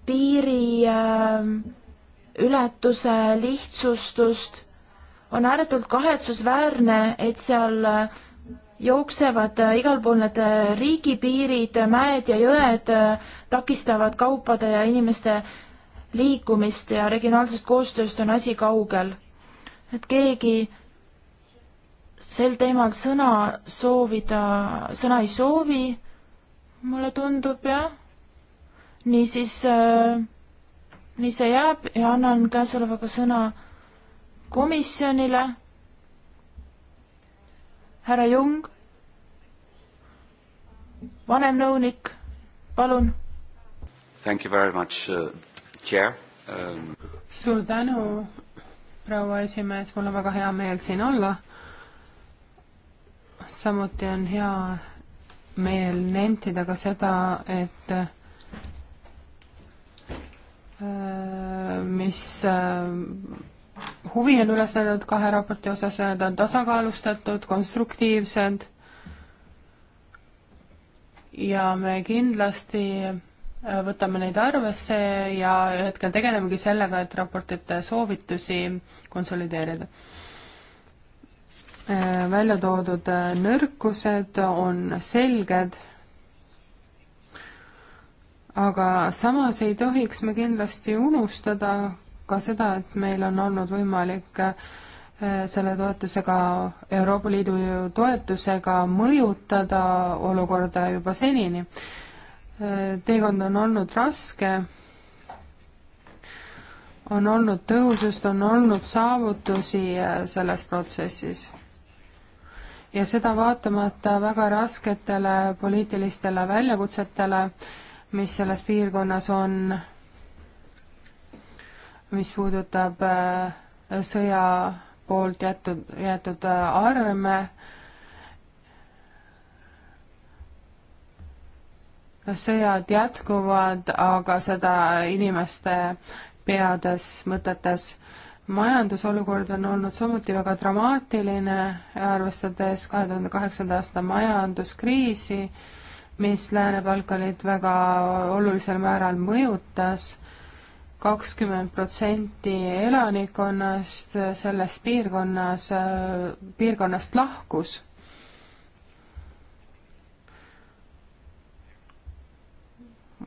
piiriületuse äh, lihtsustust. on ääretult kahetsusväärne, et seal äh, jooksevad igal pool need riigipiirid, mäed ja jõed takistavad kaupade ja inimeste liikumist ja regionaalsest koostööst on asi kaugel. et keegi sel teemal sõna soovida, sõna ei soovi, mulle tundub jah. niisiis äh, nii see jääb ja annan käesolevaga sõna komisjonile. härra Jung, vanemnõunik, palun. Thank you very much uh,, chair um.... suur tänu, proua esimees, mul on väga hea meel siin olla samuti on hea meel nentida ka seda, et äh, mis äh, huvi on üles näidanud kahe raporti osas, need on tasakaalustatud, konstruktiivsed ja me kindlasti äh, võtame neid arvesse ja hetkel tegelemegi sellega, et raportite soovitusi konsolideerida Äh, välja toodud äh, nõrkused on selged, aga samas ei tohiks me kindlasti unustada ka seda, et meil on olnud võimalik äh, selle toetusega, Euroopa Liidu toetusega mõjutada olukorda juba senini. teekond on olnud raske, on olnud tõhusust, on olnud saavutusi selles protsessis ja seda vaatamata väga rasketele poliitilistele väljakutsetele, mis selles piirkonnas on, mis puudutab äh, sõja poolt jätud, jäetud äh, arme, sõjad jätkuvad, aga seda inimeste peades, mõtetes majandusolukord on olnud samuti väga dramaatiline, arvestades kahe tuhande kaheksanda aasta majanduskriisi, mis Lääne-Balkanit väga olulisel määral mõjutas. kakskümmend protsenti elanikkonnast selles piirkonnas, piirkonnast lahkus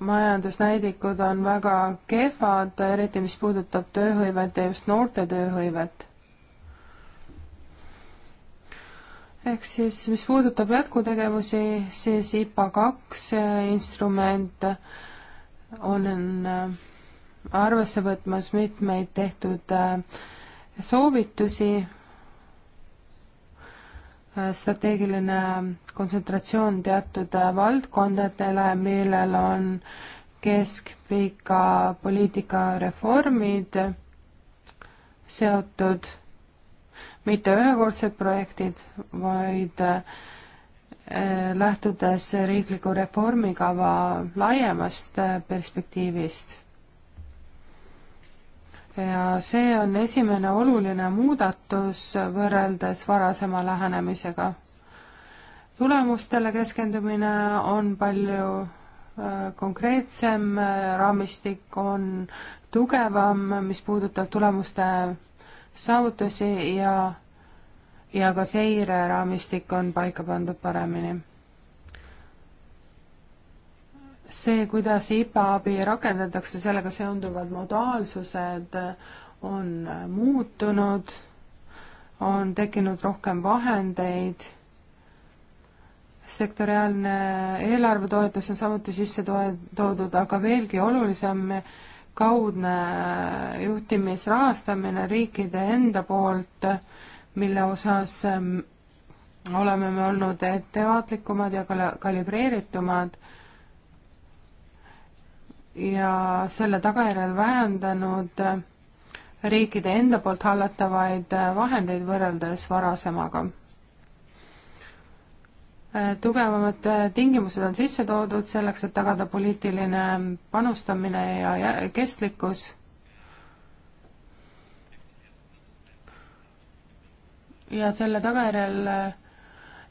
majandusnäidikud on väga kehvad, eriti mis puudutab tööhõivet ja just noorte tööhõivet. ehk siis, mis puudutab jätkutegevusi, siis IPA kaks äh, instrument on äh, arvesse võtmas mitmeid tehtud äh, soovitusi Äh, strateegiline kontsentratsioon teatud äh, valdkondadele, millel on keskpika poliitika reformid seotud, mitte ühekordsed projektid, vaid äh, lähtudes riikliku reformikava laiemast perspektiivist ja see on esimene oluline muudatus võrreldes varasema lähenemisega. tulemustele keskendumine on palju äh, konkreetsem, raamistik on tugevam, mis puudutab tulemuste saavutusi ja, ja ka seireraamistik on paika pandud paremini see, kuidas IPA abi rakendatakse, sellega seonduvad modaalsused on muutunud, on tekkinud rohkem vahendeid, sektoriaalne eelarvetoetus on samuti sisse toe-, toodud, aga veelgi olulisem kaudne juhtimisrahastamine riikide enda poolt, mille osas mm, oleme me olnud ettevaatlikumad ja kal-, kalibreeritumad ja selle tagajärjel vähendanud riikide enda poolt hallatavaid vahendeid võrreldes varasemaga. tugevamad tingimused on sisse toodud selleks, et tagada poliitiline panustamine ja kestlikkus ja selle tagajärjel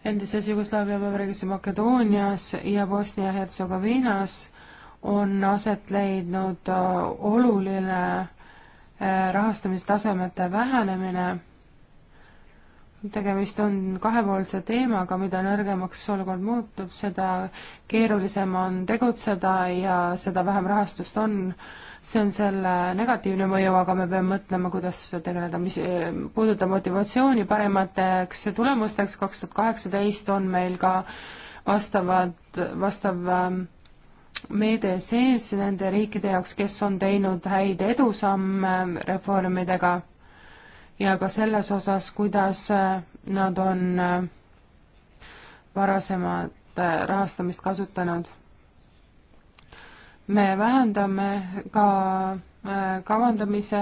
endises Jugoslaavia Vabariigis ja Makedoonias ja Bosnia-Hertsegoviinas on aset leidnud äh, oluline äh, rahastamistasemete vähenemine. tegemist on kahepoolse teemaga, mida nõrgemaks olukord muutub, seda keerulisem on tegutseda ja seda vähem rahastust on. see on selle negatiivne mõju, aga me peame mõtlema, kuidas tegeleda, mis äh, puudutab motivatsiooni paremateks tulemusteks, kaks tuhat kaheksateist on meil ka vastavad, vastav, vastav ähm, meede sees nende riikide jaoks, kes on teinud häid edusamme reformidega ja ka selles osas, kuidas äh, nad on äh, varasemat äh, rahastamist kasutanud. me vähendame ka kavandamise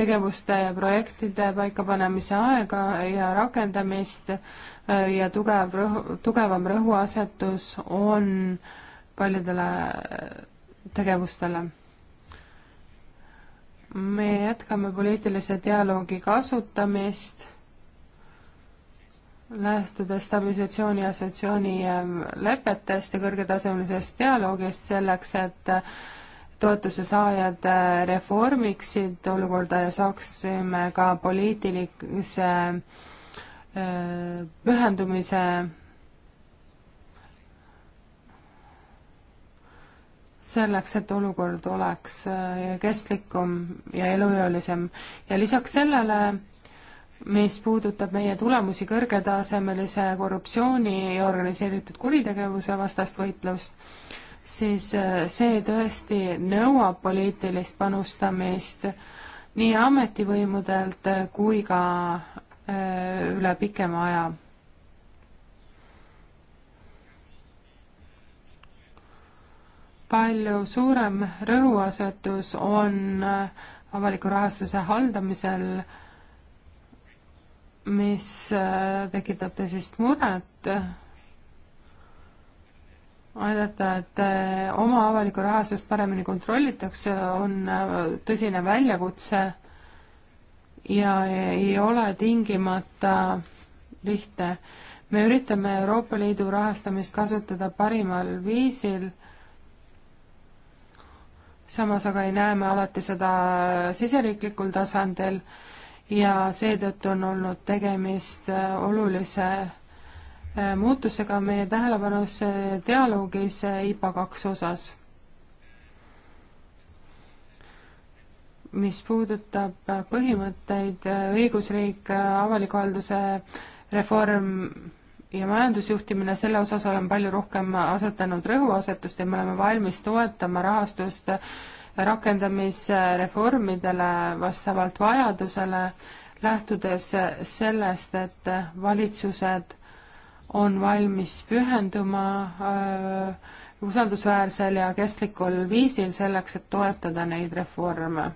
tegevuste ja projektide paikapanemise aega ja rakendamist äh, ja tugev rõhu, tugevam rõhuasetus on paljudele äh, tegevustele. me jätkame poliitilise dialoogi kasutamist, lähtudes stabilisatsiooni assotsiatsiooni äh, lepetest ja kõrgetasemelisest dialoogist selleks, et toetuse saajad äh, reformiksid olukorda ja saaksime ka poliitilise äh, pühendumise selleks, et olukord oleks äh, kestlikum ja elujõulisem. ja lisaks sellele, mis puudutab meie tulemusi kõrgetasemelise korruptsiooni ja organiseeritud kuritegevuse vastast võitlust, siis äh, see tõesti nõuab poliitilist panustamist nii ametivõimudelt äh, kui ka äh, üle pikema aja. palju suurem rõhuasetus on avaliku rahastuse haldamisel, mis tekitab tõsist muret aidata, et äh, oma avalikku rahastust paremini kontrollitakse, on äh, tõsine väljakutse ja ei ole tingimata lihtne. me üritame Euroopa Liidu rahastamist kasutada parimal viisil, samas aga ei näe me alati seda siseriiklikul tasandil ja seetõttu on olnud tegemist äh, olulise Äh, muutusega meie tähelepanus äh, dialoogis äh, IPA kaks osas, mis puudutab põhimõtteid õigusriik, avaliku halduse reform ja majandusjuhtimine, selle osas olen palju rohkem asetanud rõhuasetust ja me oleme valmis toetama rahastust rakendamisreformidele vastavalt vajadusele, lähtudes sellest, et valitsused on valmis pühenduma äh, usaldusväärsel ja kestlikul viisil selleks, et toetada neid reforme.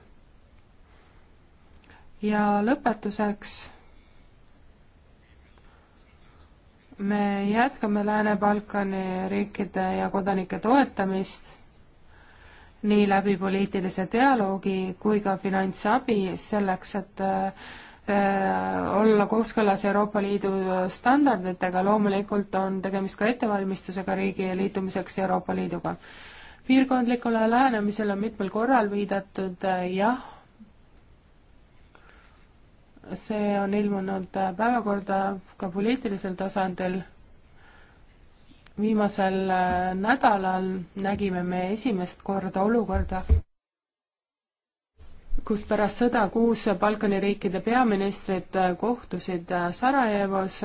ja lõpetuseks me jätkame Lääne-Balkani riikide ja kodanike toetamist nii läbi poliitilise dialoogi kui ka finantsabi selleks, et äh, Äh, olla kooskõlas Euroopa Liidu standarditega, loomulikult on tegemist ka ettevalmistusega riigi liitumiseks Euroopa Liiduga. piirkondlikule lähenemisele on mitmel korral viidatud, äh, jah, see on ilmunud äh, päevakorda ka poliitilisel tasandil. viimasel nädalal nägime me esimest korda olukorda, kus pärast sõda kuus Balkani riikide peaministrid äh, kohtusid äh, Sarajevos,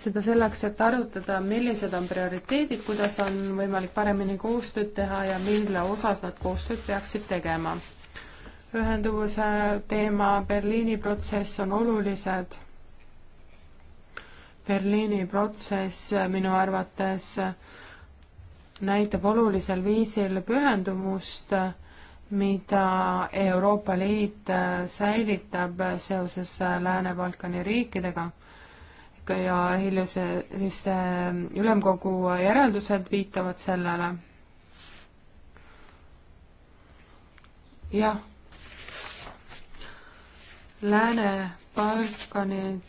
seda selleks, et arutada, millised on prioriteedid, kuidas on võimalik paremini koostööd teha ja mille osas nad koostööd peaksid tegema. ühenduvuse teema, Berliini protsess on olulised. Berliini protsess äh, minu arvates näitab olulisel viisil pühendumust äh, mida Euroopa Liit äh, säilitab seoses äh, Lääne-Balkani riikidega ja hiljuse siis äh, ülemkogu järeldused viitavad sellele. jah. Lääne-Balkanid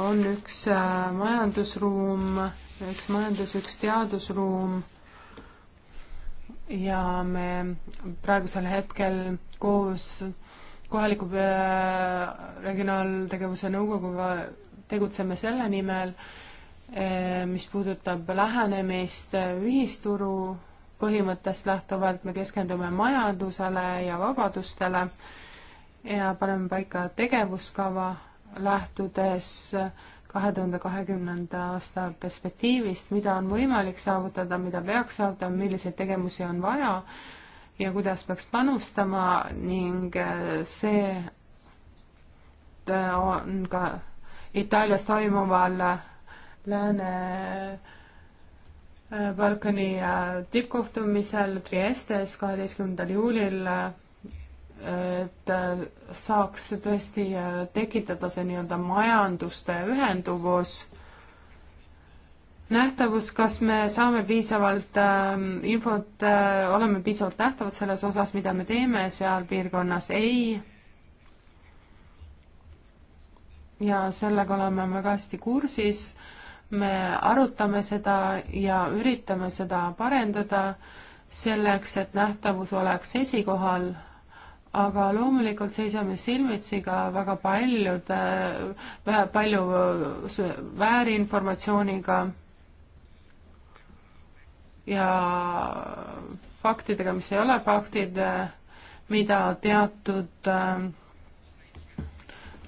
on üks majandusruum, üks majandus, üks teadusruum ja me praegusel hetkel koos kohaliku äh, regionaaltegevuse nõukoguga tegutseme selle nimel, äh, mis puudutab lähenemist äh, ühisturu põhimõttest lähtuvalt, me keskendume majandusele ja vabadustele ja paneme paika tegevuskava, lähtudes äh, kahe tuhande kahekümnenda aasta perspektiivist, mida on võimalik saavutada, mida peaks saavutama, milliseid tegevusi on vaja ja kuidas peaks panustama ning äh, see on ka Itaalias toimuval äh, Lääne äh, Balkani tippkohtumisel Triestes kaheteistkümnendal juulil et äh, saaks tõesti äh, tekitada see nii-öelda majanduste ühenduvus, nähtavus, kas me saame piisavalt äh, infot äh,, oleme piisavalt nähtavad selles osas, mida me teeme seal piirkonnas, ei. ja sellega oleme väga hästi kursis, me arutame seda ja üritame seda parendada selleks, et nähtavus oleks esikohal aga loomulikult seisame silmitsi ka väga paljude, äh, palju äh, väärinformatsiooniga ja faktidega, mis ei ole faktid, äh, mida teatud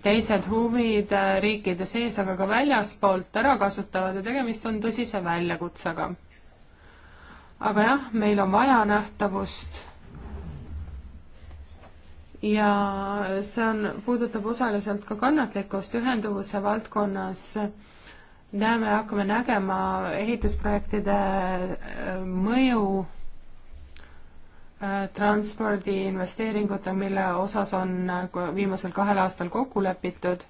teised huvid riikide sees, aga ka väljaspoolt ära kasutavad ja tegemist on tõsise väljakutsega. aga jah, meil on vaja nähtavust ja see on, puudutab osaliselt ka kannatlikkust ühenduvuse valdkonnas. näeme, hakkame nägema ehitusprojektide äh, mõju äh, transpordiinvesteeringute, mille osas on äh, viimasel kahel aastal kokku lepitud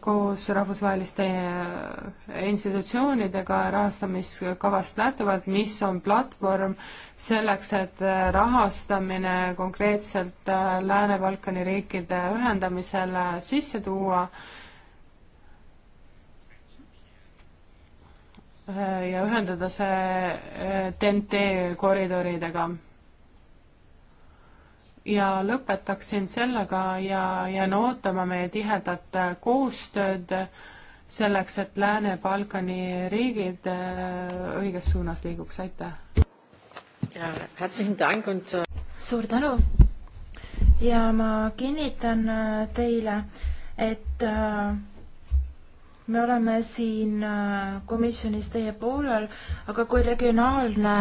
koos rahvusvaheliste äh, institutsioonidega rahastamiskavast lähtuvalt, mis on platvorm selleks, et äh, rahastamine konkreetselt äh, Lääne-Balkani riikide ühendamisele sisse tuua ja ühendada see TNT koridoridega ja lõpetaksin sellega ja jään ootama meie tihedat koostööd selleks, et Lääne-Balkani riigid äh, õiges suunas liiguks, aitäh! Äh, suur tänu! ja ma kinnitan äh, teile, et me oleme siin komisjonis teie poolel, aga kui regionaalne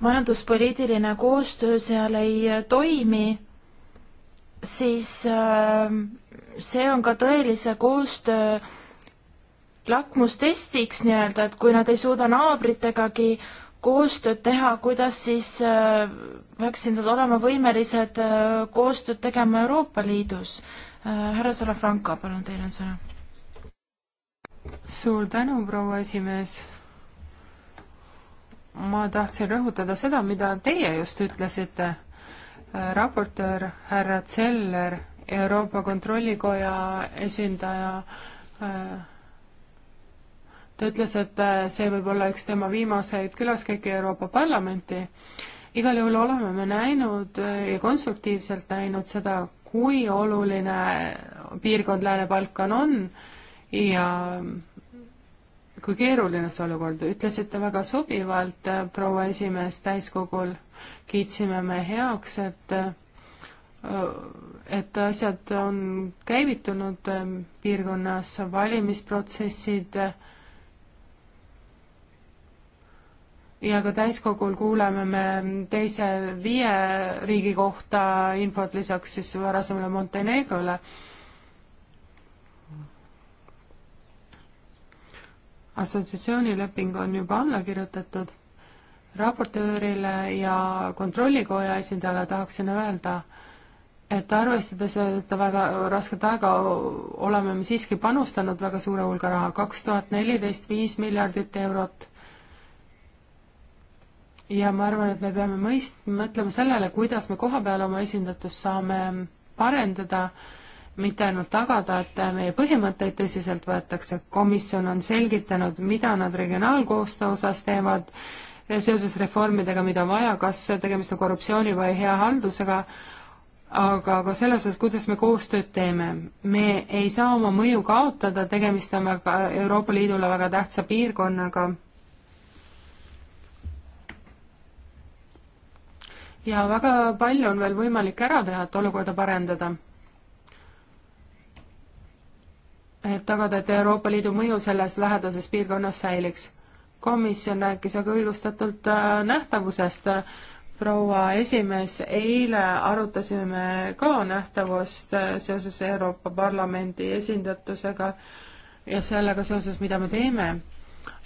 majanduspoliitiline koostöö seal ei toimi, siis ähm, see on ka tõelise koostöö lakmustestiks nii-öelda, et kui nad ei suuda naabritegagi koostööd teha, kuidas siis äh, peaksid nad olema võimelised äh, koostööd tegema Euroopa Liidus? Äh, härra Salafranca, palun, teil on sõna. suur tänu, proua esimees ma tahtsin rõhutada seda, mida teie just ütlesite. raportöör härra Zeller, Euroopa Kontrollikoja esindaja, ta ütles, et see võib olla üks tema viimaseid külaskäike Euroopa Parlamenti. igal juhul oleme me näinud ja konstruktiivselt näinud seda, kui oluline piirkond Lääne-Balkan on ja kui keeruline see olukord, ütlesite väga sobivalt, äh, proua esimees, täiskogul kiitsime me heaks, et äh, et asjad on käivitunud äh, piirkonnas, valimisprotsessid ja ka täiskogul kuuleme me teise viie riigi kohta infot lisaks siis varasemale Montenegrole assotsiatsioonileping on juba alla kirjutatud. raportöörile ja kontrollikoja esindajale tahaksin öelda, et arvestades seda väga rasket aega, oleme me siiski panustanud väga suure hulga raha, kaks tuhat neliteist viis miljardit eurot. ja ma arvan, et me peame mõist-, mõtlema sellele, kuidas me kohapeal oma esindatust saame parendada mitte ainult tagada, et meie põhimõtteid tõsiselt võetakse, komisjon on selgitanud, mida nad regionaalkoostöö osas teevad seoses reformidega, mida on vaja, kas tegemist on korruptsiooni või hea haldusega, aga ka selles osas, kuidas me koostööd teeme. me ei saa oma mõju kaotada, tegemist on väga, Euroopa Liidule väga tähtsa piirkonnaga ja väga palju on veel võimalik ära teha, et olukorda parendada et tagada, et Euroopa Liidu mõju selles lähedases piirkonnas säiliks. komisjon rääkis aga õigustatult äh, nähtavusest. proua esimees, eile arutasime ka nähtavust äh, seoses Euroopa Parlamendi esindatusega ja sellega seoses, mida me teeme.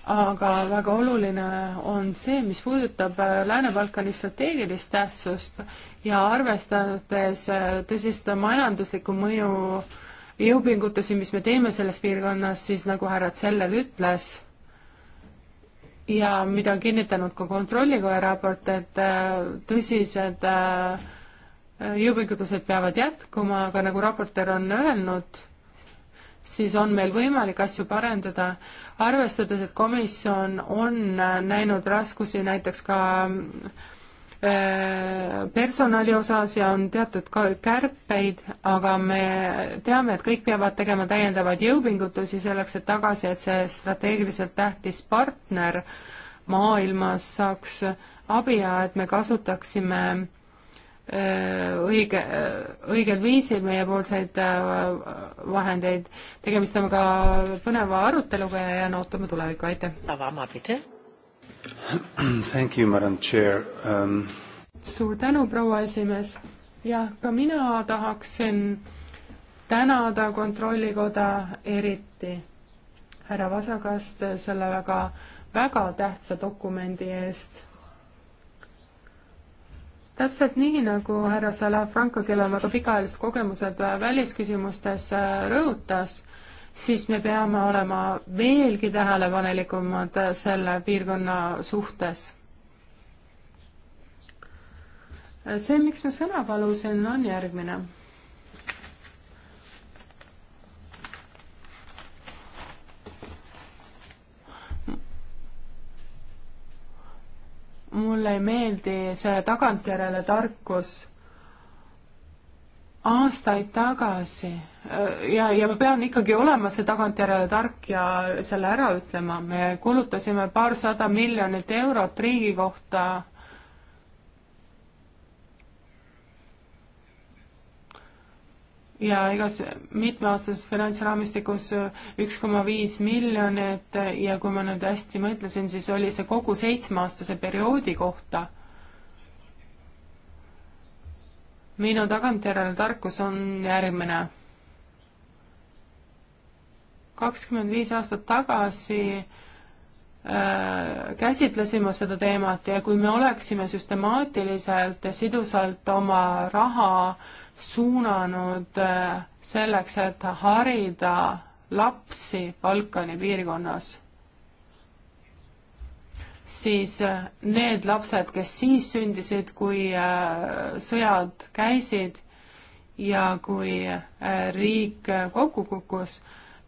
aga väga oluline on see, mis puudutab äh, Lääne-Balkani strateegilist tähtsust ja arvestades tõsist majanduslikku mõju äh, jõupingutusi, mis me teeme selles piirkonnas, siis nagu härra Zeller ütles, ja mida on kinnitanud ka Kontrollikoja raport, et äh, tõsised äh, jõupingutused peavad jätkuma, aga nagu raportöör on öelnud, siis on meil võimalik asju parendada, arvestades, et komisjon on äh, näinud raskusi näiteks ka äh, Äh, personali osas ja on teatud ka kärpeid, aga me teame, et kõik peavad tegema täiendavaid jõupingutusi selleks, et tagasi, et see strateegiliselt tähtis partner maailmas saaks abi ja et me kasutaksime äh, õige, õigel viisil meiepoolseid äh, vahendeid. tegemist on ka põneva aruteluga ja jään ootama tulevikku, aitäh! Thank you, madam chair um.... suur tänu, proua esimees. jah, ka mina tahaksin tänada Kontrollikoda eriti härra Vasakast selle väga, väga tähtsa dokumendi eest. täpselt nii, nagu härra Salafranco, kellel on väga pikaajalised kogemused välisküsimustes, rõhutas siis me peame olema veelgi tähelepanelikumad selle piirkonna suhtes. see, miks ma sõna palusin, on järgmine. mulle ei meeldi see tagantjärele tarkus aastaid tagasi ja, ja ma pean ikkagi olema see tagantjärele tark ja selle ära ütlema, me kulutasime paarsada miljonit eurot riigi kohta ja igas mitmeaastases finantsraamistikus üks koma viis miljonit ja kui ma nüüd hästi mõtlesin, siis oli see kogu seitsmeaastase perioodi kohta. minu tagantjärele tarkus on järgmine kakskümmend viis aastat tagasi äh, käsitlesime seda teemat ja kui me oleksime süstemaatiliselt ja sidusalt oma raha suunanud äh, selleks, et harida lapsi Balkani piirkonnas, siis äh, need lapsed, kes siis sündisid, kui äh, sõjad käisid ja kui äh, riik äh, kokku kukkus,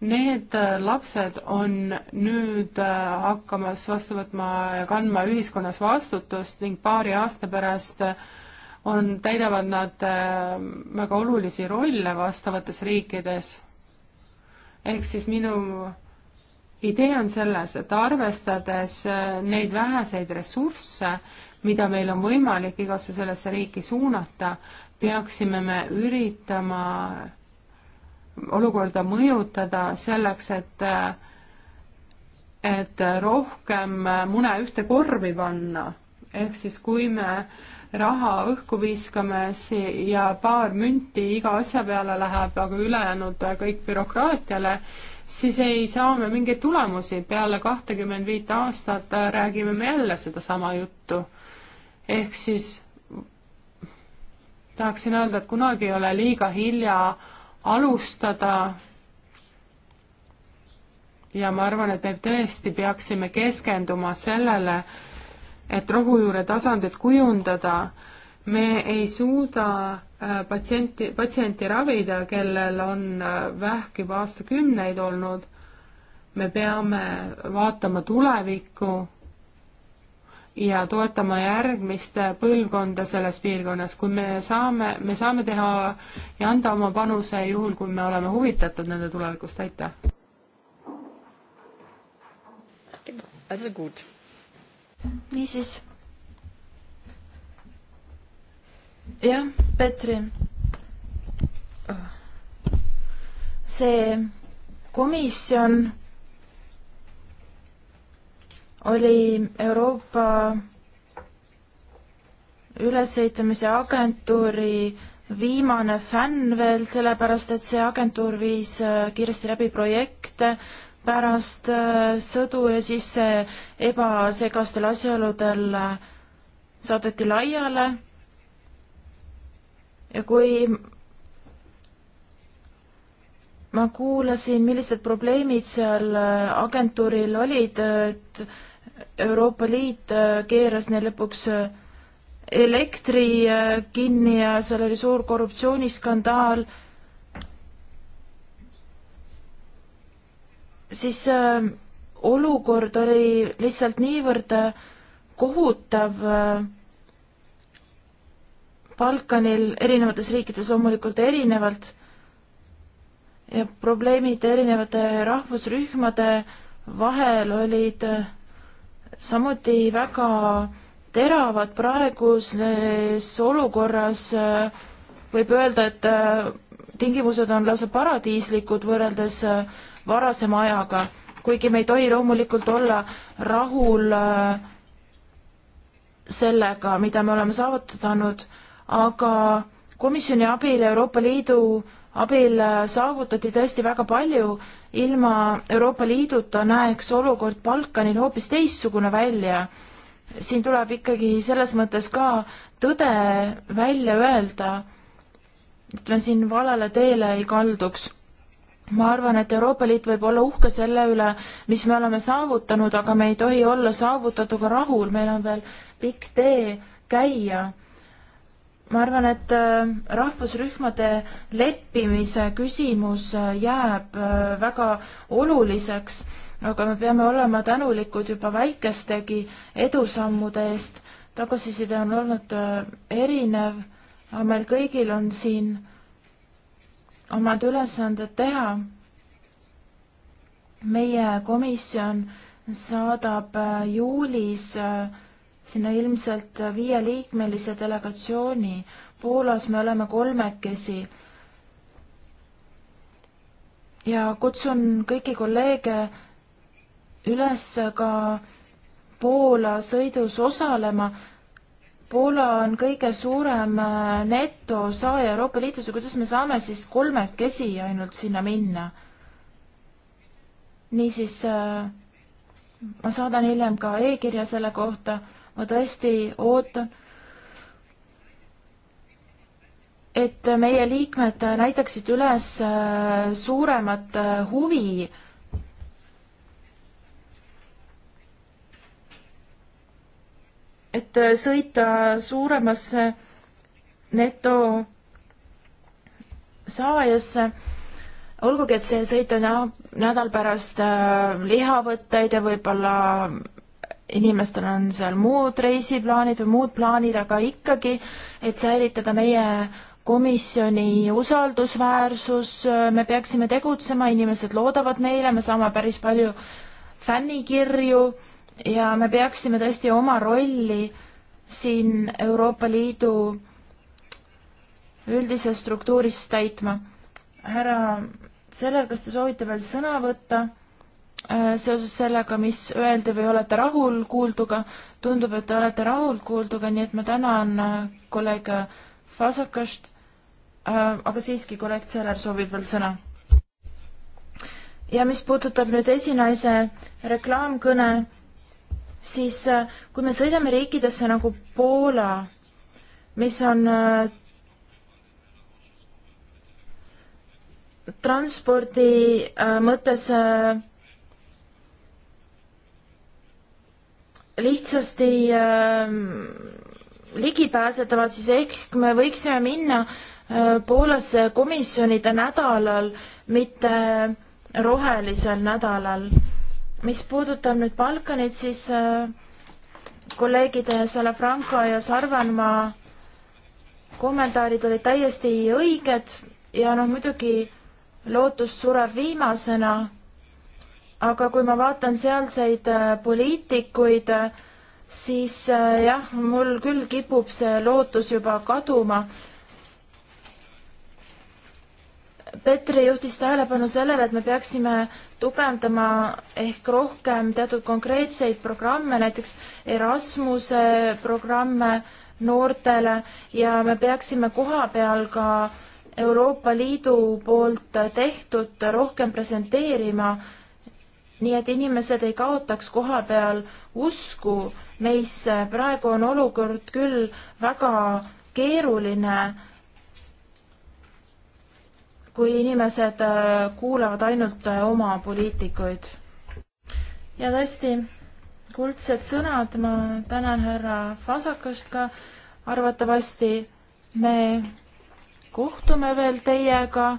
Need äh, lapsed on nüüd äh, hakkamas vastu võtma ja kandma ühiskonnas vastutust ning paari aasta pärast äh, on, täidavad nad väga olulisi rolle vastavates riikides. ehk siis minu idee on selles, et arvestades neid väheseid ressursse, mida meil on võimalik igasse sellesse riiki suunata, peaksime me üritama olukorda mõjutada selleks, et et rohkem mune ühte korvi panna. ehk siis, kui me raha õhku viskame ja paar münti iga asja peale läheb, aga ülejäänud kõik bürokraatiale, siis ei saa me mingeid tulemusi. peale kahtekümmend viit aastat räägime me jälle sedasama juttu. ehk siis tahaksin öelda, et kunagi ei ole liiga hilja alustada ja ma arvan, et me tõesti peaksime keskenduma sellele, et rohujuure tasandit kujundada. me ei suuda äh, patsienti, patsienti ravida, kellel on äh, vähk juba aastakümneid olnud. me peame vaatama tulevikku ja toetama järgmist põlvkonda selles piirkonnas, kui me saame, me saame teha ja anda oma panuse juhul, kui me oleme huvitatud nende tulevikust, aitäh. niisiis. jah, Petri. Ah. see komisjon oli Euroopa ülesehitamise agentuuri viimane fänn veel, sellepärast et see agentuur viis äh, kiiresti läbi projekte pärast äh, sõdu ja siis see ebasegastel asjaoludel äh, saadeti laiale. ja kui ma kuulasin, millised probleemid seal agentuuril olid, et Euroopa Liit äh, keeras neil lõpuks äh, elektri äh, kinni ja seal oli suur korruptsiooniskandaal, siis olukord oli lihtsalt niivõrd kohutav Balkanil, erinevates riikides loomulikult erinevalt, ja probleemid erinevate rahvusrühmade vahel olid äh, samuti väga teravad praeguses olukorras, äh, võib öelda, et äh, tingimused on lausa paradiislikud võrreldes äh, varasema ajaga, kuigi me ei tohi loomulikult olla rahul sellega, mida me oleme saavutanud, aga komisjoni abil, Euroopa Liidu abil saavutati tõesti väga palju ilma Euroopa Liiduta näeks olukord Balkanil hoopis teistsugune välja. siin tuleb ikkagi selles mõttes ka tõde välja öelda, et me siin valele teele ei kalduks ma arvan, et Euroopa Liit võib olla uhke selle üle, mis me oleme saavutanud, aga me ei tohi olla saavutatuga rahul, meil on veel pikk tee käia ma arvan, et äh, rahvusrühmade leppimise küsimus äh, jääb äh, väga oluliseks, aga me peame olema tänulikud juba väikestegi edusammude eest. tagasiside on olnud erinev, aga meil kõigil on siin omad ülesanded teha. meie komisjon saadab juulis äh, sinna ilmselt viieliikmelise delegatsiooni. Poolas me oleme kolmekesi. ja kutsun kõiki kolleege üles ka Poola sõidus osalema. Poola on kõige suurem äh, netosaaja Euroopa Liidus ja kuidas me saame siis kolmekesi ainult sinna minna? niisiis äh, ma saadan hiljem ka e-kirja selle kohta ma tõesti ootan, et meie liikmed näitaksid üles äh, suuremat äh, huvi et äh, sõita suuremasse neto saajasse, olgugi et see sõit on jah, nädal pärast lihavõtteid ja võib-olla inimestel on seal muud reisiplaanid või muud plaanid, aga ikkagi, et säilitada meie komisjoni usaldusväärsus, me peaksime tegutsema, inimesed loodavad meile, me saame päris palju fännikirju ja me peaksime tõesti oma rolli siin Euroopa Liidu üldises struktuuris täitma. härra Seller, kas te soovite veel sõna võtta? Äh, seoses sellega, mis öeldi või olete rahul kuulduga. tundub, et te olete rahul kuulduga, nii et ma tänan äh, kolleeg Fasakast. Äh, aga siiski kolleeg Seller soovib veel sõna. ja mis puudutab nüüd esinaise reklaamkõne, siis kui me sõidame riikidesse nagu Poola, mis on transpordi mõttes lihtsasti äh, ligipääsetavad, siis ehk me võiksime minna äh, Poolasse komisjonide nädalal, mitte rohelisel nädalal. mis puudutab nüüd Balkanit, siis äh, kolleegid Salafranco ja Sarvanmaa kommentaarid olid täiesti õiged ja noh, muidugi lootust sureb viimasena aga kui ma vaatan sealseid äh, poliitikuid, äh, siis äh, jah, mul küll kipub see lootus juba kaduma. Petri juhtis tähelepanu sellele, et me peaksime tugevdama ehk rohkem teatud konkreetseid programme, näiteks Erasmuse programme noortele ja me peaksime koha peal ka Euroopa Liidu poolt tehtut rohkem presenteerima nii et inimesed ei kaotaks koha peal usku meisse. praegu on olukord küll väga keeruline, kui inimesed äh, kuulavad ainult äh, oma poliitikuid. ja tõesti, kuldsed sõnad, ma tänan härra Fasakust ka, arvatavasti me kohtume veel teiega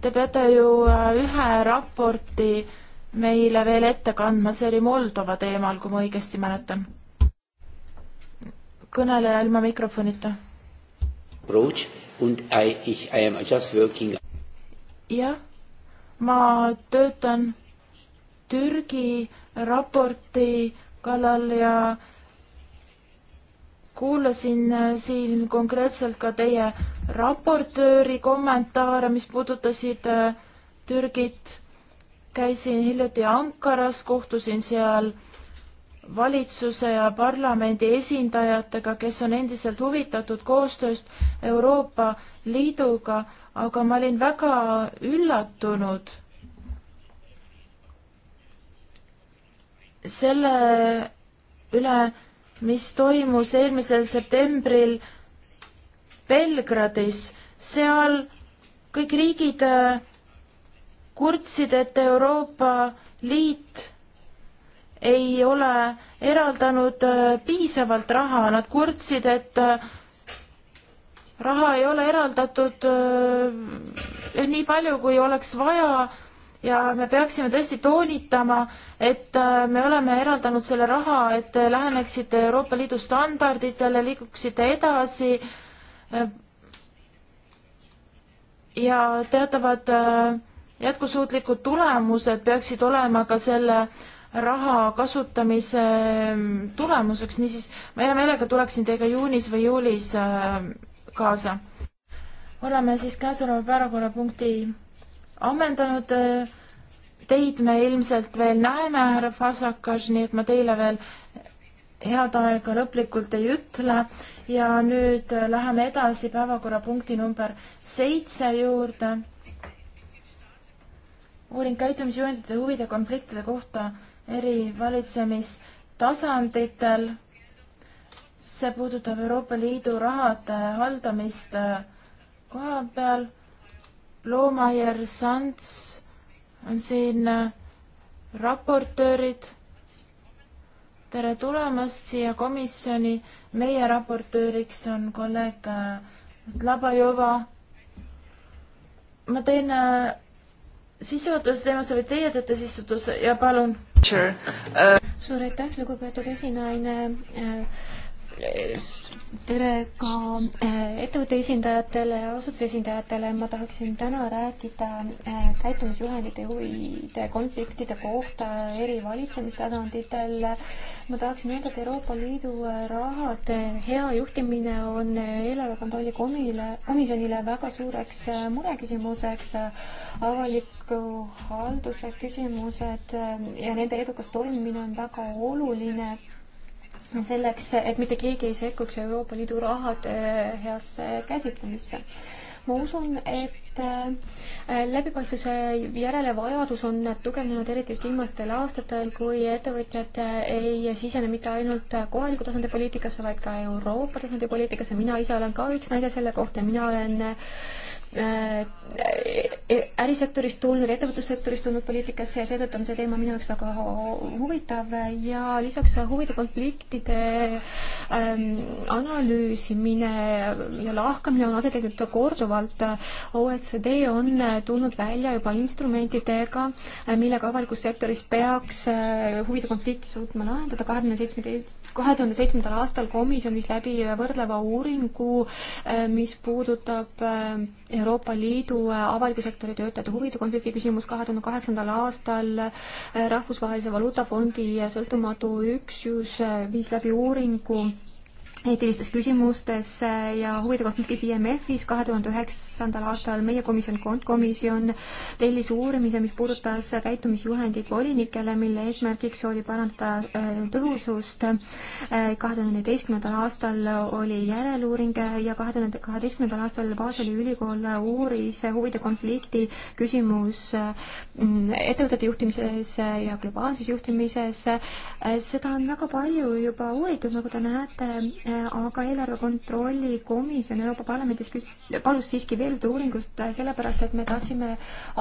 Te peate ju äh, ühe raporti meile veel ette kandma, see oli Moldova teemal, kui ma õigesti mäletan. kõneleja ilma mikrofonita. jah, ma töötan Türgi raporti kallal ja kuulasin äh, siin konkreetselt ka teie raportööri kommentaare, mis puudutasid äh, Türgit. käisin hiljuti Ankaras, kohtusin seal valitsuse ja parlamendi esindajatega, kes on endiselt huvitatud koostööst Euroopa Liiduga, aga ma olin väga üllatunud selle üle, mis toimus eelmisel septembril Belgradis, seal kõik riigid äh, kurtsid, et Euroopa Liit ei ole eraldanud äh, piisavalt raha, nad kurtsid, et äh, raha ei ole eraldatud nii palju, kui oleks vaja ja me peaksime tõesti toonitama, et äh, me oleme eraldanud selle raha, et te läheneksite Euroopa Liidu standarditele, liiguksite edasi äh, ja teatavad äh, jätkusuutlikud tulemused peaksid olema ka selle raha kasutamise tulemuseks, niisiis ma hea meelega tuleksin teiega juunis või juulis kaasa. oleme siis käesoleva päevakorrapunkti ammendanud äh, teid me ilmselt veel näeme, härra Fasakas, nii et ma teile veel head aega lõplikult ei ütle ja nüüd äh, läheme edasi päevakorrapunkti number seitse juurde. uuring käitumisjuhendite huvide konfliktide kohta eri valitsemistasanditel. see puudutab Euroopa Liidu rahade haldamist äh, koha peal Loomaier Sants on siin äh, raportöörid. tere tulemast siia komisjoni. meie raportööriks on kolleeg äh, Labajova. ma teen äh, sissejuhatuse teemasse või teie teete sissejuhatuse ja palun sure.. Uh... suur aitäh, lugupeetud esinaine tere ka äh, ettevõtte esindajatele ja asutuse esindajatele. ma tahaksin täna rääkida äh, käitumisjuhendite ja huvide konfliktide kohta eri valitsemistasanditel. ma tahaksin öelda, et Euroopa Liidu äh, rahade hea juhtimine on eelarve kontrolli komile, komisjonile väga suureks mureküsimuseks. avaliku halduse küsimused ja nende edukas toimimine on väga oluline selleks, et mitte keegi ei sekkuks Euroopa Liidu rahade äh, heasse käsitlemisse. ma usun, et äh, läbipaistvuse järele vajadus on tugevnenud eriti just viimastel aastatel, kui ettevõtjad äh, ei sisene mitte ainult kohaliku tasandi poliitikasse, vaid ka Euroopa tasandi poliitikasse. mina ise olen ka üks näide selle kohta ja mina olen Äh, äh, ärisektorist tulnud, ettevõtlussektorist tulnud poliitikasse ja seetõttu on see teema minu jaoks väga huvitav ja lisaks huvide konfliktide ähm, analüüsimine ja lahkamine on aset leidnud korduvalt. OECD on tulnud välja juba instrumentidega, millega avalikus sektoris peaks äh, huvide konflikti suutma lahendada. kahekümne seitsmeteist, kahe tuhande seitsmendal aastal komisjon viis läbi võrdleva uuringu, mis puudutab äh, Euroopa Liidu äh, avaliku sektori töötajate huvide konflikti küsimus kahe tuhande kaheksandal aastal äh, Rahvusvahelise Valuutafondi äh, sõltumatu üksus viis läbi uuringu eetilistes küsimustes äh, ja huvide konfliktis IMF-is kahe tuhande üheksandal aastal meie komisjon, kontkomisjon tellis uurimise, mis puudutas käitumisjuhendit volinikele, mille eesmärgiks oli parandada äh, tõhusust. Äh, kahe tuhande neljateistkümnendal aastal oli järeluuring ja kahe tuhande kaheteistkümnendal aastal Baseli ülikool uuris huvide konflikti küsimus mm, ettevõtete juhtimises ja globaalses juhtimises. seda on väga palju juba uuritud, nagu te näete aga eelarve kontrolli komisjon Euroopa Parlamendis küs-, palus siiski veel ühte uuringut, äh, sellepärast et me tahtsime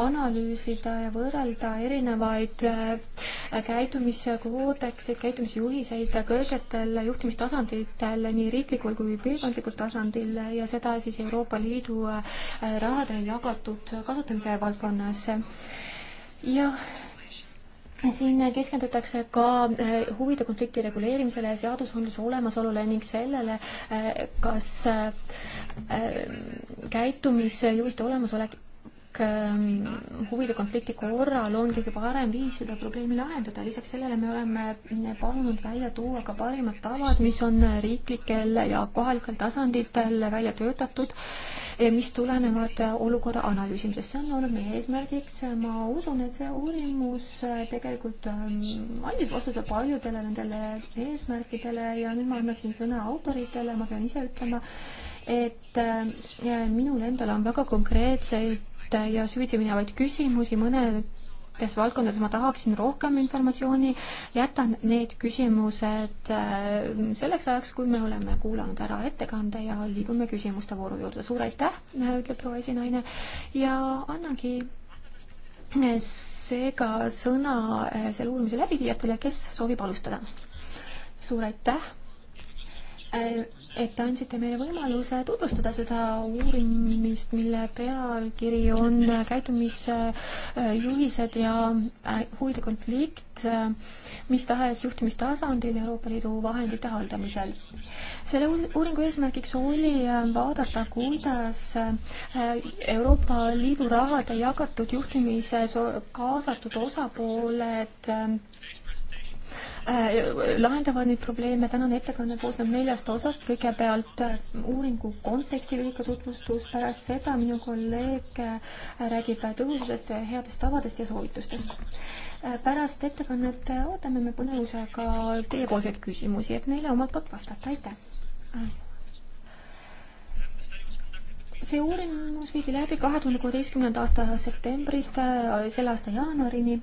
analüüsida ja võrrelda erinevaid äh, käitumiskoodekseid, käitumisjuhiseid kõrgetel juhtimistasanditel, nii riiklikul kui piirkondlikul tasandil ja seda siis Euroopa Liidu äh, rahade jagatud kasutamise valdkonnas. jah siin keskendutakse ka äh, huvide konflikti reguleerimisele ja seadusandluse olemasolule ning sellele, äh, kas äh, käitumisjuhiste olemasolek Ähm, huvide konflikti korral on kõige parem viis seda probleemi lahendada. lisaks sellele me oleme mm, palunud välja tuua ka parimad tavad, mis on riiklikel ja kohalikel tasanditel välja töötatud, mis tulenevad olukorra analüüsimisest. see on olnud meie eesmärgiks. ma usun, et see uurimus tegelikult ähm, andis vastuse paljudele nendele eesmärkidele ja nüüd ma annaksin sõna autoritele, ma pean ise ütlema, et äh, minul endal on väga konkreetseid teemat ja süvitsi minevaid küsimusi, mõnedes valdkondades ma tahaksin rohkem informatsiooni, jätan need küsimused äh, selleks ajaks, kui me oleme kuulanud ära ettekande ja liigume küsimuste vooru juurde. suur aitäh, äh, ütleb proua esinaine ja annangi äh, seega sõna selle uurimise läbiviijatele, kes soovib alustada. suur aitäh et te andsite meile võimaluse tutvustada seda uurimist, mille pealkiri on käitumisjuhised ja äh, huvide konflikt äh, mis tahes juhtimistasandil Euroopa Liidu vahendite haldamisel. selle uuringu eesmärgiks oli äh, vaadata, kuidas Euroopa Liidu rahade jagatud juhtimises kaasatud osapooled Äh, lahendavad neid probleeme, tänane ettekanne koosneb neljast osast, kõigepealt äh, uuringu konteksti lühike tutvustus, pärast seda minu kolleeg äh, räägib tõhususest, headest tavadest ja soovitustest. pärast ettekannet ootame me põnevusega teiepoolseid küsimusi, et neile omalt poolt vastata, aitäh! see uurimus viidi läbi kahe tuhande kuueteistkümnenda aasta septembrist selle aasta jaanuarini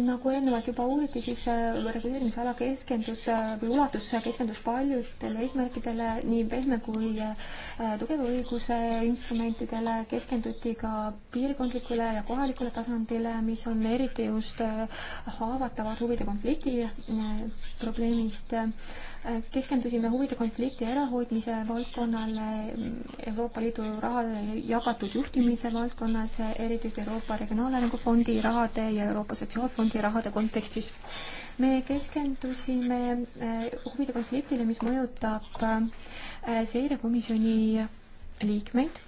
nagu eelnevalt juba uuriti, siis äh, reguleerimisala keskendus äh, või ulatus äh, keskendus paljudele eesmärkidele, nii pehme kui tugeva õiguse instrumentidele, keskenduti ka piirkondlikule ja kohalikule tasandile, mis on eriti just haavatavad huvide konflikti probleemist keskendusime huvide konflikti ärahoidmise valdkonnale, Euroopa Liidu rahade jagatud juhtimise valdkonnas, eriti Euroopa Regionaalarengu Fondi rahade ja Euroopa Sotsiaalfondi rahade kontekstis. me keskendusime eh, huvide konfliktile, mis mõjutab eh, seirekomisjoni liikmeid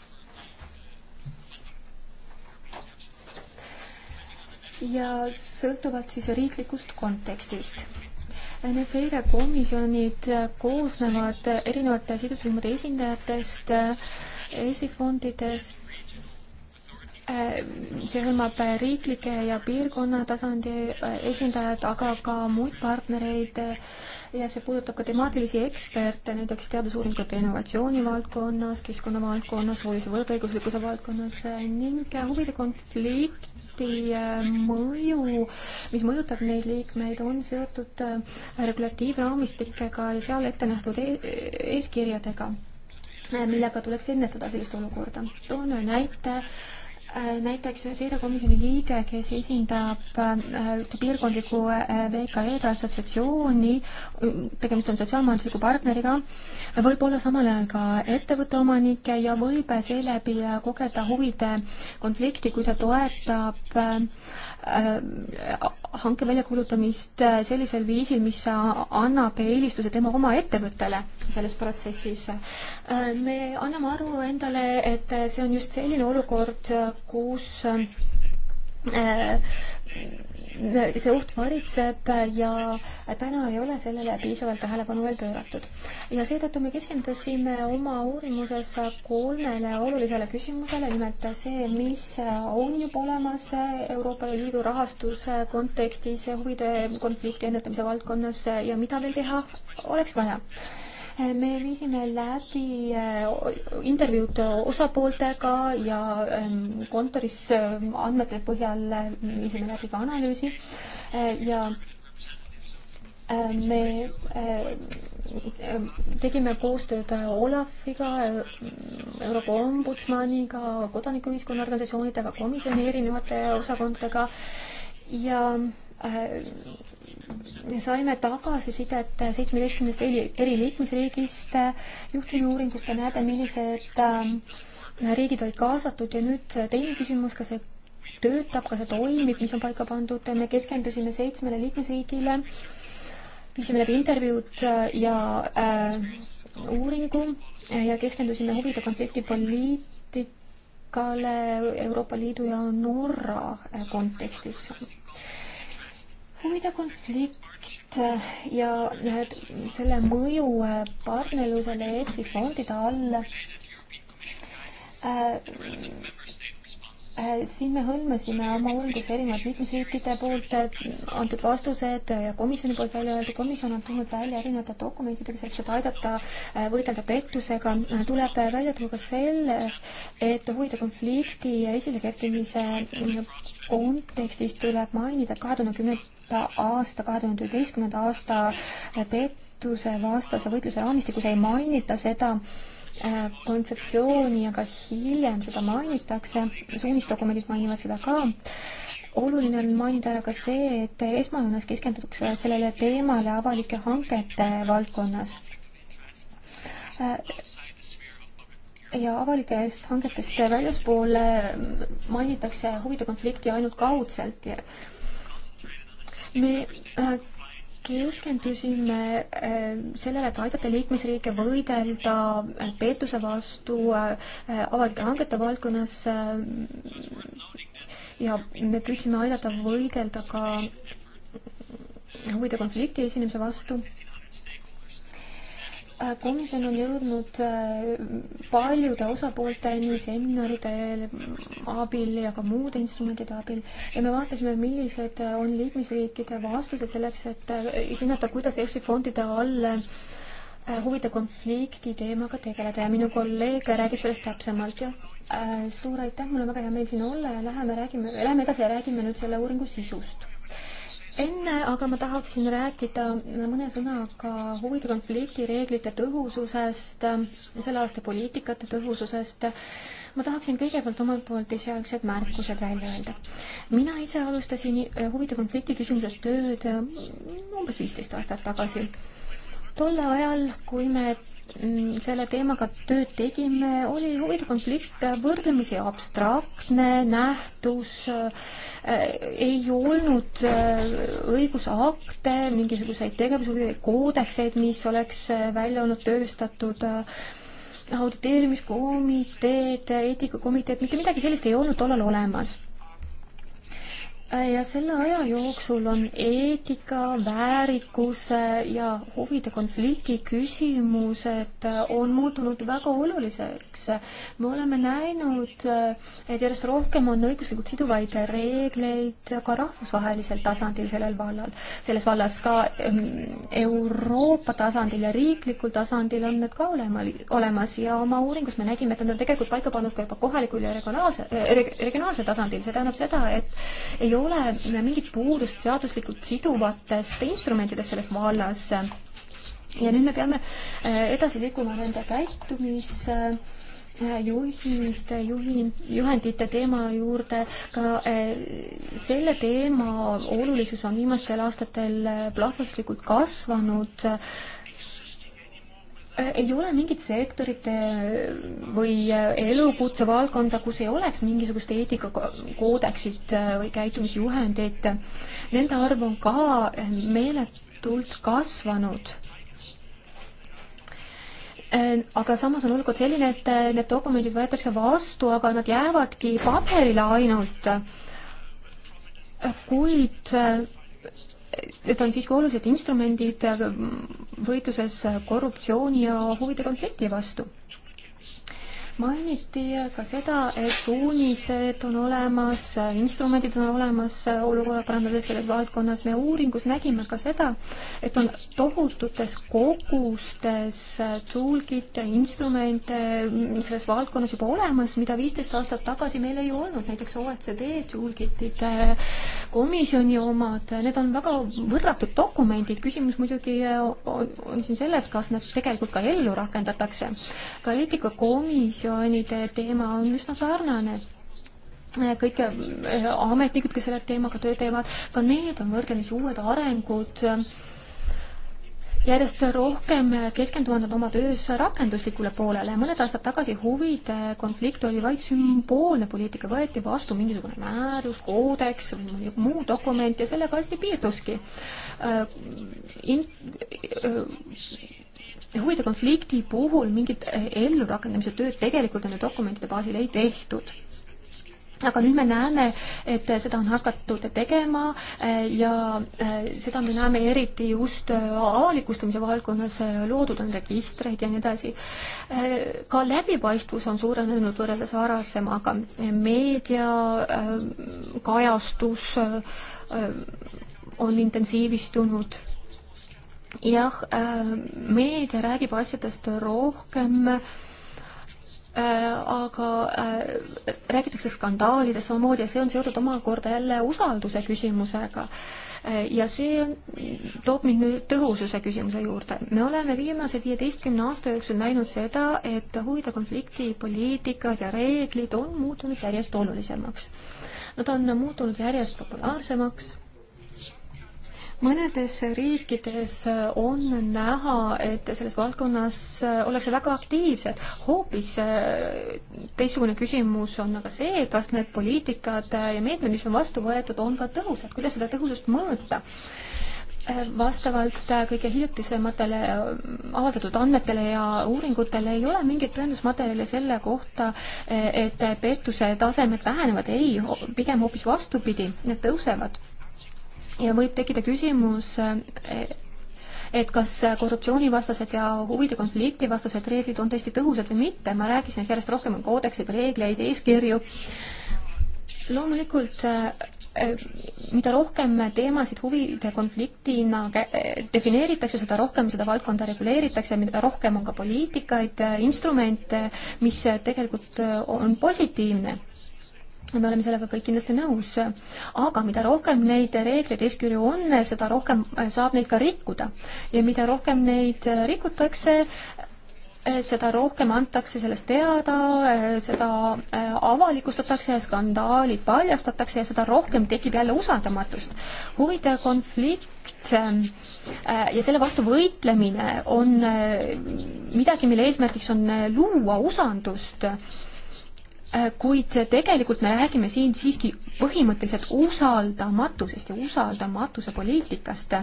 ja sõltuvalt siis riiklikust kontekstist Need seirekomisjonid koosnevad erinevate sidusrühmade esindajatest, esifondidest, Äh, see hõlmab riiklike ja piirkonna tasandi äh, esindajad, aga ka muid partnereid äh, ja see puudutab ka temaatilisi eksperte, näiteks teadusuuringute innovatsiooni valdkonnas, keskkonna valdkonnas, soolise võrdõiguslikkuse valdkonnas ning huvide konflikti mõju, mis mõjutab neid liikmeid, on seotud regulatiivraamistikega ja seal ette nähtud e-, eeskirjadega millega tuleks ennetada sellist olukorda. toon näite Äh, näiteks seirekomisjoni liige, kes esindab äh, ühte piirkondlikku äh, VKE-de assotsiatsiooni, tegemist on sotsiaalmajandusliku partneriga, võib olla samal ajal ka ettevõtte omanik ja võib seeläbi kogeda huvide konflikti, kui ta toetab Äh, hanke väljakuulutamist äh, sellisel viisil, mis annab eelistuse tema oma ettevõttele selles protsessis. Äh, me anname aru endale, et see on just selline olukord, kus Äh, äh, see oht varitseb ja täna ei ole sellele piisavalt tähelepanu veel pööratud. ja seetõttu me keskendusime oma uurimuses kolmele olulisele küsimusele, nimelt see, mis on juba olemas Euroopa Liidu rahastuse kontekstis huvide konflikti ennetamise valdkonnas ja mida veel teha oleks vaja Eh, me viisime läbi eh, intervjuud osapooltega ja ehm, kontoris ehm, andmete põhjal eh, viisime läbi ka analüüsi ja ehm, me tegime koostööd Olafiga, Euroopa Ombudsmaniga, kodanikuühiskonna organisatsioonidega, komisjoni erinevate osakondadega ja saime tagasisidet seitsmeteistkümnest eri liikmesriigist juhtumiuuringust ja näete, millised ähm, riigid olid kaasatud ja nüüd teine küsimus, kas see töötab, kas see toimib, mis on paika pandud, me keskendusime seitsmele liikmesriigile, viisime läbi intervjuud ja äh, uuringu ja keskendusime huvide konflikti poliitikale Euroopa Liidu ja Norra äh, kontekstis huvide konflikt äh, ja äh, selle mõju äh, partnerlusele EFI fondide all Äh, siin me hõlmasime oma uuringus erinevad liikmesriikide poolt äh, antud vastused ja komisjoni poolt välja öeldud, komisjon on tulnud välja erinevate dokumentidega selleks, et aidata äh, võidelda pettusega, tuleb välja tuua ka selle, et huvide konflikti esilekerkimise kontekstis tuleb mainida, et kahe tuhande kümnenda aasta, kahe tuhande üheteistkümnenda aasta pettuse vastase võitluse raamistikus ei mainita seda, Äh, kontseptsiooni, aga hiljem seda mainitakse, suunisdokumendid mainivad seda ka. oluline on mainida ära ka see, et esmajoones keskendutakse sellele teemale avalike hangete valdkonnas äh, ja avalikest hangetest väljaspool äh, mainitakse huvide konflikti ainult kaudselt. me keskendusime äh, sellele, et aidata liikmesriike võidelda äh, peetuse vastu äh, avalike hangete valdkonnas ja me püüdsime aidata võidelda ka huvide konflikti esinemise vastu komisjon on jõudnud äh, paljude osapoolteni seminaride abil ja ka muude instrumentide abil ja me vaatasime, millised on liikmesriikide vastused selleks, et äh, hinnata, kuidas EFSI fondide all äh, huvide konflikti teemaga tegeleda ja minu kolleeg räägib sellest täpsemalt, jah. suur aitäh, mul on väga hea meel siin olla ja läheme räägime, läheme edasi ja räägime nüüd selle uuringu sisust enne aga ma tahaksin rääkida mõne sõnaga huvide konflikti reeglite tõhususest, selleaastaste poliitikate tõhususest. ma tahaksin kõigepealt omalt poolt esialgsed märkused välja öelda. mina ise alustasin huvide konflikti küsimuses tööd umbes viisteist aastat tagasi tol ajal, kui me mm, selle teemaga tööd tegime, oli huvide konflikt võrdlemisi abstraktne nähtus äh,, ei olnud äh, õigusakte, mingisuguseid tegevushuvi koodekseid, mis oleks äh, välja olnud tööstatud äh,, auditeerimiskomiteed, eetikakomiteed, mitte midagi sellist ei olnud tollal olemas ja selle aja jooksul on eetika, väärikuse ja huvide konflikti küsimused äh, on muutunud väga oluliseks. me oleme näinud, äh, et järjest rohkem on õiguslikult siduvaid reegleid ka rahvusvahelisel tasandil sellel vallal, selles vallas ka ähm, Euroopa tasandil ja riiklikul tasandil on need ka olema, olemas ja oma uuringus me nägime, et need on tegelikult paika pannud ka juba kohalikul ja regionaalse, äh, regionaalsel tasandil, see tähendab seda, et ei ei ole mingit puudust seaduslikult siduvatest instrumentidest selles vallas. ja nüüd me peame äh, edasi liikuma nende käitumis äh, juhimiste, juhi, juhendite teema juurde, ka äh, selle teema olulisus on viimastel aastatel plahvatuslikult kasvanud Äh, ei ole mingit sektorit äh, või äh, elukutse valdkonda, kus ei oleks mingisugust eetikakoodeksit või käitumisjuhendit. Nende arv on ka meeletult kasvanud. aga samas on olukord selline, et need dokumendid võetakse vastu, aga nad jäävadki paberile ainult. kuid need on siiski olulised instrumendid võitluses korruptsiooni ja huvide konflikti vastu mainiti ka seda, et suunised on olemas, instrumendid on olemas olukorra parandamiseks selles valdkonnas. me uuringus nägime ka seda, et on tohututes kogustes toolkit'e, instrumente selles valdkonnas juba olemas, mida viisteist aastat tagasi meil ei olnud, näiteks OECD toolkit'ide komisjoni omad, need on väga võrratud dokumendid, küsimus muidugi on, on siin selles, kas nad tegelikult ka ellu rakendatakse. ka eetikakomisjon organisatsioonide teema on üsna sarnane kõik eh, ametnikud, kes selle teemaga tööd teevad, ka need on võrdlemisi uued arengud. järjest rohkem keskenduvad nad oma töös rakenduslikule poolele. mõned aastad tagasi huvide konflikt oli vaid sümboolne poliitika, võeti vastu mingisugune määrus, koodeks või muu dokument ja sellega asi piirduski äh, In äh, huvide konflikti puhul mingit eh, ellurakendamise tööd tegelikult nende dokumentide baasil ei tehtud aga nüüd me näeme, et seda on hakatud tegema eh, ja eh, seda me näeme eriti just avalikustamise valdkonnas, loodud on registreid ja nii edasi. ka läbipaistvus on suurenenud võrreldes varasemaga, meedia kajastus on intensiivistunud jah, äh, meedia räägib asjadest rohkem, äh, aga äh, räägitakse skandaalidest samamoodi ja see on seotud omakorda jälle usalduse küsimusega ja see on, toob mind nüüd tõhususe küsimuse juurde. me oleme viimase viieteistkümne aasta jooksul näinud seda, et huvide konflikti poliitikad ja reeglid on muutunud järjest olulisemaks. Nad on muutunud järjest populaarsemaks mõnedes riikides on näha, et selles valdkonnas ollakse väga aktiivsed. hoopis äh, teistsugune küsimus on aga see, kas need poliitikad ja meetmed, mis on vastu võetud, on ka tõhusad, kuidas seda tõhusust mõõta äh, vastavalt äh, kõige hiljutisematele avaldatud andmetele ja uuringutele ei ole mingeid tõendusmaterjale selle kohta, et pettuse tasemed vähenevad, ei, pigem hoopis vastupidi, need tõusevad ja võib tekkida küsimus, et kas korruptsioonivastased ja huvide konflikti vastased reeglid on tõesti tõhusad või mitte, ma rääkisin, et järjest rohkem on koodekseid, reegleid, eeskirju. loomulikult mida rohkem teemasid huvide konfliktina defineeritakse, seda rohkem seda valdkonda reguleeritakse, mida rohkem on ka poliitikaid, instrumente, mis tegelikult on positiivne me oleme sellega kõik kindlasti nõus. aga mida rohkem neid reegleid, eeskirju on, seda rohkem äh, saab neid ka rikkuda. ja mida rohkem neid äh, rikutakse, äh, seda rohkem antakse sellest teada, seda avalikustatakse ja skandaalid paljastatakse ja seda rohkem tekib jälle usaldamatust. huvide konflikt ja selle vastu võitlemine on midagi, mille eesmärgiks on luua usaldust Äh, kuid tegelikult me räägime siin siiski põhimõtteliselt usaldamatusest ja usaldamatuse poliitikast.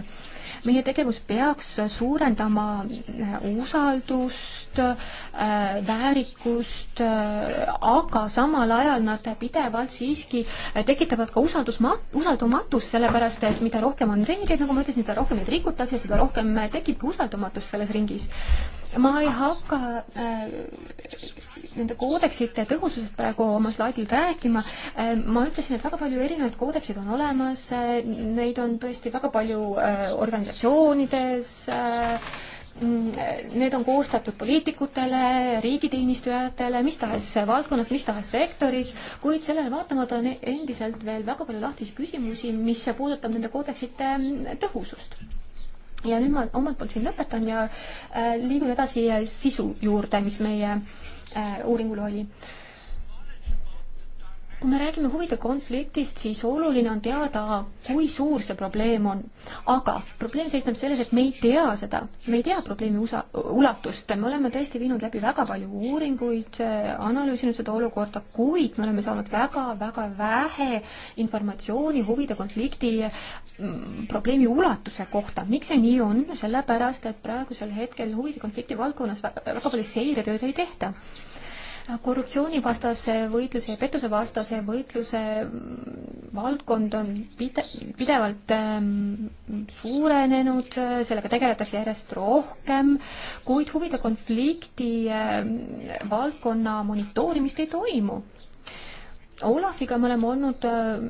meie tegevus peaks suurendama äh, usaldust, äh, väärikust, aga samal ajal nad pidevalt siiski tekitavad ka usaldusma-, usaldamatust, sellepärast et mida rohkem on reegleid, nagu ma ütlesin, seda rohkem neid rikutakse, seda rohkem tekib usaldamatust selles ringis ma ei hakka äh, nende koodeksite tõhususest praegu oma slaidil rääkima äh,. ma ütlesin, et väga palju erinevaid koodekseid on olemas äh,, neid on tõesti väga palju äh, organisatsioonides äh,, mm, äh need on koostatud poliitikutele, riigiteenistujatele, mis tahes valdkonnas, mis tahes sektoris, kuid sellele vaatamata on endiselt veel väga palju lahtisi küsimusi, mis puudutab nende koodeksite mm, tõhusust ja nüüd ma omalt poolt siin lõpetan ja äh, liigun edasi sisu juurde, mis meie äh, uuringul oli kui me räägime huvide konfliktist, siis oluline on teada, kui suur see probleem on. aga probleem seisneb selles, et me ei tea seda, me ei tea probleemi usa-, ulatust, me oleme tõesti viinud läbi väga palju uuringuid, analüüsinud seda olukorda, kuid me oleme saanud väga-väga vähe informatsiooni huvide konflikti mm, probleemi ulatuse kohta. miks see nii on? sellepärast, et praegusel hetkel huvide konflikti valdkonnas väga, väga palju seiretööd ei tehta korruptsioonivastase võitluse ja pettusevastase võitluse mm, valdkond on pide-, pidevalt ähm, suurenenud, sellega tegeletakse järjest rohkem, kuid huvide konflikti ähm, valdkonna monitoorimist ei toimu Olafiga me oleme olnud ähm,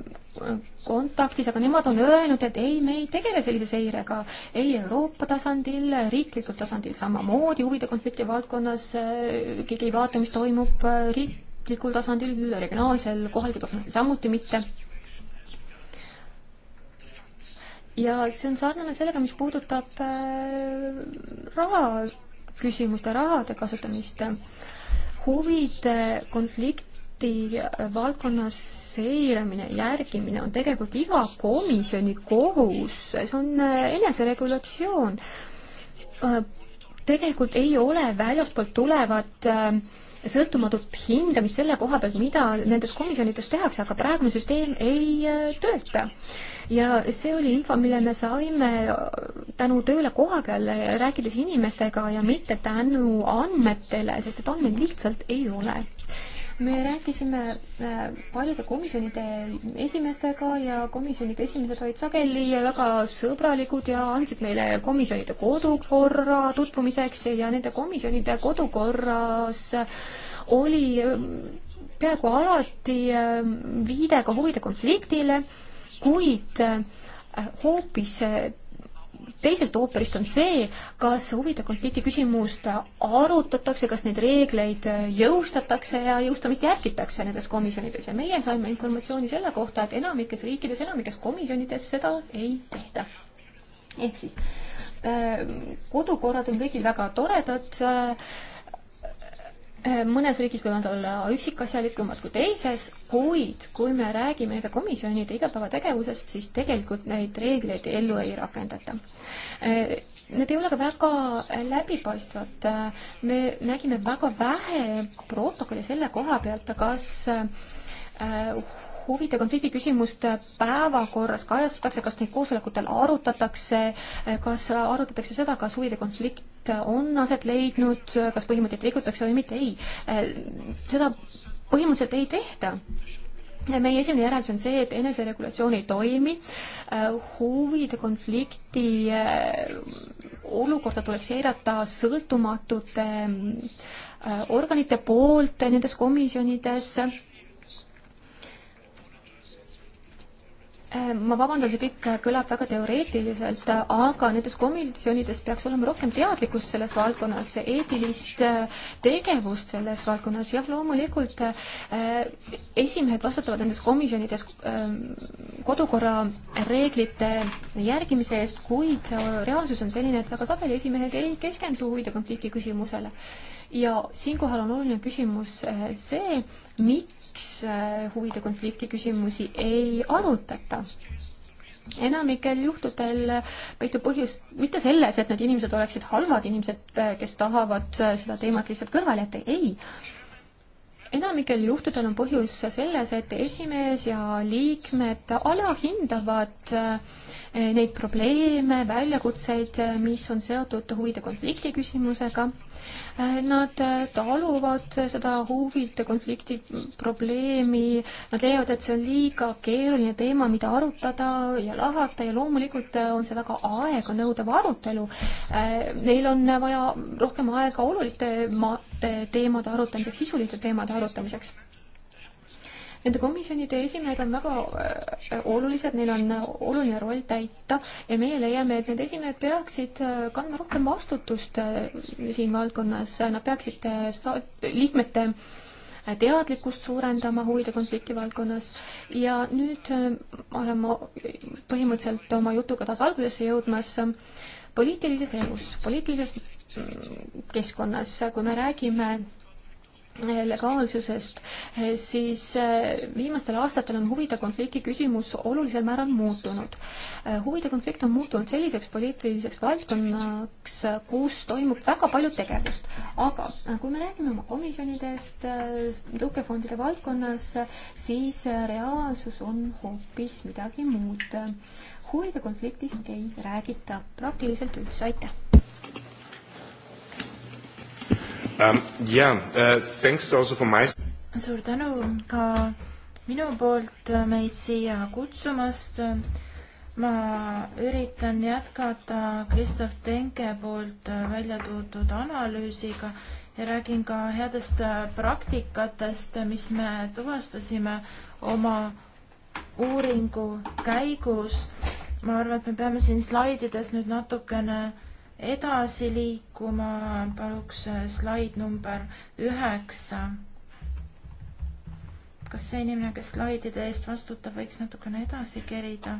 kontaktis, aga nemad on öelnud, et ei, me ei tegele sellise seirega, ei Euroopa tasandil, riiklikul tasandil samamoodi, huvide konflikti valdkonnas äh, keegi ei vaata, mis toimub äh, riiklikul tasandil, regionaalsel, kohalikul tasandil samuti mitte. ja see on sarnane sellega, mis puudutab äh, raha küsimust ja rahade kasutamist huvide konflikt spordi valdkonnas seiramine, järgimine on tegelikult iga komisjoni kohus, see on äh, eneseregulatsioon. Äh, tegelikult ei ole väljaspoolt tulevat äh, sõltumatut hindamist selle koha pealt, mida nendes komisjonides tehakse, aga praegune süsteem ei tööta. ja see oli info, mille me saime tänu tööle koha peal, rääkides inimestega ja mitte tänu andmetele, sest et andmeid lihtsalt ei ole me rääkisime äh, paljude komisjonide esimeestega ja komisjonide esimeesed olid sageli väga sõbralikud ja andsid meile komisjonide kodukorra tutvumiseks ja nende komisjonide kodukorras oli ähm, peaaegu alati ähm, viide ka huvide konfliktile, kuid äh, hoopis äh, teisest ooperist on see, kas huvide konflikti küsimust arutatakse, kas neid reegleid jõustatakse ja jõustamist järgitakse nendes komisjonides ja meie saime informatsiooni selle kohta, et enamikes riikides, enamikes komisjonides seda ei tehta. ehk siis äh, kodukorrad on kõigil väga toredad äh, Äh, mõnes riigis võivad olla üksikasjalikumad kui teises, kuid kui me räägime nende komisjonide igapäevategevusest, siis tegelikult neid reegleid ellu ei rakendata. Äh, need ei ole ka väga läbipaistvad, äh, me nägime väga vähe protokolli selle koha pealt, kas huvide konflikti küsimust päevakorras kajastatakse, kas neid koosolekutel arutatakse, kas arutatakse seda, kas huvide konflikt on aset leidnud, kas põhimõtteid rikutakse või mitte, ei. seda põhimõtteliselt ei tehta meie esimene järeldus on see, et eneseregulatsioon ei toimi, huvide konflikti äh, olukorda tuleks seirata sõltumatute äh, organite poolt nendes komisjonides Äh, ma vabandan, see kõik kõlab väga teoreetiliselt, aga nendes komisjonides peaks olema rohkem teadlikkust selles valdkonnas, eetilist äh, tegevust selles valdkonnas, jah, loomulikult äh, esimehed vastutavad nendes komisjonides kodukorra reeglite järgimise eest, kuid reaalsus on selline, et väga sageli esimehed ei keskendu huvide konflikti küsimusele. ja siinkohal on oluline küsimus see, miks miks äh, huvide konflikti küsimusi ei arutata. enamikel juhtudel peitub põhjus mitte selles, et need inimesed oleksid halvad inimesed, äh, kes tahavad äh, seda teemat lihtsalt kõrvale jätta, ei enamikel juhtudel on põhjus selles, et esimees ja liikmed alahindavad äh, Eh, neid probleeme, väljakutseid, eh, mis on seotud huvide konflikti küsimusega. Eh, nad taluvad seda huvide konflikti probleemi, nad leiavad, et see on liiga keeruline teema, mida arutada ja lahata ja loomulikult on see väga aeganõudev arutelu. Neil on vaja rohkem aega oluliste teemade arutamiseks, sisuliste teemade arutamiseks Nende komisjonide esimehed on väga äh, olulised, neil on oluline roll täita ja meie leiame, et need esimehed peaksid äh, kandma rohkem vastutust äh, siin valdkonnas, nad peaksid liikmete teadlikkust suurendama huvide konflikti valdkonnas ja nüüd olen ma põhimõtteliselt oma jutuga taas algusesse jõudmas poliitilises elus, poliitilises mm, keskkonnas, kui me räägime legaalsusest, siis eh, viimastel aastatel on huvide konflikti küsimus olulisel määral muutunud. Eh, huvide konflikt on muutunud selliseks poliitiliseks valdkonnaks, kus toimub väga palju tegevust, aga eh, kui me räägime oma komisjonidest tõukefondide valdkonnas, siis reaalsus on hoopis midagi muud. huvide konfliktist ei räägita praktiliselt üldse, aitäh! um,. Yeah, uh, thanks also for my. suur tänu ka minu poolt meid siia kutsumast. ma üritan jätkata Kristof Tenke poolt välja toodud analüüsiga ja räägin ka headest praktikatest, mis me tuvastasime oma uuringu käigus. ma arvan, et me peame siin slaidides nüüd natukene äh, edasi liikuma, paluks äh, slaid number üheksa. kas see inimene, kes slaidide eest vastutab, võiks natukene edasi kerida?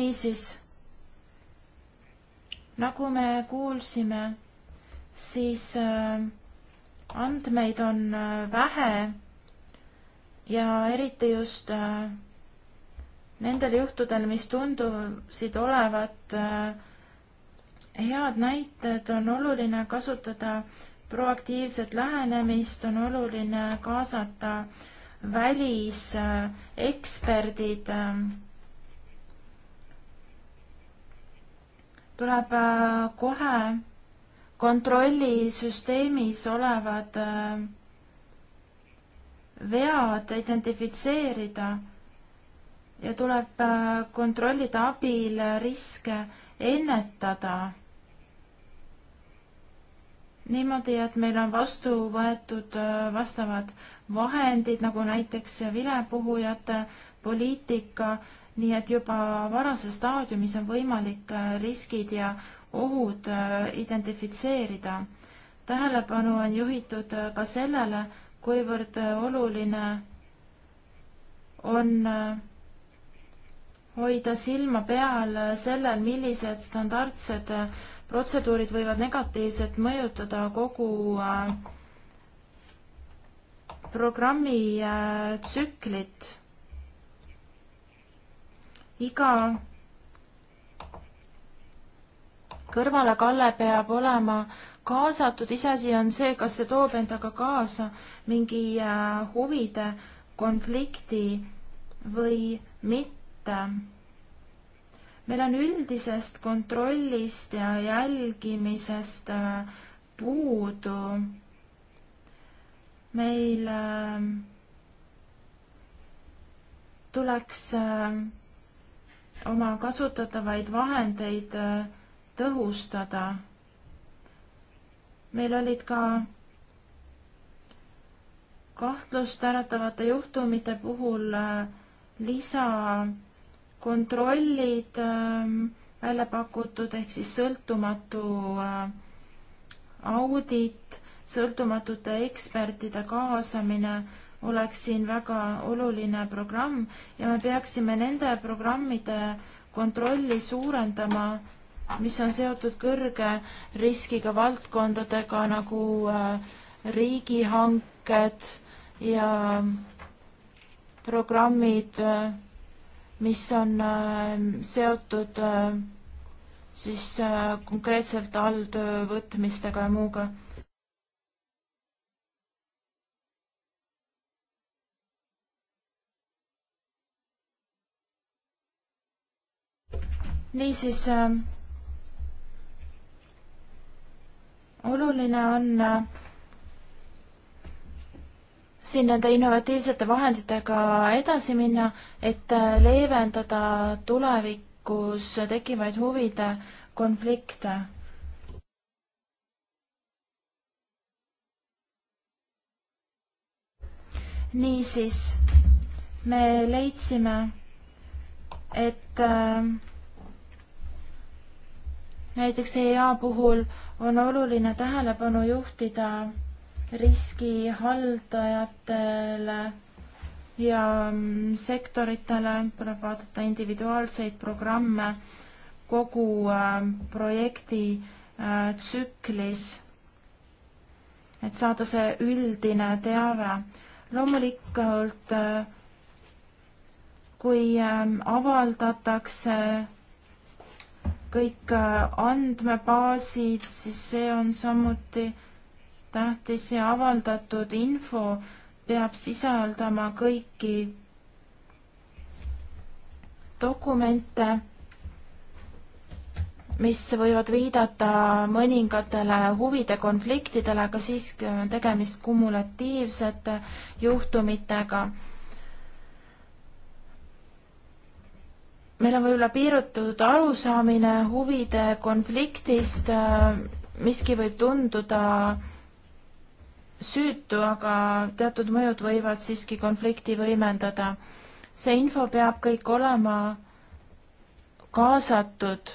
niisiis, nagu me kuulsime, siis äh, andmeid on äh, vähe ja eriti just äh, nendel juhtudel, mis tundusid olevat äh, head näited, on oluline kasutada proaktiivset lähenemist, on oluline kaasata väliseksperdid. Äh, tuleb kohe kontrollisüsteemis olevad äh, vead identifitseerida ja tuleb äh, kontrollida abil riske ennetada. niimoodi, et meil on vastu võetud äh, vastavad vahendid, nagu näiteks vilepuhujate poliitika, nii et juba varases staadiumis on võimalik äh, riskid ja ohud identifitseerida. tähelepanu on juhitud ka sellele, kuivõrd äh, oluline on äh, hoida silma peal äh, sellel, millised standardsed protseduurid võivad negatiivselt mõjutada kogu programmi tsüklit. iga kõrvalekalle peab olema kaasatud, iseasi on see, kas see toob endaga kaasa mingi äh, huvide konflikti või mitte. meil on üldisest kontrollist ja jälgimisest äh, puudu. meil äh, tuleks oma kasutatavaid vahendeid tõhustada meil olid ka kahtlust äratavate juhtumite puhul äh, lisakontrollid ähm, välja pakutud ehk siis sõltumatu äh, audit, sõltumatute ekspertide kaasamine oleks siin väga oluline programm ja me peaksime nende programmide kontrolli suurendama mis on seotud kõrge riskiga valdkondadega nagu äh, riigihanked ja programmid, äh, mis on äh, seotud siis konkreetselt alltöövõtmistega ja muuga niisiis oluline on äh, siin nende innovatiivsete vahenditega edasi minna, et äh, leevendada tulevikus tekivaid huvide konflikte. niisiis, me leidsime, et äh, näiteks EA puhul on oluline tähelepanu juhtida riskihaldajatele ja mm, sektoritele, tuleb vaadata individuaalseid programme kogu äh, projekti äh, tsüklis, et saada see üldine teave. loomulikult, äh, kui ähm, avaldatakse kõik äh, andmebaasid, siis see on samuti tähtis ja avaldatud info peab sisaldama kõiki dokumente, mis võivad viidata mõningatele huvide konfliktidele, aga siiski on tegemist kumulatiivsete juhtumitega meil on võib-olla piiratud arusaamine huvide konfliktist, miski võib tunduda süütu, aga teatud mõjud võivad siiski konflikti võimendada. see info peab kõik olema kaasatud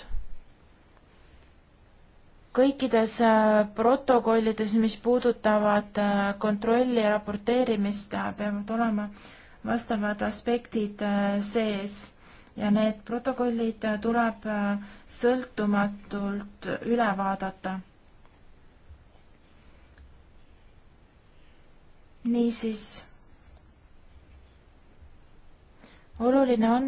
kõikides äh, protokollides, mis puudutavad äh, kontrolli ja raporteerimist, äh, peavad olema vastavad aspektid sees ja need protokollid tuleb äh, sõltumatult üle vaadata. niisiis, oluline on,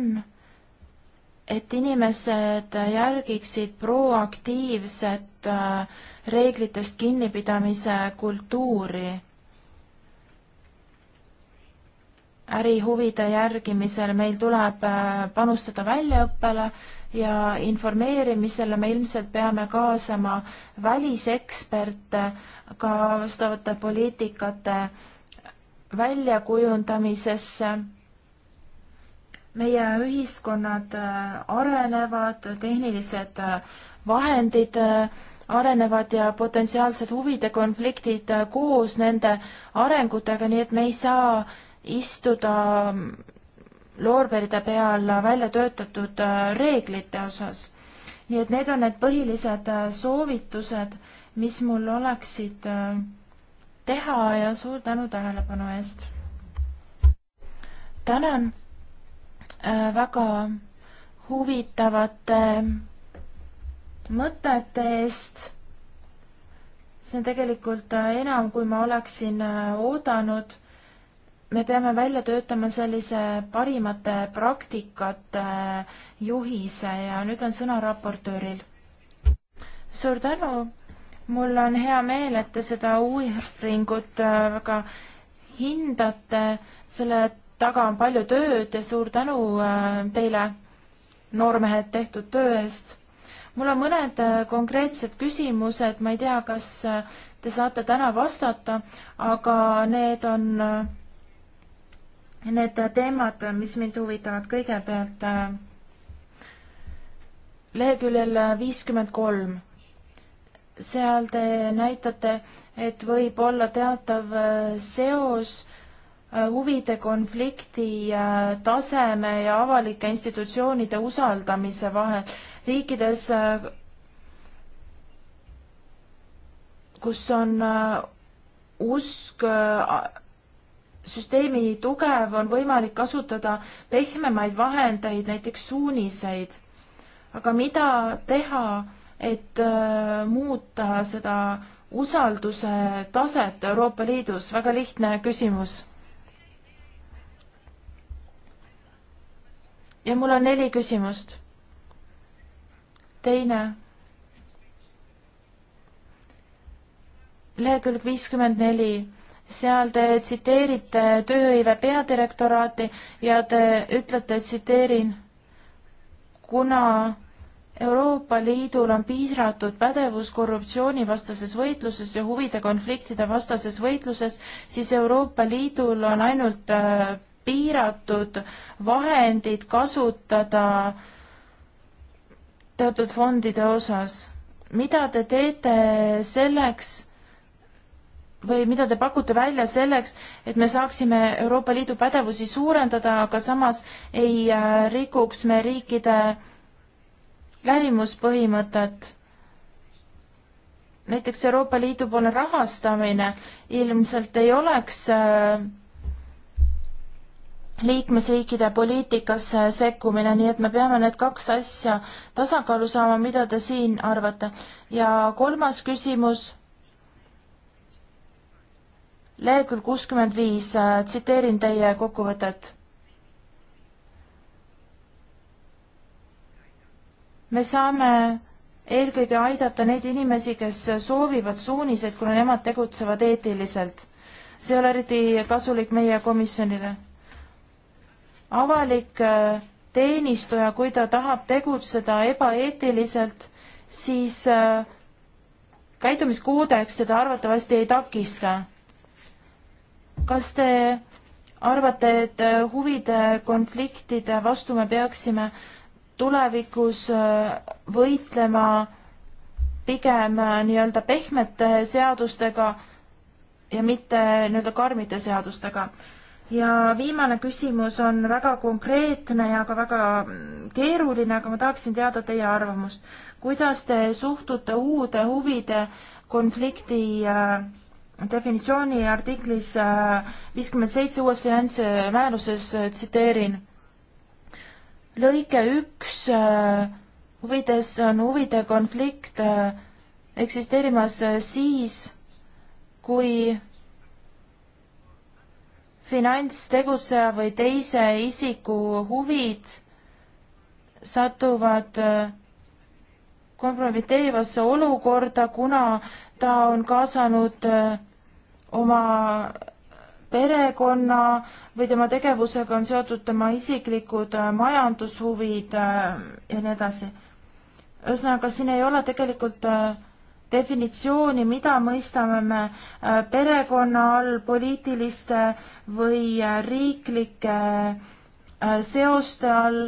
et inimesed järgiksid proaktiivset äh, reeglitest kinnipidamise kultuuri ärihuvide järgimisel, meil tuleb äh, panustada väljaõppele ja informeerimisele, me ilmselt peame kaasama väliseksperte ka vastavate poliitikate väljakujundamisesse. meie ühiskonnad äh, arenevad, tehnilised äh, vahendid arenevad ja potentsiaalsed huvide konfliktid koos nende arengutega, nii et me ei saa istuda loorberide peal välja töötatud äh, reeglite osas. nii et need on need põhilised äh, soovitused, mis mul oleksid äh, teha ja suur tänu tähelepanu eest. tänan väga huvitavate mõtete eest. see on tegelikult enam, kui ma oleksin oodanud me peame välja töötama sellise parimate praktikate juhise ja nüüd on sõna raportööril. suur tänu, mul on hea meel, et te seda uuringut äh, väga hindate, selle taga on palju tööd ja suur tänu äh, teile, noormehed, tehtud töö eest. mul on mõned äh, konkreetsed küsimused, ma ei tea, kas te saate täna vastata, aga need on Need teemad, mis mind huvitavad kõigepealt äh, leheküljel viiskümmend kolm. seal te näitate, et võib olla teatav äh, seos äh, huvide konflikti taseme ja avalike institutsioonide usaldamise vahel. riikides, kus on usk süsteemi tugev, on võimalik kasutada pehmemaid vahendeid, näiteks suuniseid. aga mida teha, et äh, muuta seda usalduse taset Euroopa Liidus, väga lihtne küsimus. ja mul on neli küsimust. teine. lehekülg viiskümmend neli seal te tsiteerite tööhõive peadirektoraati ja te ütlete, tsiteerin, kuna Euroopa Liidul on piiratud pädevus korruptsioonivastases võitluses ja huvide konfliktide vastases võitluses, siis Euroopa Liidul on ainult äh, piiratud vahendid kasutada teatud fondide osas. mida te teete selleks, või mida te pakute välja selleks, et me saaksime Euroopa Liidu pädevusi suurendada, aga samas ei äh, rikuks me riikide lähimuspõhimõtet? näiteks Euroopa Liidu poole rahastamine ilmselt ei oleks äh, liikmesriikide poliitikasse sekkumine, nii et me peame need kaks asja tasakaalu saama, mida te siin arvate. ja kolmas küsimus lehekülg kuuskümmend viis, äh, tsiteerin teie kokkuvõtet. me saame eelkõige aidata neid inimesi, kes soovivad suuniseid, kuna nemad tegutsevad eetiliselt. see ei ole eriti kasulik meie komisjonile. avalik äh, teenistuja, kui ta tahab tegutseda ebaeetiliselt, siis äh, käitumiskoodeks seda arvatavasti ei takista kas te arvate, et äh, huvide konfliktide vastu me peaksime tulevikus äh, võitlema pigem äh, nii-öelda pehmete seadustega ja mitte nii-öelda karmide seadustega. ja viimane küsimus on väga konkreetne ja ka väga mm, keeruline, aga ma tahaksin teada teie arvamust. kuidas te suhtute uude huvide konflikti äh, definitsiooni artiklis äh, viiskümmend seitse uues finantsmääruses äh, tsiteerin. lõike üks äh, huvides on huvide konflikt eksisteerimas siis, kui finantstegutseja või teise isiku huvid satuvad äh, kompromiteerivasse olukorda, kuna ta on kaasanud äh, oma perekonna või tema tegevusega on seotud tema isiklikud äh, majandushuvid äh, ja nii edasi. ühesõnaga, siin ei ole tegelikult definitsiooni, mida mõistame me perekonna all poliitiliste või riiklike seoste all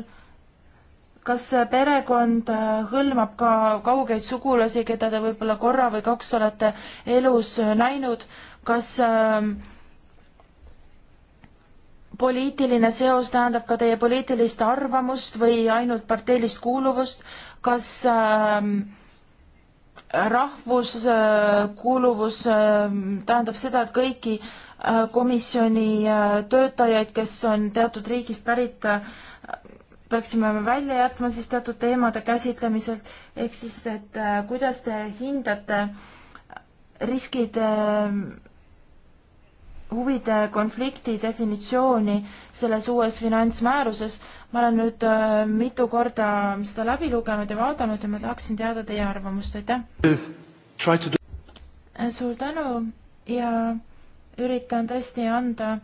kas perekond äh, hõlmab ka kaugeid sugulasi, keda te võib-olla korra või kaks olete elus äh, näinud, kas äh, poliitiline seos tähendab ka teie poliitilist arvamust või ainult parteilist kuuluvust, kas ähm, äh, rahvuskuuluvus äh, äh, tähendab seda, et kõiki äh, komisjoni töötajaid, kes on teatud riigist pärit, peaksime me välja jätma siis teatud teemade käsitlemiselt, ehk siis, et äh, kuidas te hindate riskide huvide konflikti definitsiooni selles uues finantsmääruses. ma olen nüüd äh, mitu korda seda läbi lugenud ja vaadanud ja ma tahaksin teada teie arvamust, aitäh. Uh, äh, suur tänu ja üritan tõesti anda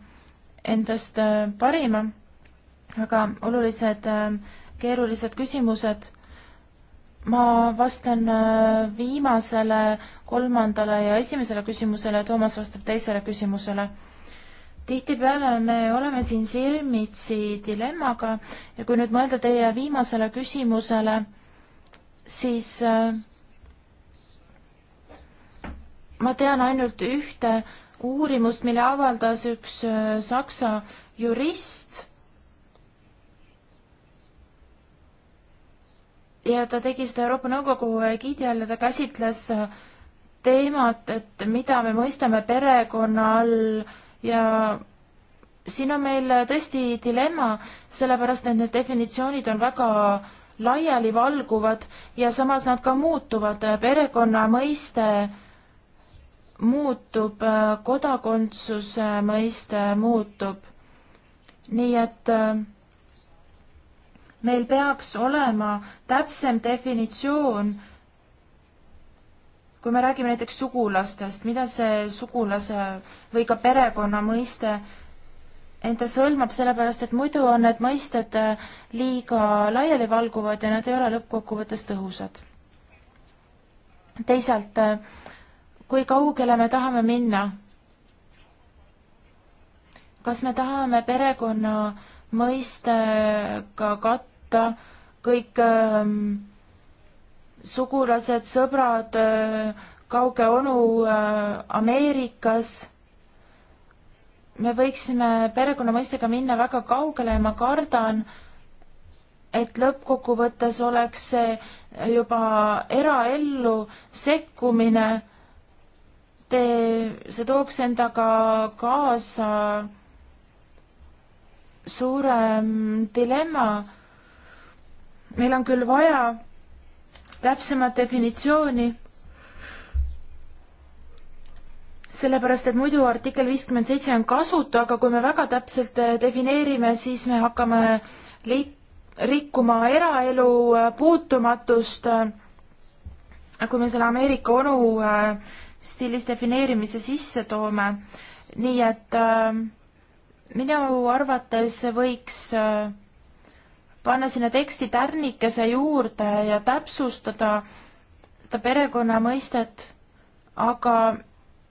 endast parima väga olulised äh, keerulised küsimused. ma vastan äh, viimasele, kolmandale ja esimesele küsimusele, Toomas vastab teisele küsimusele. tihtipeale me oleme siin silmitsi dilemmaga ja kui nüüd mõelda teie viimasele küsimusele, siis äh, ma tean ainult ühte uurimust, mille avaldas üks saksa jurist ja ta tegi seda Euroopa Nõukogu giidi all ja ta käsitles äh, teemat, et mida me mõistame perekonna all ja siin on meil tõesti dilemma, sellepärast et need definitsioonid on väga laialivalguvad ja samas nad ka muutuvad. perekonna mõiste muutub, kodakondsuse mõiste muutub. nii et äh, meil peaks olema täpsem definitsioon, kui me räägime näiteks sugulastest, mida see sugulase või ka perekonna mõiste endas hõlmab, sellepärast et muidu on need mõisted liiga laialivalguvad ja nad ei ole lõppkokkuvõttes tõhusad. teisalt, kui kaugele me tahame minna? kas me tahame perekonna mõistega katta kõik ähm, sugulased, sõbrad äh,, kauge onu äh, Ameerikas. me võiksime perekonna mõistega minna väga kaugele ja ma kardan, et lõppkokkuvõttes oleks see juba eraellu sekkumine. Te, see tooks endaga kaasa suurem dilemma. meil on küll vaja täpsemat definitsiooni, sellepärast et muidu artikkel viiskümmend seitse on kasutu, aga kui me väga täpselt äh, defineerime, siis me hakkame liik-, rikkuma eraelu äh, puutumatust, äh, kui me selle Ameerika onu stiilis defineerimise sisse toome. nii et äh, minu arvates võiks äh, panna sinna teksti tärnikese juurde ja täpsustada seda perekonna mõistet, aga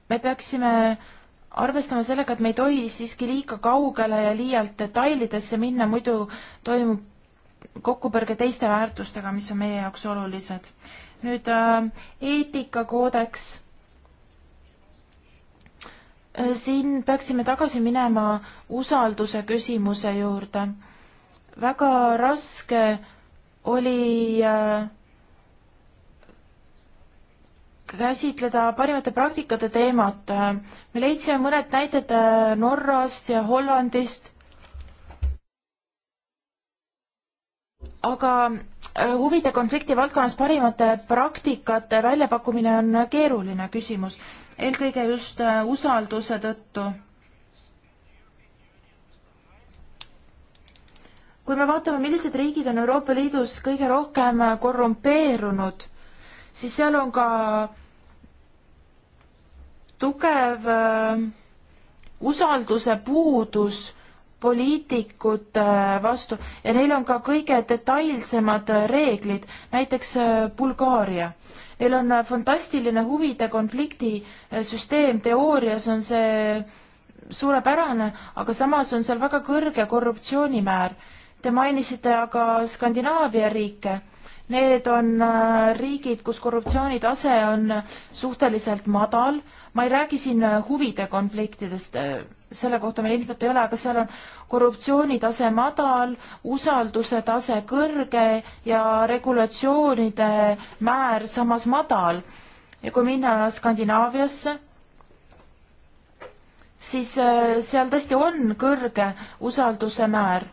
me peaksime arvestama sellega, et me ei tohi siiski liiga kaugele ja liialt detailidesse minna, muidu toimub kokkupõrge teiste väärtustega, mis on meie jaoks olulised. nüüd äh, eetikakoodeks Äh, siin peaksime tagasi minema usalduse küsimuse juurde. väga raske oli äh, käsitleda parimate praktikate teemat. me leidsime mõned näited äh, Norrast ja Hollandist. aga huvide konflikti valdkonnas parimate praktikate väljapakkumine on keeruline küsimus eelkõige just äh, usalduse tõttu. kui me vaatame, millised riigid on Euroopa Liidus kõige rohkem äh, korrumpeerunud, siis seal on ka tugev äh, usalduse puudus poliitikute vastu ja neil on ka kõige detailsemad reeglid, näiteks Bulgaaria Neil on äh, fantastiline huvide konflikti äh, süsteem, teoorias on see suurepärane, aga samas on seal väga kõrge korruptsioonimäär. Te mainisite aga Skandinaavia riike. Need on äh, riigid, kus korruptsiooni tase on suhteliselt madal, ma ei räägi siin äh, huvide konfliktidest, äh, selle kohta meil infot ei ole, aga seal on korruptsioonitase madal, usalduse tase kõrge ja regulatsioonide määr samas madal. ja kui minna Skandinaaviasse, siis äh, seal tõesti on kõrge usalduse määr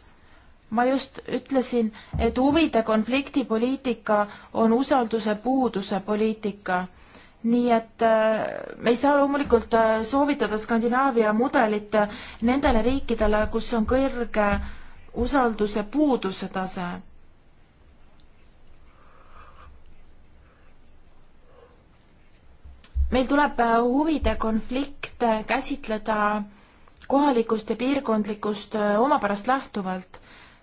ma just ütlesin, et huvide konflikti poliitika on usalduse puuduse poliitika nii et me äh, ei saa loomulikult äh, soovitada Skandinaavia mudelit äh, nendele riikidele, kus on kõrge usalduse puuduse tase. meil tuleb huvide konflikte käsitleda kohalikust ja piirkondlikust omapärast lähtuvalt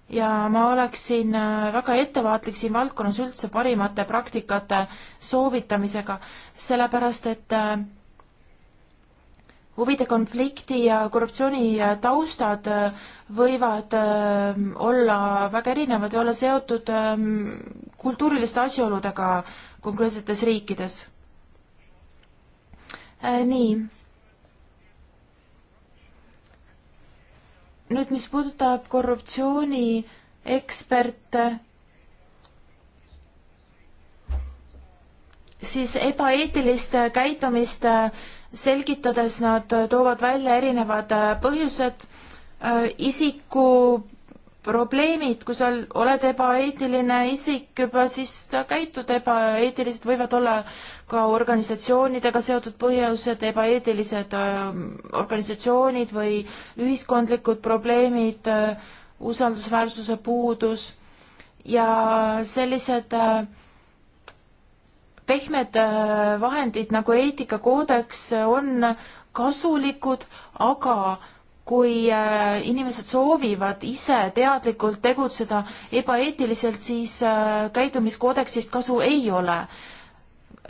ja ma oleksin äh, väga ettevaatlik siin valdkonnas üldse parimate praktikate soovitamisega, sellepärast et äh, huvide konflikti ja korruptsiooni äh, taustad võivad olla väga erinevad ja olla seotud ähm, kultuuriliste asjaoludega konkreetsetes riikides. nii nüüd, mis puudutab korruptsioonieksperte, siis ebaeetilist käitumist selgitades nad toovad välja erinevad põhjused, äh, isiku probleemid, kui sa oled ebaeetiline isik juba, siis sa käitud ebaeetiliselt, võivad olla ka organisatsioonidega seotud põhjused, ebaeetilised ähm, organisatsioonid või ühiskondlikud probleemid, äh, usaldusväärsuse puudus ja sellised äh, pehmed äh, vahendid nagu eetikakoodeks on kasulikud, aga kui äh, inimesed soovivad ise teadlikult tegutseda ebaeetiliselt, siis äh, käitumiskoodeksist kasu ei ole.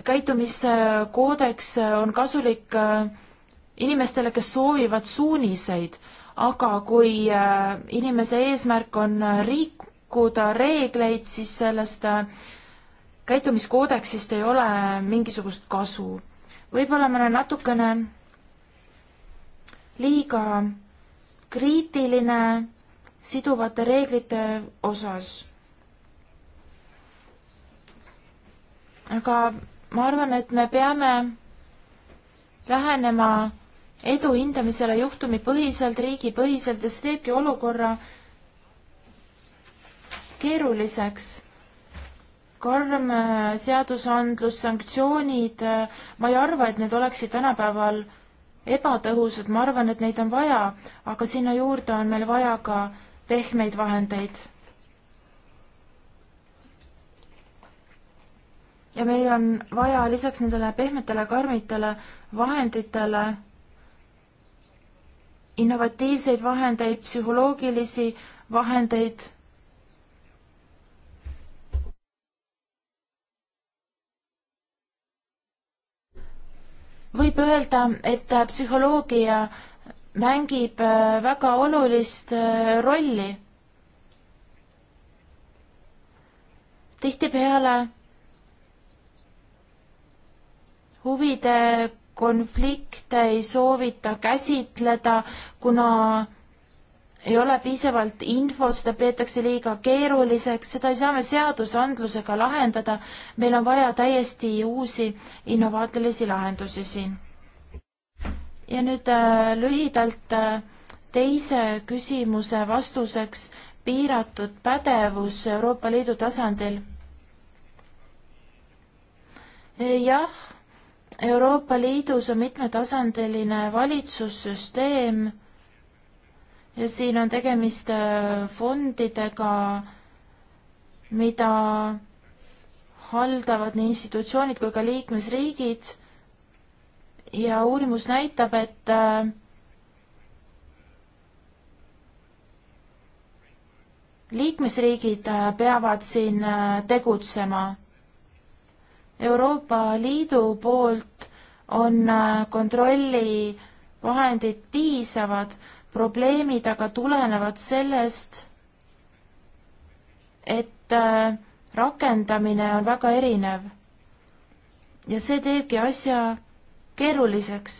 käitumiskoodeks äh, on kasulik inimestele, kes soovivad suuniseid, aga kui inimese eesmärk on rikkuda reegleid, siis sellest käitumiskoodeksist ei ole mingisugust kasu. võib-olla ma olen natukene liiga kriitiline siduvate reeglite osas. aga ma arvan, et me peame lähenema edu hindamisele juhtumipõhiselt, riigipõhiselt ja see teebki olukorra keeruliseks. karm äh, seadusandlus, sanktsioonid, äh, ma ei arva, et need oleksid tänapäeval ebatõhusad, ma arvan, et neid on vaja, aga sinna juurde on meil vaja ka pehmeid vahendeid. ja meil on vaja lisaks nendele pehmetele karmitele vahenditele innovatiivseid vahendeid, psühholoogilisi vahendeid võib öelda, et psühholoogia mängib äh, väga olulist äh, rolli. tihtipeale huvide konflikte ei soovita käsitleda, kuna ei ole piisavalt infot, seda peetakse liiga keeruliseks, seda ei saa me seadusandlusega lahendada, meil on vaja täiesti uusi innovaatilisi lahendusi siin. ja nüüd äh, lühidalt äh, teise küsimuse vastuseks piiratud pädevus Euroopa Liidu tasandil? Äh, jah, Euroopa Liidus on mitmetasandiline valitsussüsteem siin on tegemist äh, fondidega, mida haldavad nii institutsioonid kui ka liikmesriigid ja uurimus näitab, et äh, liikmesriigid äh, peavad siin tegutsema. Euroopa Liidu poolt on kontrollivahendid piisavad probleemid aga tulenevad sellest, et äh, rakendamine on väga erinev. ja see teebki asja keeruliseks.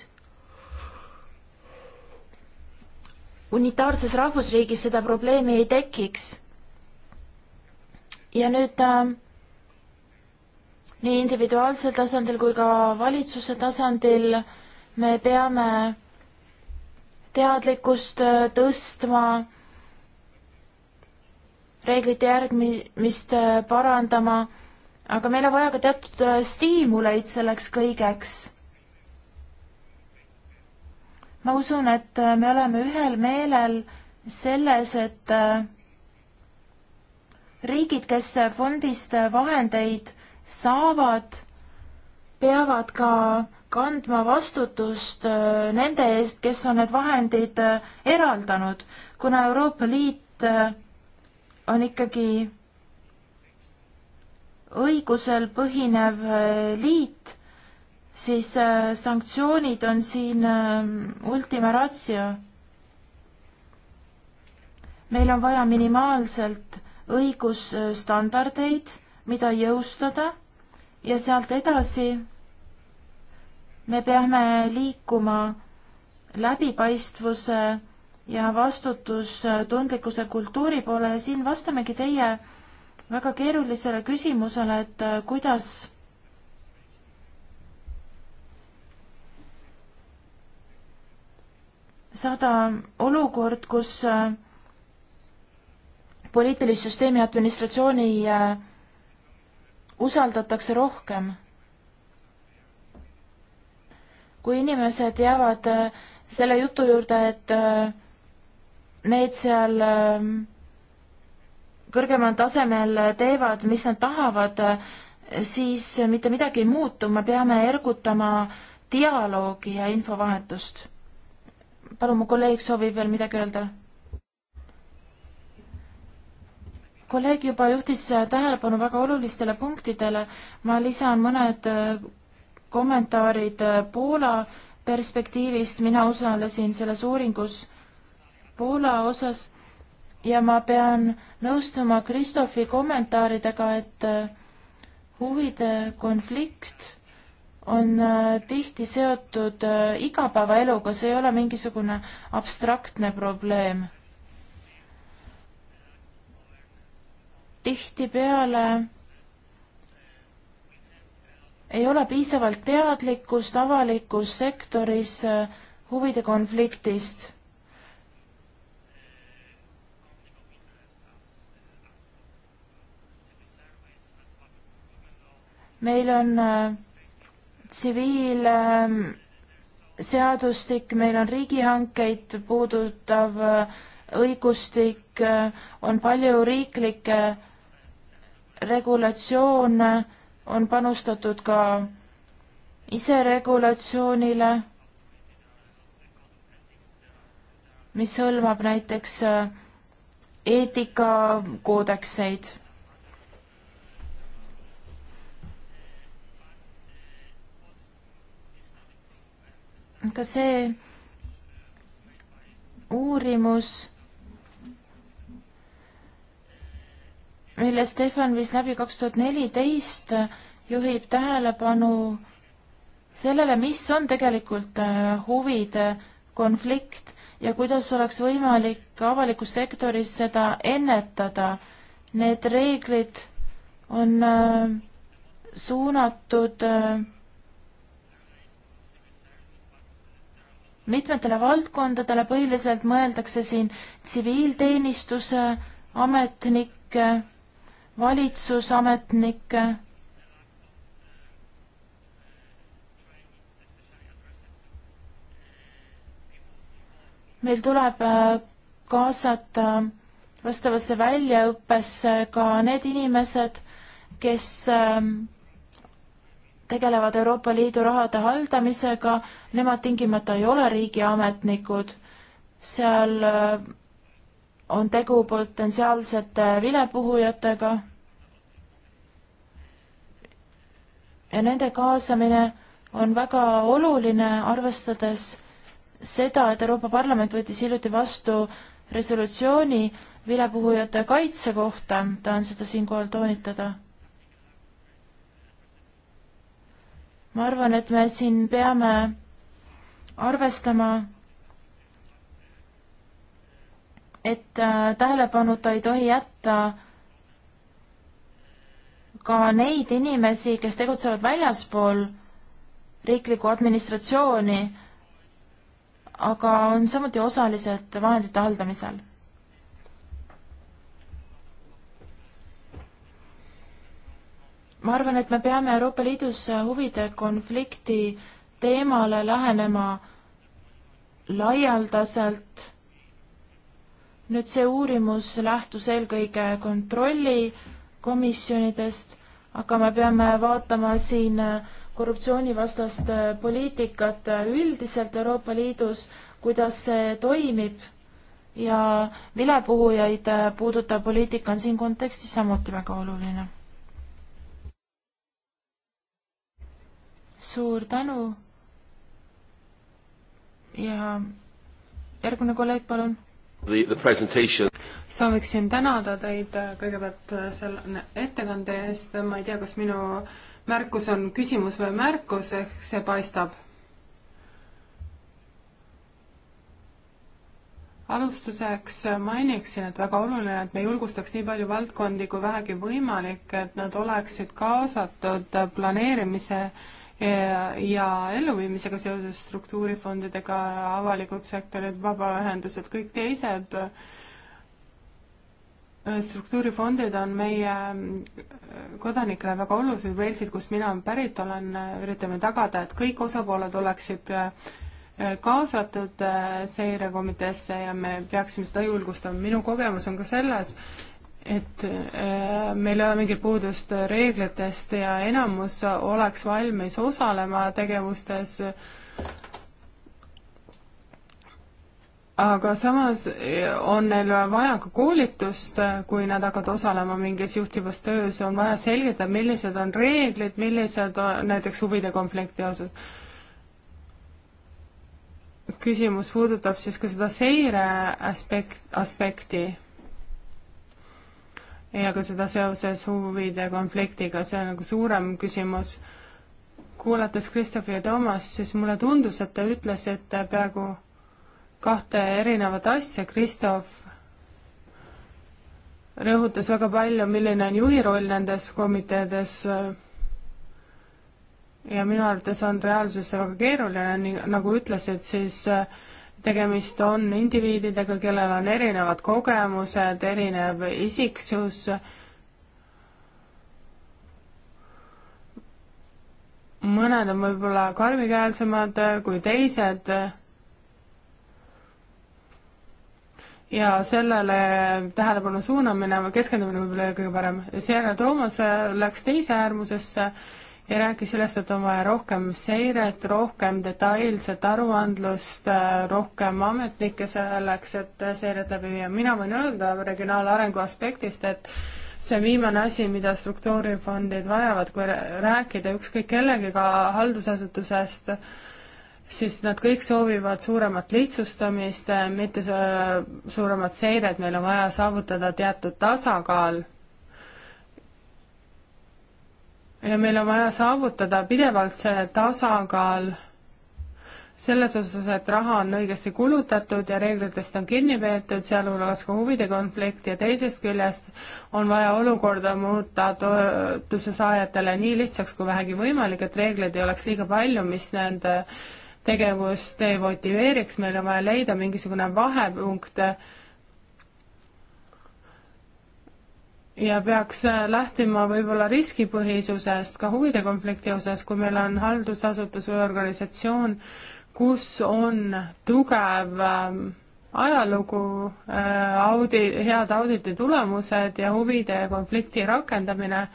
unitaarses rahvusriigis seda probleemi ei tekiks. ja nüüd äh, nii individuaalsel tasandil kui ka valitsuse tasandil me peame teadlikkust äh, tõstma, reeglite järgmist äh, parandama, aga meil on vaja ka teatud äh, stiimuleid selleks kõigeks. ma usun, et me oleme ühel meelel selles, et riigid, kes fondist vahendeid saavad, peavad ka kandma vastutust äh, nende eest, kes on need vahendid äh, eraldanud, kuna Euroopa Liit äh, on ikkagi õigusel põhinev liit, siis sanktsioonid on siin ultima ratio. meil on vaja minimaalselt õigusstandardeid, mida jõustada ja sealt edasi me peame liikuma läbipaistvuse ja vastutustundlikkuse kultuuri poole ja siin vastamegi teie väga keerulisele küsimusele, et äh, kuidas saada olukord, kus äh, poliitilist süsteemi administratsiooni äh, usaldatakse rohkem kui inimesed jäävad äh, selle jutu juurde, et äh, need seal äh, kõrgemal tasemel teevad, mis nad tahavad, siis mitte midagi ei muutu, me peame ergutama dialoogi ja infovahetust. palun, mu kolleeg soovib veel midagi öelda kolleeg juba juhtis tähelepanu väga olulistele punktidele, ma lisan mõned kommentaarid äh, Poola perspektiivist, mina osalesin selles uuringus Poola osas ja ma pean nõustuma Kristofi kommentaaridega, et äh, huvide konflikt on äh, tihti seotud igapäevaeluga, see ei ole mingisugune abstraktne probleem. tihtipeale ei ole piisavalt teadlikkust avalikus sektoris äh, huvide konfliktist. meil on äh, tsiviilseadustik, ähm, meil on riigihankeid puudutav äh, õigustik, on palju riiklikke regulatsioone on panustatud ka iseregulatsioonile, mis hõlmab näiteks äh, eetikakoodekseid. ka see uurimus mille Stefan viis läbi kaks tuhat neliteist, juhib tähelepanu sellele, mis on tegelikult äh, huvide äh, konflikt ja kuidas oleks võimalik avalikus sektoris seda ennetada. Need reeglid on äh, suunatud mitmetele valdkondadele, põhiliselt mõeldakse siin tsiviilteenistuse ametnikke valitsusametnikke, meil tuleb äh, kaasata vastavasse väljaõppesse ka need inimesed, kes ähm, tegelevad Euroopa Liidu rahade haldamisega, nemad tingimata ei ole riigiametnikud, seal äh, on tegu potentsiaalsete vilepuhujatega ja nende kaasamine on väga oluline, arvestades seda, et Euroopa Parlament võttis hiljuti vastu resolutsiooni vilepuhujate kaitse kohta, tahan seda siinkohal toonitada. ma arvan, et me siin peame arvestama, et äh, tähelepanuta ei tohi jätta ka neid inimesi, kes tegutsevad väljaspool riiklikku administratsiooni, aga on samuti osalised vahendite haldamisel. ma arvan, et me peame Euroopa Liidus huvide konflikti teemale lähenema laialdaselt. nüüd see uurimus lähtus eelkõige kontrolli komisjonidest, aga me peame vaatama siin äh, korruptsioonivastast äh, poliitikat äh, üldiselt Euroopa Liidus, kuidas see toimib ja vilepuhujaid puudutav poliitika on siin kontekstis samuti väga oluline suur tänu. ja järgmine kolleeg, palun sooviksin tänada teid kõigepealt selle ettekande eest, ma ei tea, kas minu märkus on küsimus või märkus, ehk see paistab. alustuseks mainiksin, et väga oluline, et me julgustaks nii palju valdkondi kui vähegi võimalik, et nad oleksid kaasatud planeerimise äh, ja elluviimisega seoses struktuurifondidega, avalikud sektorid, vabaühendused, kõik teised äh, struktuurifondid on meie äh, kodanikele väga olulised, Walesid, kust mina pärit olen, äh, üritame tagada, et kõik osapooled oleksid kaasatud seirekomiteesse ja me peaksime seda julgustama. minu kogemus on ka selles, et äh, meil ei ole mingit puudust reeglitest ja enamus oleks valmis osalema tegevustes, aga samas on neil vaja ka koolitust, kui nad hakkavad osalema mingis juhtivas töös, on vaja selgitada, millised on reeglid, millised on näiteks huvide konflikti osas küsimus puudutab siis ka seda seire aspekt, aspekti ja ka seda seoses huvide konfliktiga, see on nagu suurem küsimus. kuulates Christopher ja Toomas, siis mulle tundus, et te ütlesite peaaegu kahte erinevat asja, Kristof rõhutas väga palju, milline on juhi roll nendes komiteedes ja minu arvates on reaalsuses see väga keeruline, nii nagu ütlesid, siis äh, tegemist on indiviididega, kellel on erinevad kogemused, erinev isiksus, mõned on võib-olla karmikäelsemad kui teised ja sellele tähelepanu suunamine, keskendumine võib-olla kõige parem. Sierra Thomas läks teise äärmusesse äh, ja rääkis sellest, et on vaja rohkem seiret, rohkem detailset aruandlust, rohkem ametnikke selleks, et seiret läbi viia. mina võin öelda regionaalarengu aspektist, et see viimane asi, mida struktuurifondid vajavad, kui rääkida ükskõik kellegagi haldusasutusest, siis nad kõik soovivad suuremat lihtsustamist, mitte suuremat seiret, meil on vaja saavutada teatud tasakaal meil on vaja saavutada pidevalt see tasakaal selles osas, et raha on õigesti kulutatud ja reeglitest on kinni peetud, sealhulgas ka huvide konflikt ja teisest küljest on vaja olukorda muuta toetuse saajatele nii lihtsaks kui vähegi võimalik, et reegleid ei oleks liiga palju, mis nende tegevust demotiveeriks, meil on vaja leida mingisugune vahepunkt äh, ja peaks äh, lähtuma võib-olla riskipõhisusest ka huvide konflikti osas, kui meil on haldusasutus või organisatsioon, kus on tugev ähm, ajalugu, äh, audi, head auditi tulemused ja huvide konflikti rakendamine,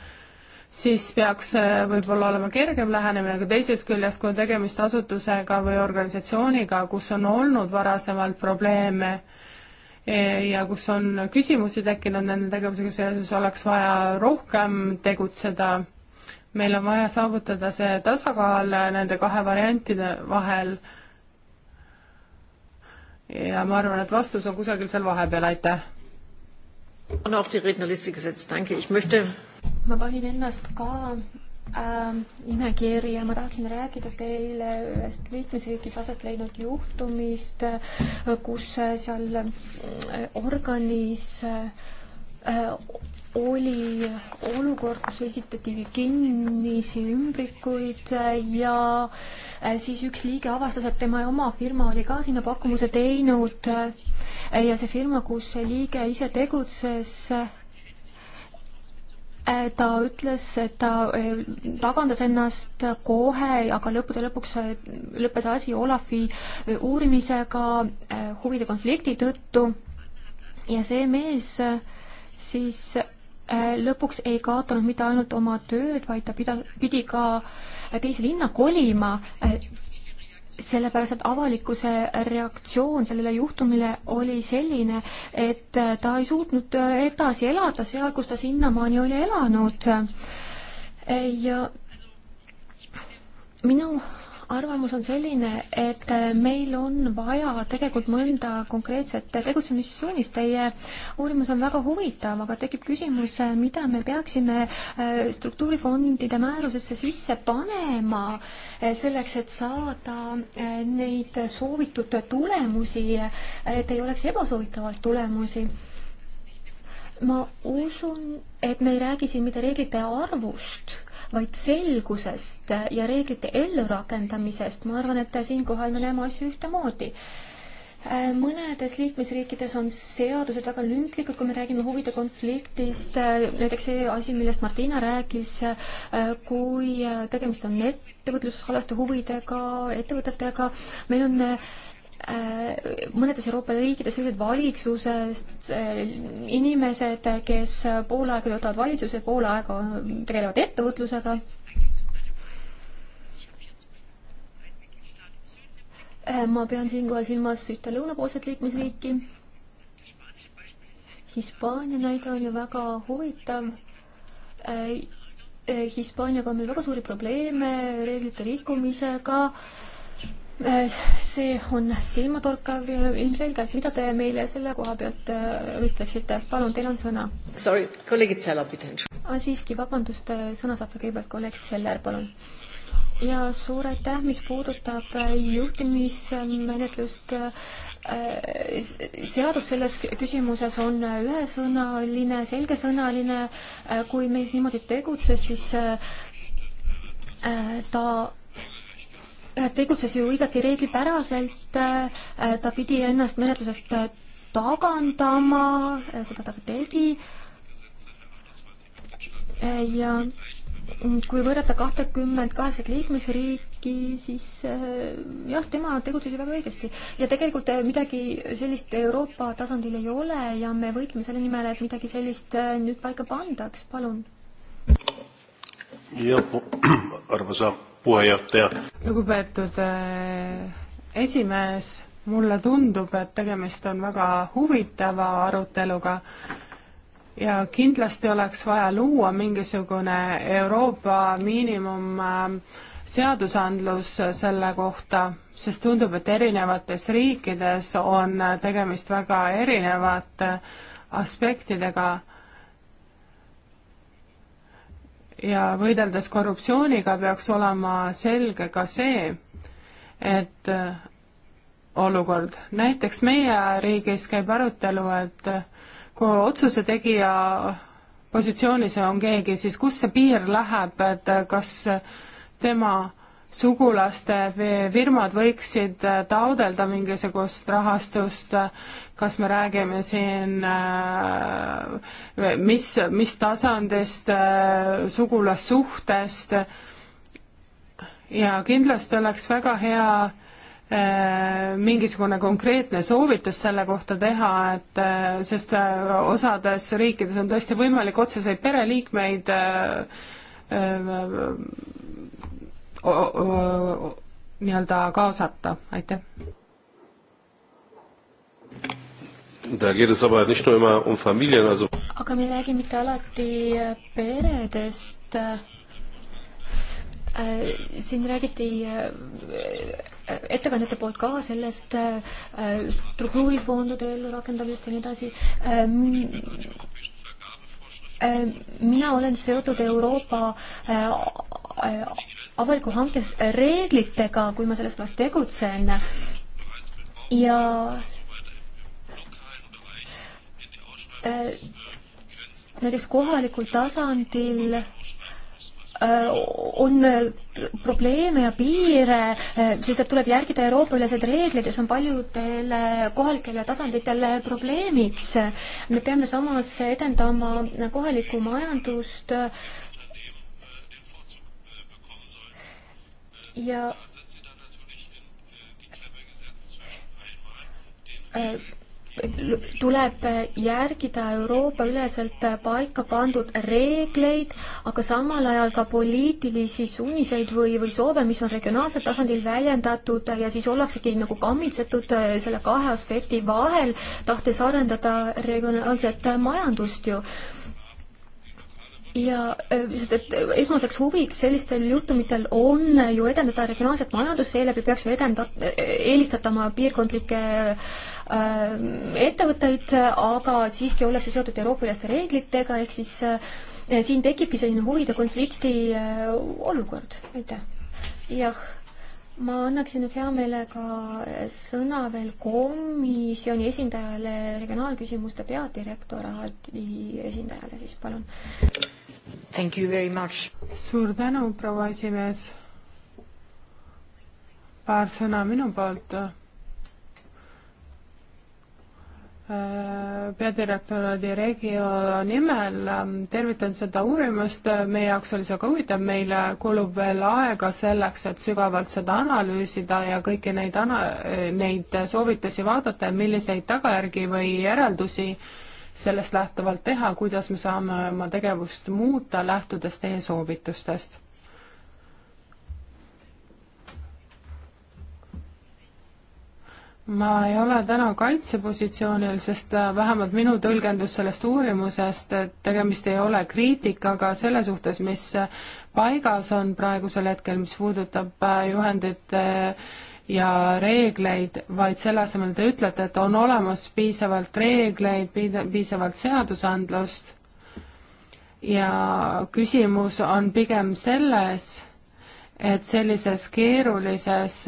siis peaks äh, võib-olla olema kergem lähenemine, aga teisest küljest, kui on tegemist asutusega või organisatsiooniga, kus on olnud varasemalt probleeme äh, ja kus on küsimusi tekkinud nende tegevusega seoses, oleks vaja rohkem tegutseda. meil on vaja saavutada see tasakaal nende kahe variantide vahel. ja ma arvan, et vastus on kusagil seal vahepeal, aitäh. ma panin ennast ka Ähm, nimekirja, ma tahaksin rääkida teile ühest liikmesriigis aset leidnud juhtumist, äh, kus äh, seal äh, organis oli olukord, kus esitati kinnisi ümbrikuid ja siis üks liige avastas, et tema oma firma oli ka sinna pakkumuse teinud ja see firma, kus see liige ise tegutses, ta ütles, et ta eh, tagandas ennast kohe, aga lõppude lõpuks eh, lõppes asi Olafi eh, uurimisega huvide konflikti tõttu ja see mees siis lõpuks ei kaotanud mitte ainult oma tööd, vaid ta pida, pidi ka teise linna kolima sellepärast, et avalikkuse reaktsioon sellele juhtumile oli selline, et ta ei suutnud edasi elada seal, kus ta sinnamaani oli elanud. ja minu arvamus on selline, et äh, meil on vaja tegelikult mõnda konkreetset tegutsemissuunist. Teie uurimus on väga huvitav, aga tekib küsimus, äh, mida me peaksime äh, struktuurifondide määrusesse sisse panema selleks, et saada neid soovitud tulemusi, et ei oleks ebasoovitavaid tulemusi ma usun, et me ei räägi siin mitte reeglite arvust, vaid selgusest ja reeglite ellurakendamisest. ma arvan, et siinkohal me näeme asju ühtemoodi. Äh, mõnedes liikmesriikides on seadused väga lünklikud, kui me räägime huvide konfliktist, äh, näiteks see asi, millest Martina rääkis, äh, kui tegemist on ettevõtlusalaste huvidega, ettevõtetega, meil on mõnedes Euroopa riikides sellised valitsusest eh, inimesed, kes pool aega töötavad valitsuses, pool aega tegelevad ettevõtlusega. Eh, ma pean siinkohal silmas ühte lõunapoolset liikmesriiki. Hispaania näide on ju väga huvitav. Eh, Hispaaniaga on meil väga suuri probleeme reeglite rikkumisega see on silmatorkav ilmselgelt, mida te meile selle koha pealt äh, ütleksite, palun, teil on sõna. Sorry, kolleegid Seller, pidanud ah,. siiski, vabandust, äh, sõna saab kõigepealt kolleeg Seller, palun. ja suur aitäh, mis puudutab äh, juhtimismenetlust, seadus selles küsimuses on ühesõnaline, selgesõnaline, kui mees niimoodi tegutses, siis ta Äh, tegutses ju igati reeglipäraselt, äh, ta pidi ennast menetlusest äh, tagandama, seda ta ka tegi. ja kui võrrelda kahtekümmend kaheksat liikmesriiki, siis jah, tema tegutses ju väga õigesti. ja tegelikult midagi sellist Euroopa tasandil ei ole ja me võitleme selle nimel, et midagi sellist nüüd paika pandaks, palun. arvasa puheenjohtaja. lugupeetud äh, esimees, mulle tundub, et tegemist on väga huvitava aruteluga ja kindlasti oleks vaja luua mingisugune Euroopa miinimum äh, seadusandlus selle kohta, sest tundub, et erinevates riikides on äh, tegemist väga erinevate aspektidega ja võideldes korruptsiooniga peaks olema selge ka see, et äh, olukord, näiteks meie riigis käib arutelu, et äh, kui otsuse tegija positsioonis on keegi, siis kus see piir läheb, et äh, kas tema sugulaste firmad võiksid äh, taodelda mingisugust rahastust, äh, kas me räägime siin, äh, mis, mis tasandist, sugulassuhtest ja kindlasti oleks väga hea mingisugune konkreetne soovitus selle kohta teha, et sest osades riikides on tõesti võimalik otseseid pereliikmeid nii-öelda kaasata, aitäh. Um aga me ei räägi mitte alati äh, peredest. Äh, siin räägiti äh, ettekandjate poolt ka sellest struktuurifondade ellurakendamisest ja nii edasi ähm, mina olen seotud Euroopa avaliku hanke reeglitega, kui ma selles vallas tegutsen ja äh, näiteks kohalikul tasandil äh, on äh, probleeme ja piire, siis tuleb järgida euroopalased reeglid ja see on paljudele kohalikele tasanditele probleemiks. me peame samas edendama kohalikku majandust äh, ja äh, tuleb järgida Euroopa üleselt paika pandud reegleid, aga samal ajal ka poliitilisi suuniseid või, või soove, mis on regionaalsel tasandil väljendatud ja siis ollaksegi nagu kammitsetud äh, selle kahe aspekti vahel, tahtes arendada regionaalset majandust ju ja äh, sest, et äh, esmaseks huviks sellistel juhtumitel on ju edendada regionaalset majandust, seeläbi peaks ju edenda-, äh, eelistatama piirkondlikke äh, ettevõtteid, aga siiski ollakse seotud euroopaliste reeglitega, ehk siis äh, siin tekibki selline huvide konflikti äh, olukord, aitäh. jah, ma annaksin nüüd hea meelega sõna veel komisjoni esindajale, regionaalküsimuste peadirektoraadi esindajale siis, palun. Thank you very much. suur tänu, proua esimees. paar sõna minu poolt peadirektoraadi Regio nimel ähm, tervitan seda uurimust, meie jaoks oli see ka huvitav, meile kulub veel aega selleks, et sügavalt seda analüüsida ja kõiki neid ana-, neid soovitusi vaadata ja milliseid tagajärgi või järeldusi sellest lähtuvalt teha, kuidas me saame oma tegevust muuta, lähtudes teie soovitustest ma ei ole täna kaitsepositsioonil, sest äh, vähemalt minu tõlgendus sellest uurimusest, et tegemist ei ole kriitikaga selle suhtes, mis äh, paigas on praegusel hetkel, mis puudutab äh, juhendit ja reegleid, vaid selle asemel te ütlete, et on olemas piisavalt reegleid, piisavalt seadusandlust ja küsimus on pigem selles, et sellises keerulises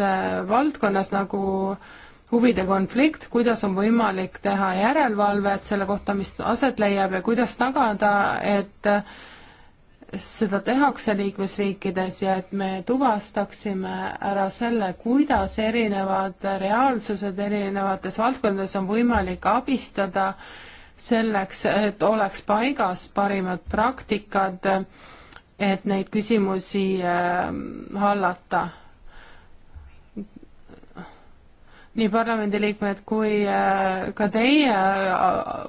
valdkonnas nagu äh, huvide konflikt, kuidas on võimalik teha järelevalvet selle kohta, mis aset leiab ja kuidas tagada, et äh, seda tehakse liikmesriikides ja et me tuvastaksime ära selle, kuidas erinevad reaalsused erinevates valdkondades on võimalik abistada selleks, et oleks paigas parimad praktikad, et neid küsimusi äh, hallata nii parlamendiliikmed kui äh, ka teie äh,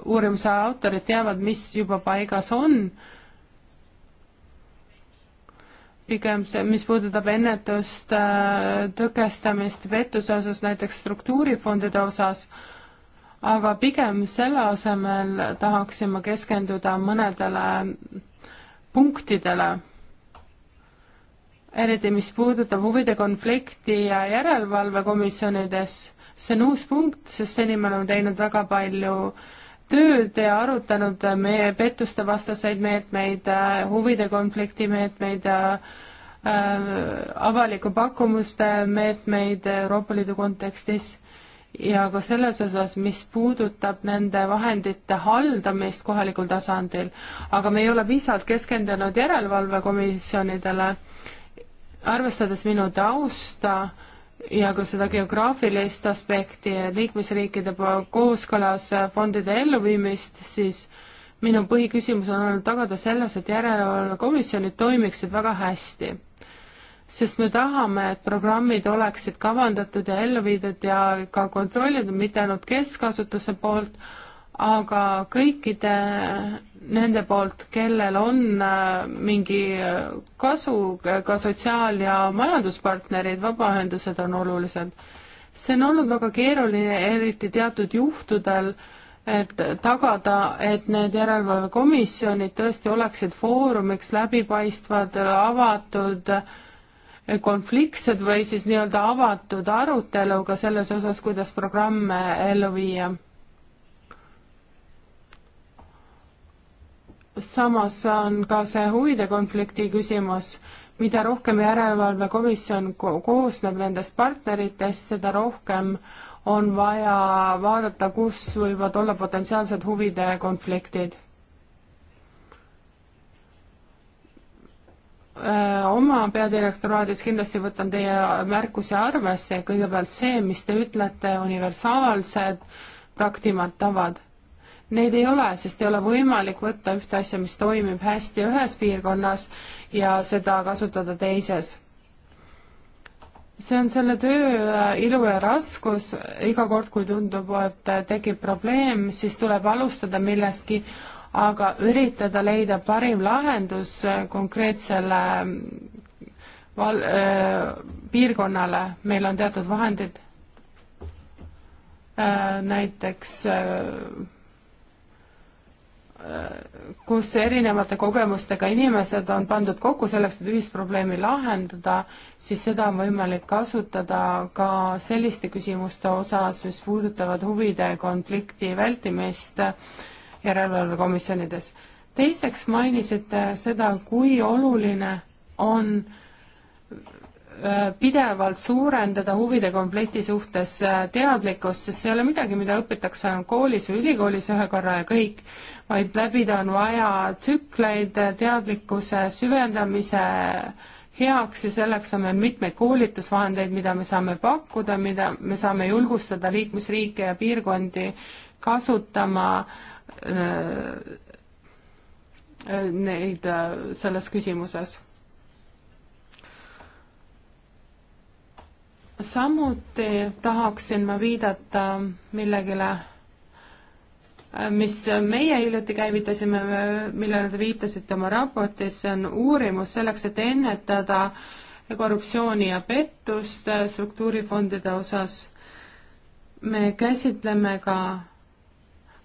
uurimuse autorid teavad, mis juba paigas on. pigem see, mis puudutab ennetust, äh, tõkestamist pettuse osas, näiteks struktuurifondide osas, aga pigem selle asemel tahaksin ma keskenduda mõnedele punktidele eriti mis puudutab huvide konflikti ja järelevalvekomisjonides, see on uus punkt, sest seni me oleme teinud väga palju tööd ja arutanud meie pettuste vastaseid meetmeid, huvide konflikti meetmeid, äh, avaliku pakkumuste meetmeid Euroopa Liidu kontekstis ja ka selles osas, mis puudutab nende vahendite haldamist kohalikul tasandil. aga me ei ole piisavalt keskendunud järelevalvekomisjonidele, arvestades minu tausta, ja ka seda geograafilist aspekti ja liikmesriikide kooskõlas fondide elluviimist, siis minu põhiküsimus on olnud tagada selles, et järelevalvekomisjonid toimiksid väga hästi. sest me tahame, et programmid oleksid kavandatud ja ellu viidud ja ka kontrollitud mitte ainult keskasutuse poolt, aga kõikide nende poolt, kellel on äh, mingi äh, kasu, ka sotsiaal- ja majanduspartnerid, vabaühendused on olulised. see on olnud väga keeruline, eriti teatud juhtudel, et tagada, et need järelevalvekomisjonid tõesti oleksid foorumiks läbipaistvad, avatud, äh, konfliktsed või siis nii-öelda avatud aruteluga selles osas, kuidas programme ellu viia samas on ka see huvide konflikti küsimus, mida rohkem järelevalvekomisjon koosneb nendest partneritest, seda rohkem on vaja vaadata, kus võivad olla potentsiaalsed huvide konfliktid. oma peadirektoraadis kindlasti võtan teie märkusi arvesse, kõigepealt see, mis te ütlete, universaalsed praktimad tavad Neid ei ole, sest ei ole võimalik võtta ühte asja, mis toimib hästi ühes piirkonnas ja seda kasutada teises. see on selle töö äh, ilu ja raskus, iga kord, kui tundub, et äh, tekib probleem, siis tuleb alustada millestki, aga üritada leida parim lahendus äh, konkreetsele mm, val-, piirkonnale, meil on teatud vahendid, näiteks kus erinevate kogemustega inimesed on pandud kokku selleks, et ühisprobleemi lahendada, siis seda on võimalik kasutada ka selliste küsimuste osas, mis puudutavad huvide konflikti vältimist järelevalvekomisjonides. teiseks mainisite seda, kui oluline on Äh, pidevalt suurendada huvide konflikti suhtes äh, teadlikkust, sest see ei ole midagi, mida õpitakse koolis või ülikoolis ühe korra ja kõik, vaid läbida on vaja tsükleid äh, teadlikkuse süvendamise heaks ja selleks on meil mitmeid koolitusvahendeid, mida me saame pakkuda, mida me saame julgustada liikmesriike ja piirkondi kasutama neid selles küsimuses samuti tahaksin ma viidata millegile, äh, mis meie hiljuti käivitasime, millele te viitasite oma raportis, see on uurimus selleks, et ennetada korruptsiooni ja pettust struktuurifondide osas. me käsitleme ka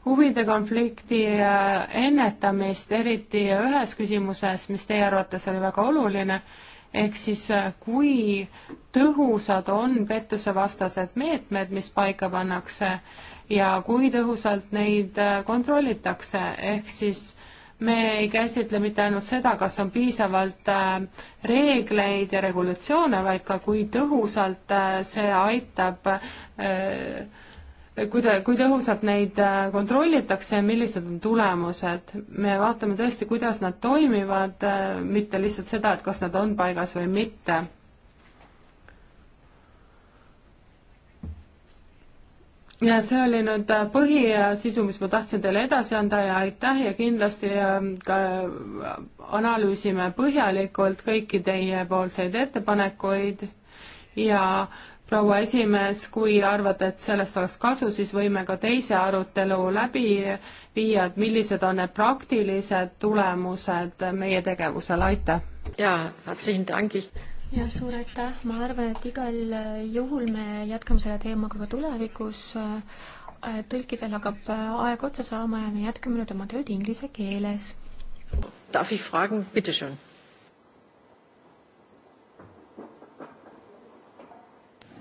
huvide konflikti ennetamist, eriti ühes küsimuses, mis teie arvates oli väga oluline ehk siis äh, kui tõhusad on pettusevastased meetmed, mis paika pannakse ja kui tõhusalt neid äh, kontrollitakse, ehk siis me ei käsitle mitte ainult seda, kas on piisavalt äh, reegleid ja regulatsioone, vaid ka kui tõhusalt see aitab äh, kuida-, kui tõhusalt neid äh, kontrollitakse ja millised on tulemused. me vaatame tõesti, kuidas nad toimivad, äh, mitte lihtsalt seda, et kas nad on paigas või mitte. ja see oli nüüd äh, põhisisu, mis ma tahtsin teile edasi anda ja aitäh ja kindlasti ähm, ka analüüsime põhjalikult kõiki teiepoolseid ettepanekuid ja äh, proua esimees, kui arvate, et sellest oleks kasu, siis võime ka teise arutelu läbi viia, et millised on need praktilised tulemused meie tegevusele, aitäh! jaa, jah, suur aitäh, ma arvan, et igal juhul me jätkame selle teemaga ka tulevikus, äh, tõlkidel hakkab äh, aeg otsa saama ja me jätkame nüüd oma tööd inglise keeles. Darf ich fragen, bitte schön?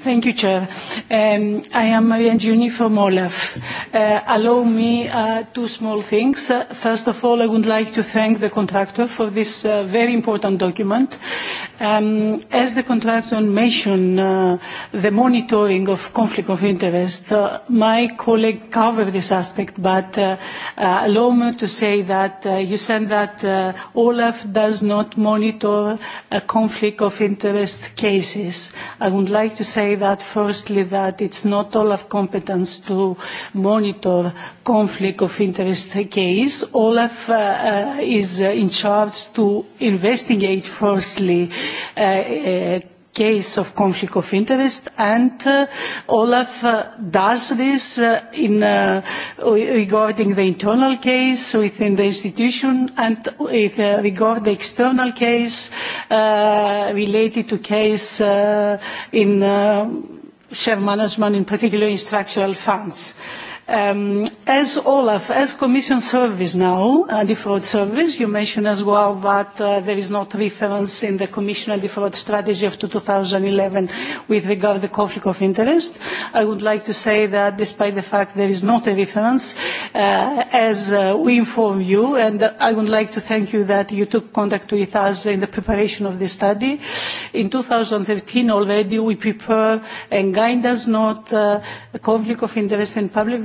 Thank you, Chair. Um, I am Maria Giuni from OLAF. Uh, allow me uh, two small things. Uh, first of all, I would like to thank the contractor for this uh, very important document. Um, as the contractor mentioned, uh, the monitoring of conflict of interest, uh, my colleague covered this aspect, but uh, uh, allow me to say that uh, you said that uh, OLAF does not monitor uh, conflict of interest cases. I would like to say say that firstly that it's not Olaf competence to monitor conflict of interest case. Olaf uh, uh, is uh, in charge to investigate firstly uh, uh, case of conflict of interest and uh, Olaf uh, does this uh, in, uh, regarding the internal case within the institution and with, uh, regard the external case uh, related to case uh, in uh, share management, in particular in structural funds. Uh, Um, as Olaf, as Commission Service now, uh, defraud service, you mentioned as well that uh, there is not reference in the Commission and defraud strategy of 2011 with regard to the conflict of interest. I would like to say that despite the fact there is not a reference, uh, as uh, we inform you, and I would like to thank you that you took contact with us in the preparation of this study. In 2013 already we prepared uh, a guidance note, uh, conflict of interest in public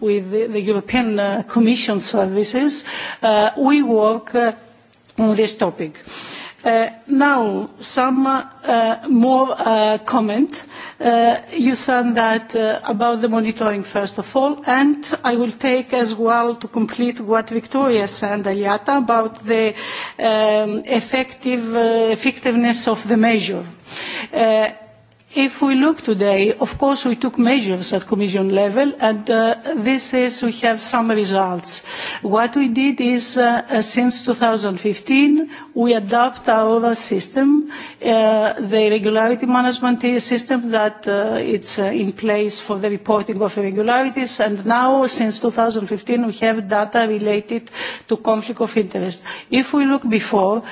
with the, the European uh, Commission services, uh, we work uh, on this topic. Uh, now, some uh, more uh, comment. Uh, you said that uh, about the monitoring, first of all, and I will take as well to complete what Victoria said, Aliata, about the um, effective uh, effectiveness of the measure. Uh, If we look today, of course, we took measures at Commission level, and uh, this is we have some results. What we did is, uh, uh since 2015, we adapt our system, uh, the regularity management system that uh, it's uh, in place for the reporting of irregularities. And now, since 2015, we have data related to conflict of interest. If we look before,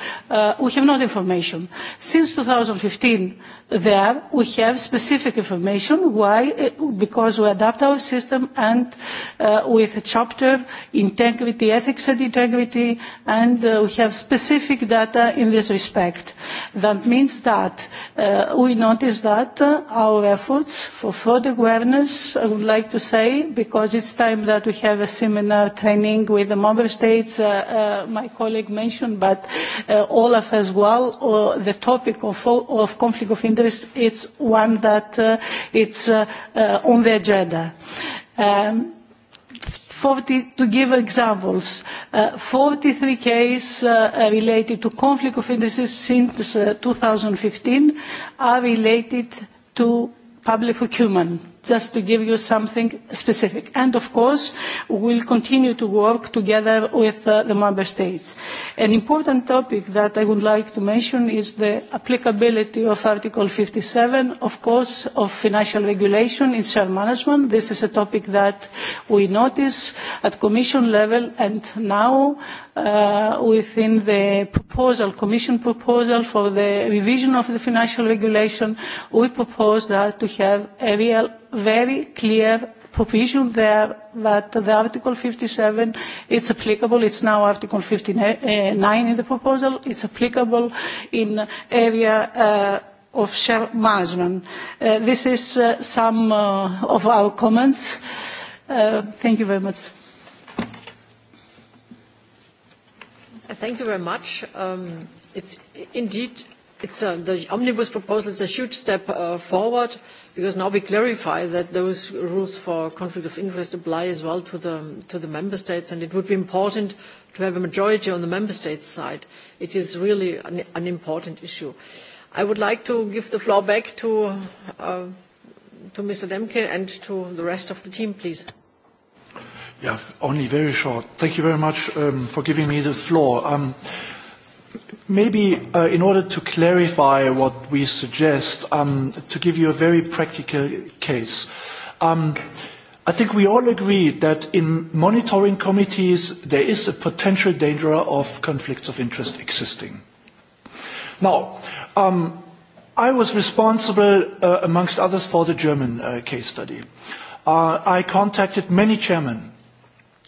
we have not information. Since 2015, there, we have specific information. Why? Eh, because we adapt our system and uh, with a chapter integrity, ethics and integrity, and uh, we have specific data in this respect. That means that uh, we notice that uh, our efforts for fraud awareness, I would like to say, because it's time that we have a seminar training with the member states, uh, uh, my colleague mentioned, but uh, Olaf as well, or the topic of, of conflict of interest, it's one that uh, it's uh, uh, on the agenda. Um, 40, to give examples, uh, 43 cases uh, related to conflict of interests since uh, 2015 are related to public procurement just to give you something specific. And of course, we'll continue to work together with uh, the member states. An important topic that I would like to mention is the applicability of Article 57, of course, of financial regulation in share management. This is a topic that we notice at Commission level and now uh, within the proposal, Commission proposal for the revision of the financial regulation, we propose that to have a real, very clear provision there that the Article 57, it's applicable, it's now Article 59 in the proposal, it's applicable in area uh, of share management. Uh, this is uh, some uh, of our comments. Uh, thank you very much. Thank you very much. Um, it's indeed it's a, the omnibus proposal is a huge step uh, forward because now we clarify that those rules for conflict of interest apply as well to the, to the member states and it would be important to have a majority on the member states side. It is really an, an important issue. I would like to give the floor back to, uh, to Mr. Demke and to the rest of the team, please. Yeah, only very short. Thank you very much um, for giving me the floor. Um, maybe uh, in order to clarify what we suggest, um, to give you a very practical case. Um, I think we all agree that in monitoring committees, there is a potential danger of conflicts of interest existing. Now, um, I was responsible, uh, amongst others, for the German uh, case study. Uh, I contacted many chairmen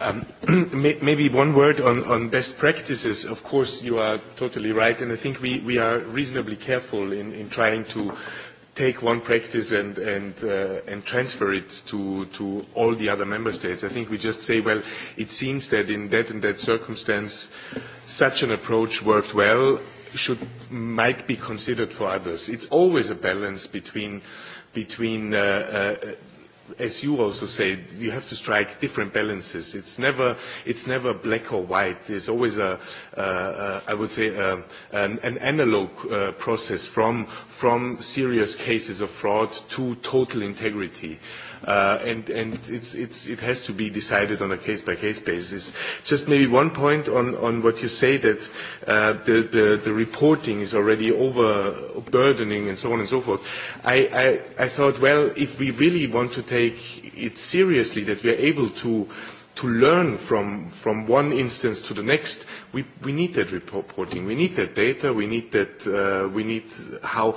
Um, maybe one word on, on best practices. Of course, you are totally right, and I think we, we are reasonably careful in, in trying to take one practice and and uh, and transfer it to to all the other member states. I think we just say, well, it seems that in that and that circumstance, such an approach worked well. Should might be considered for others. It's always a balance between between uh, uh, as you also said, you have to strike different balances. It's never, it's never black or white. There's always a, uh, a I would say, a, an, an analog uh, process from, from serious cases of fraud to total integrity. Uh, uh, and and it's it's it has to be decided on a case by case basis. Just maybe one point on on what you say that uh, the, the the reporting is already overburdening and so on and so forth. I, I I thought well if we really want to take it seriously that we are able to to learn from, from one instance to the next, we, we need that reporting, we need that data, we need, that, uh, we need how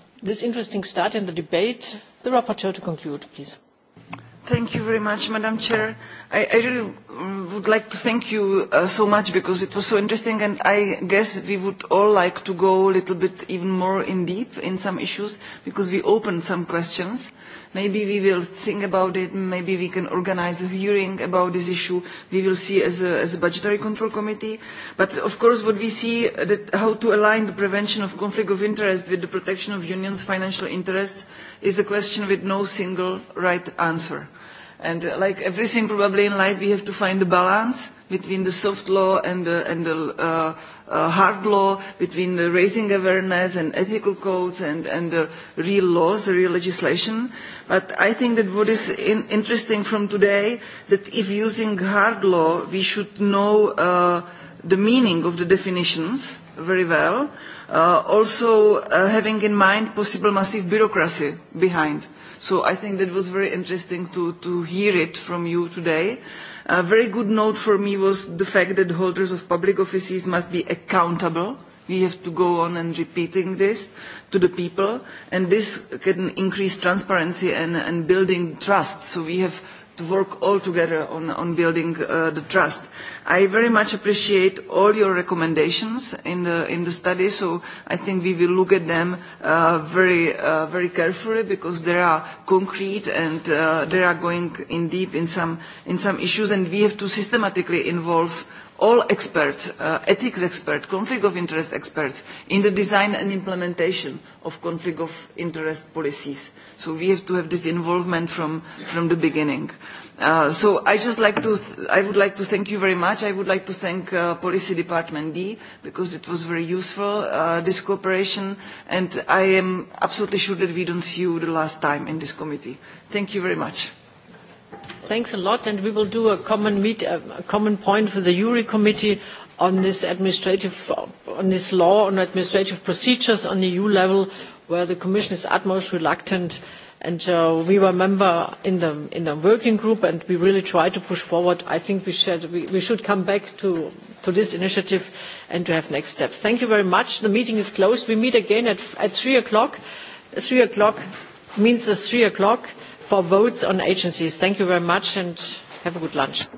this interesting start in the debate. The rapporteur to conclude, please. Thank you very much, Madam Chair. I, I really would like to thank you uh, so much because it was so interesting and I guess we would all like to go a little bit even more in deep in some issues because we opened some questions. Maybe we will think about it, maybe we can organize a hearing about this issue, we will see as a, as a budgetary control committee. But of course what we see, uh, that how to align the prevention of conflict of interest with the protection of unions' financial interests is a question with no single right answer. Uh, And uh, like everything probably in life, we have to find a balance between the soft law and the, and the uh, uh, hard law, between the raising awareness and ethical codes and, and the real laws, the real legislation. But I think that what is in, interesting from today, that if using hard law, we should know uh, the meaning of the definitions very well, uh, also uh, having in mind possible massive bureaucracy behind. Uh, So I think that was very interesting to, to hear it from you today. A very good note for me was the fact that holders of public offices must be accountable. We have to go on and repeating this to the people, and this can increase transparency and, and building trust. So we have to work all together on, on building uh, the trust. I very much appreciate all your recommendations in the, in the study, so I think we will look at them uh, very, uh, very carefully because they are concrete and uh, they are going in deep in some, in some issues and we have to systematically involve all experts, uh, ethics experts, conflict of interest experts, in the design and implementation of conflict of interest policies. So we have to have this involvement from, from the beginning. Uh, Uh, so I just like to, th I would like to thank you very much. I would like to thank uh, Policy Department D because it was very useful, uh, this cooperation, and I am absolutely sure that we don't see you the last time in this committee. Thank you very much. Thanks a lot, and we will do a common meet, a common point with the URI committee on this administrative, on this law on administrative procedures on EU level, where the Commission is utmost reluctant uh, And uh, we were a member in the, in the working group and we really tried to push forward. I think we should, we, we should come back to, to this initiative and to have next steps. Thank you very much. The meeting is closed. We meet again at, at 3 o'clock. 3 o'clock means it's 3 o'clock for votes on agencies. Thank you very much and have a good lunch.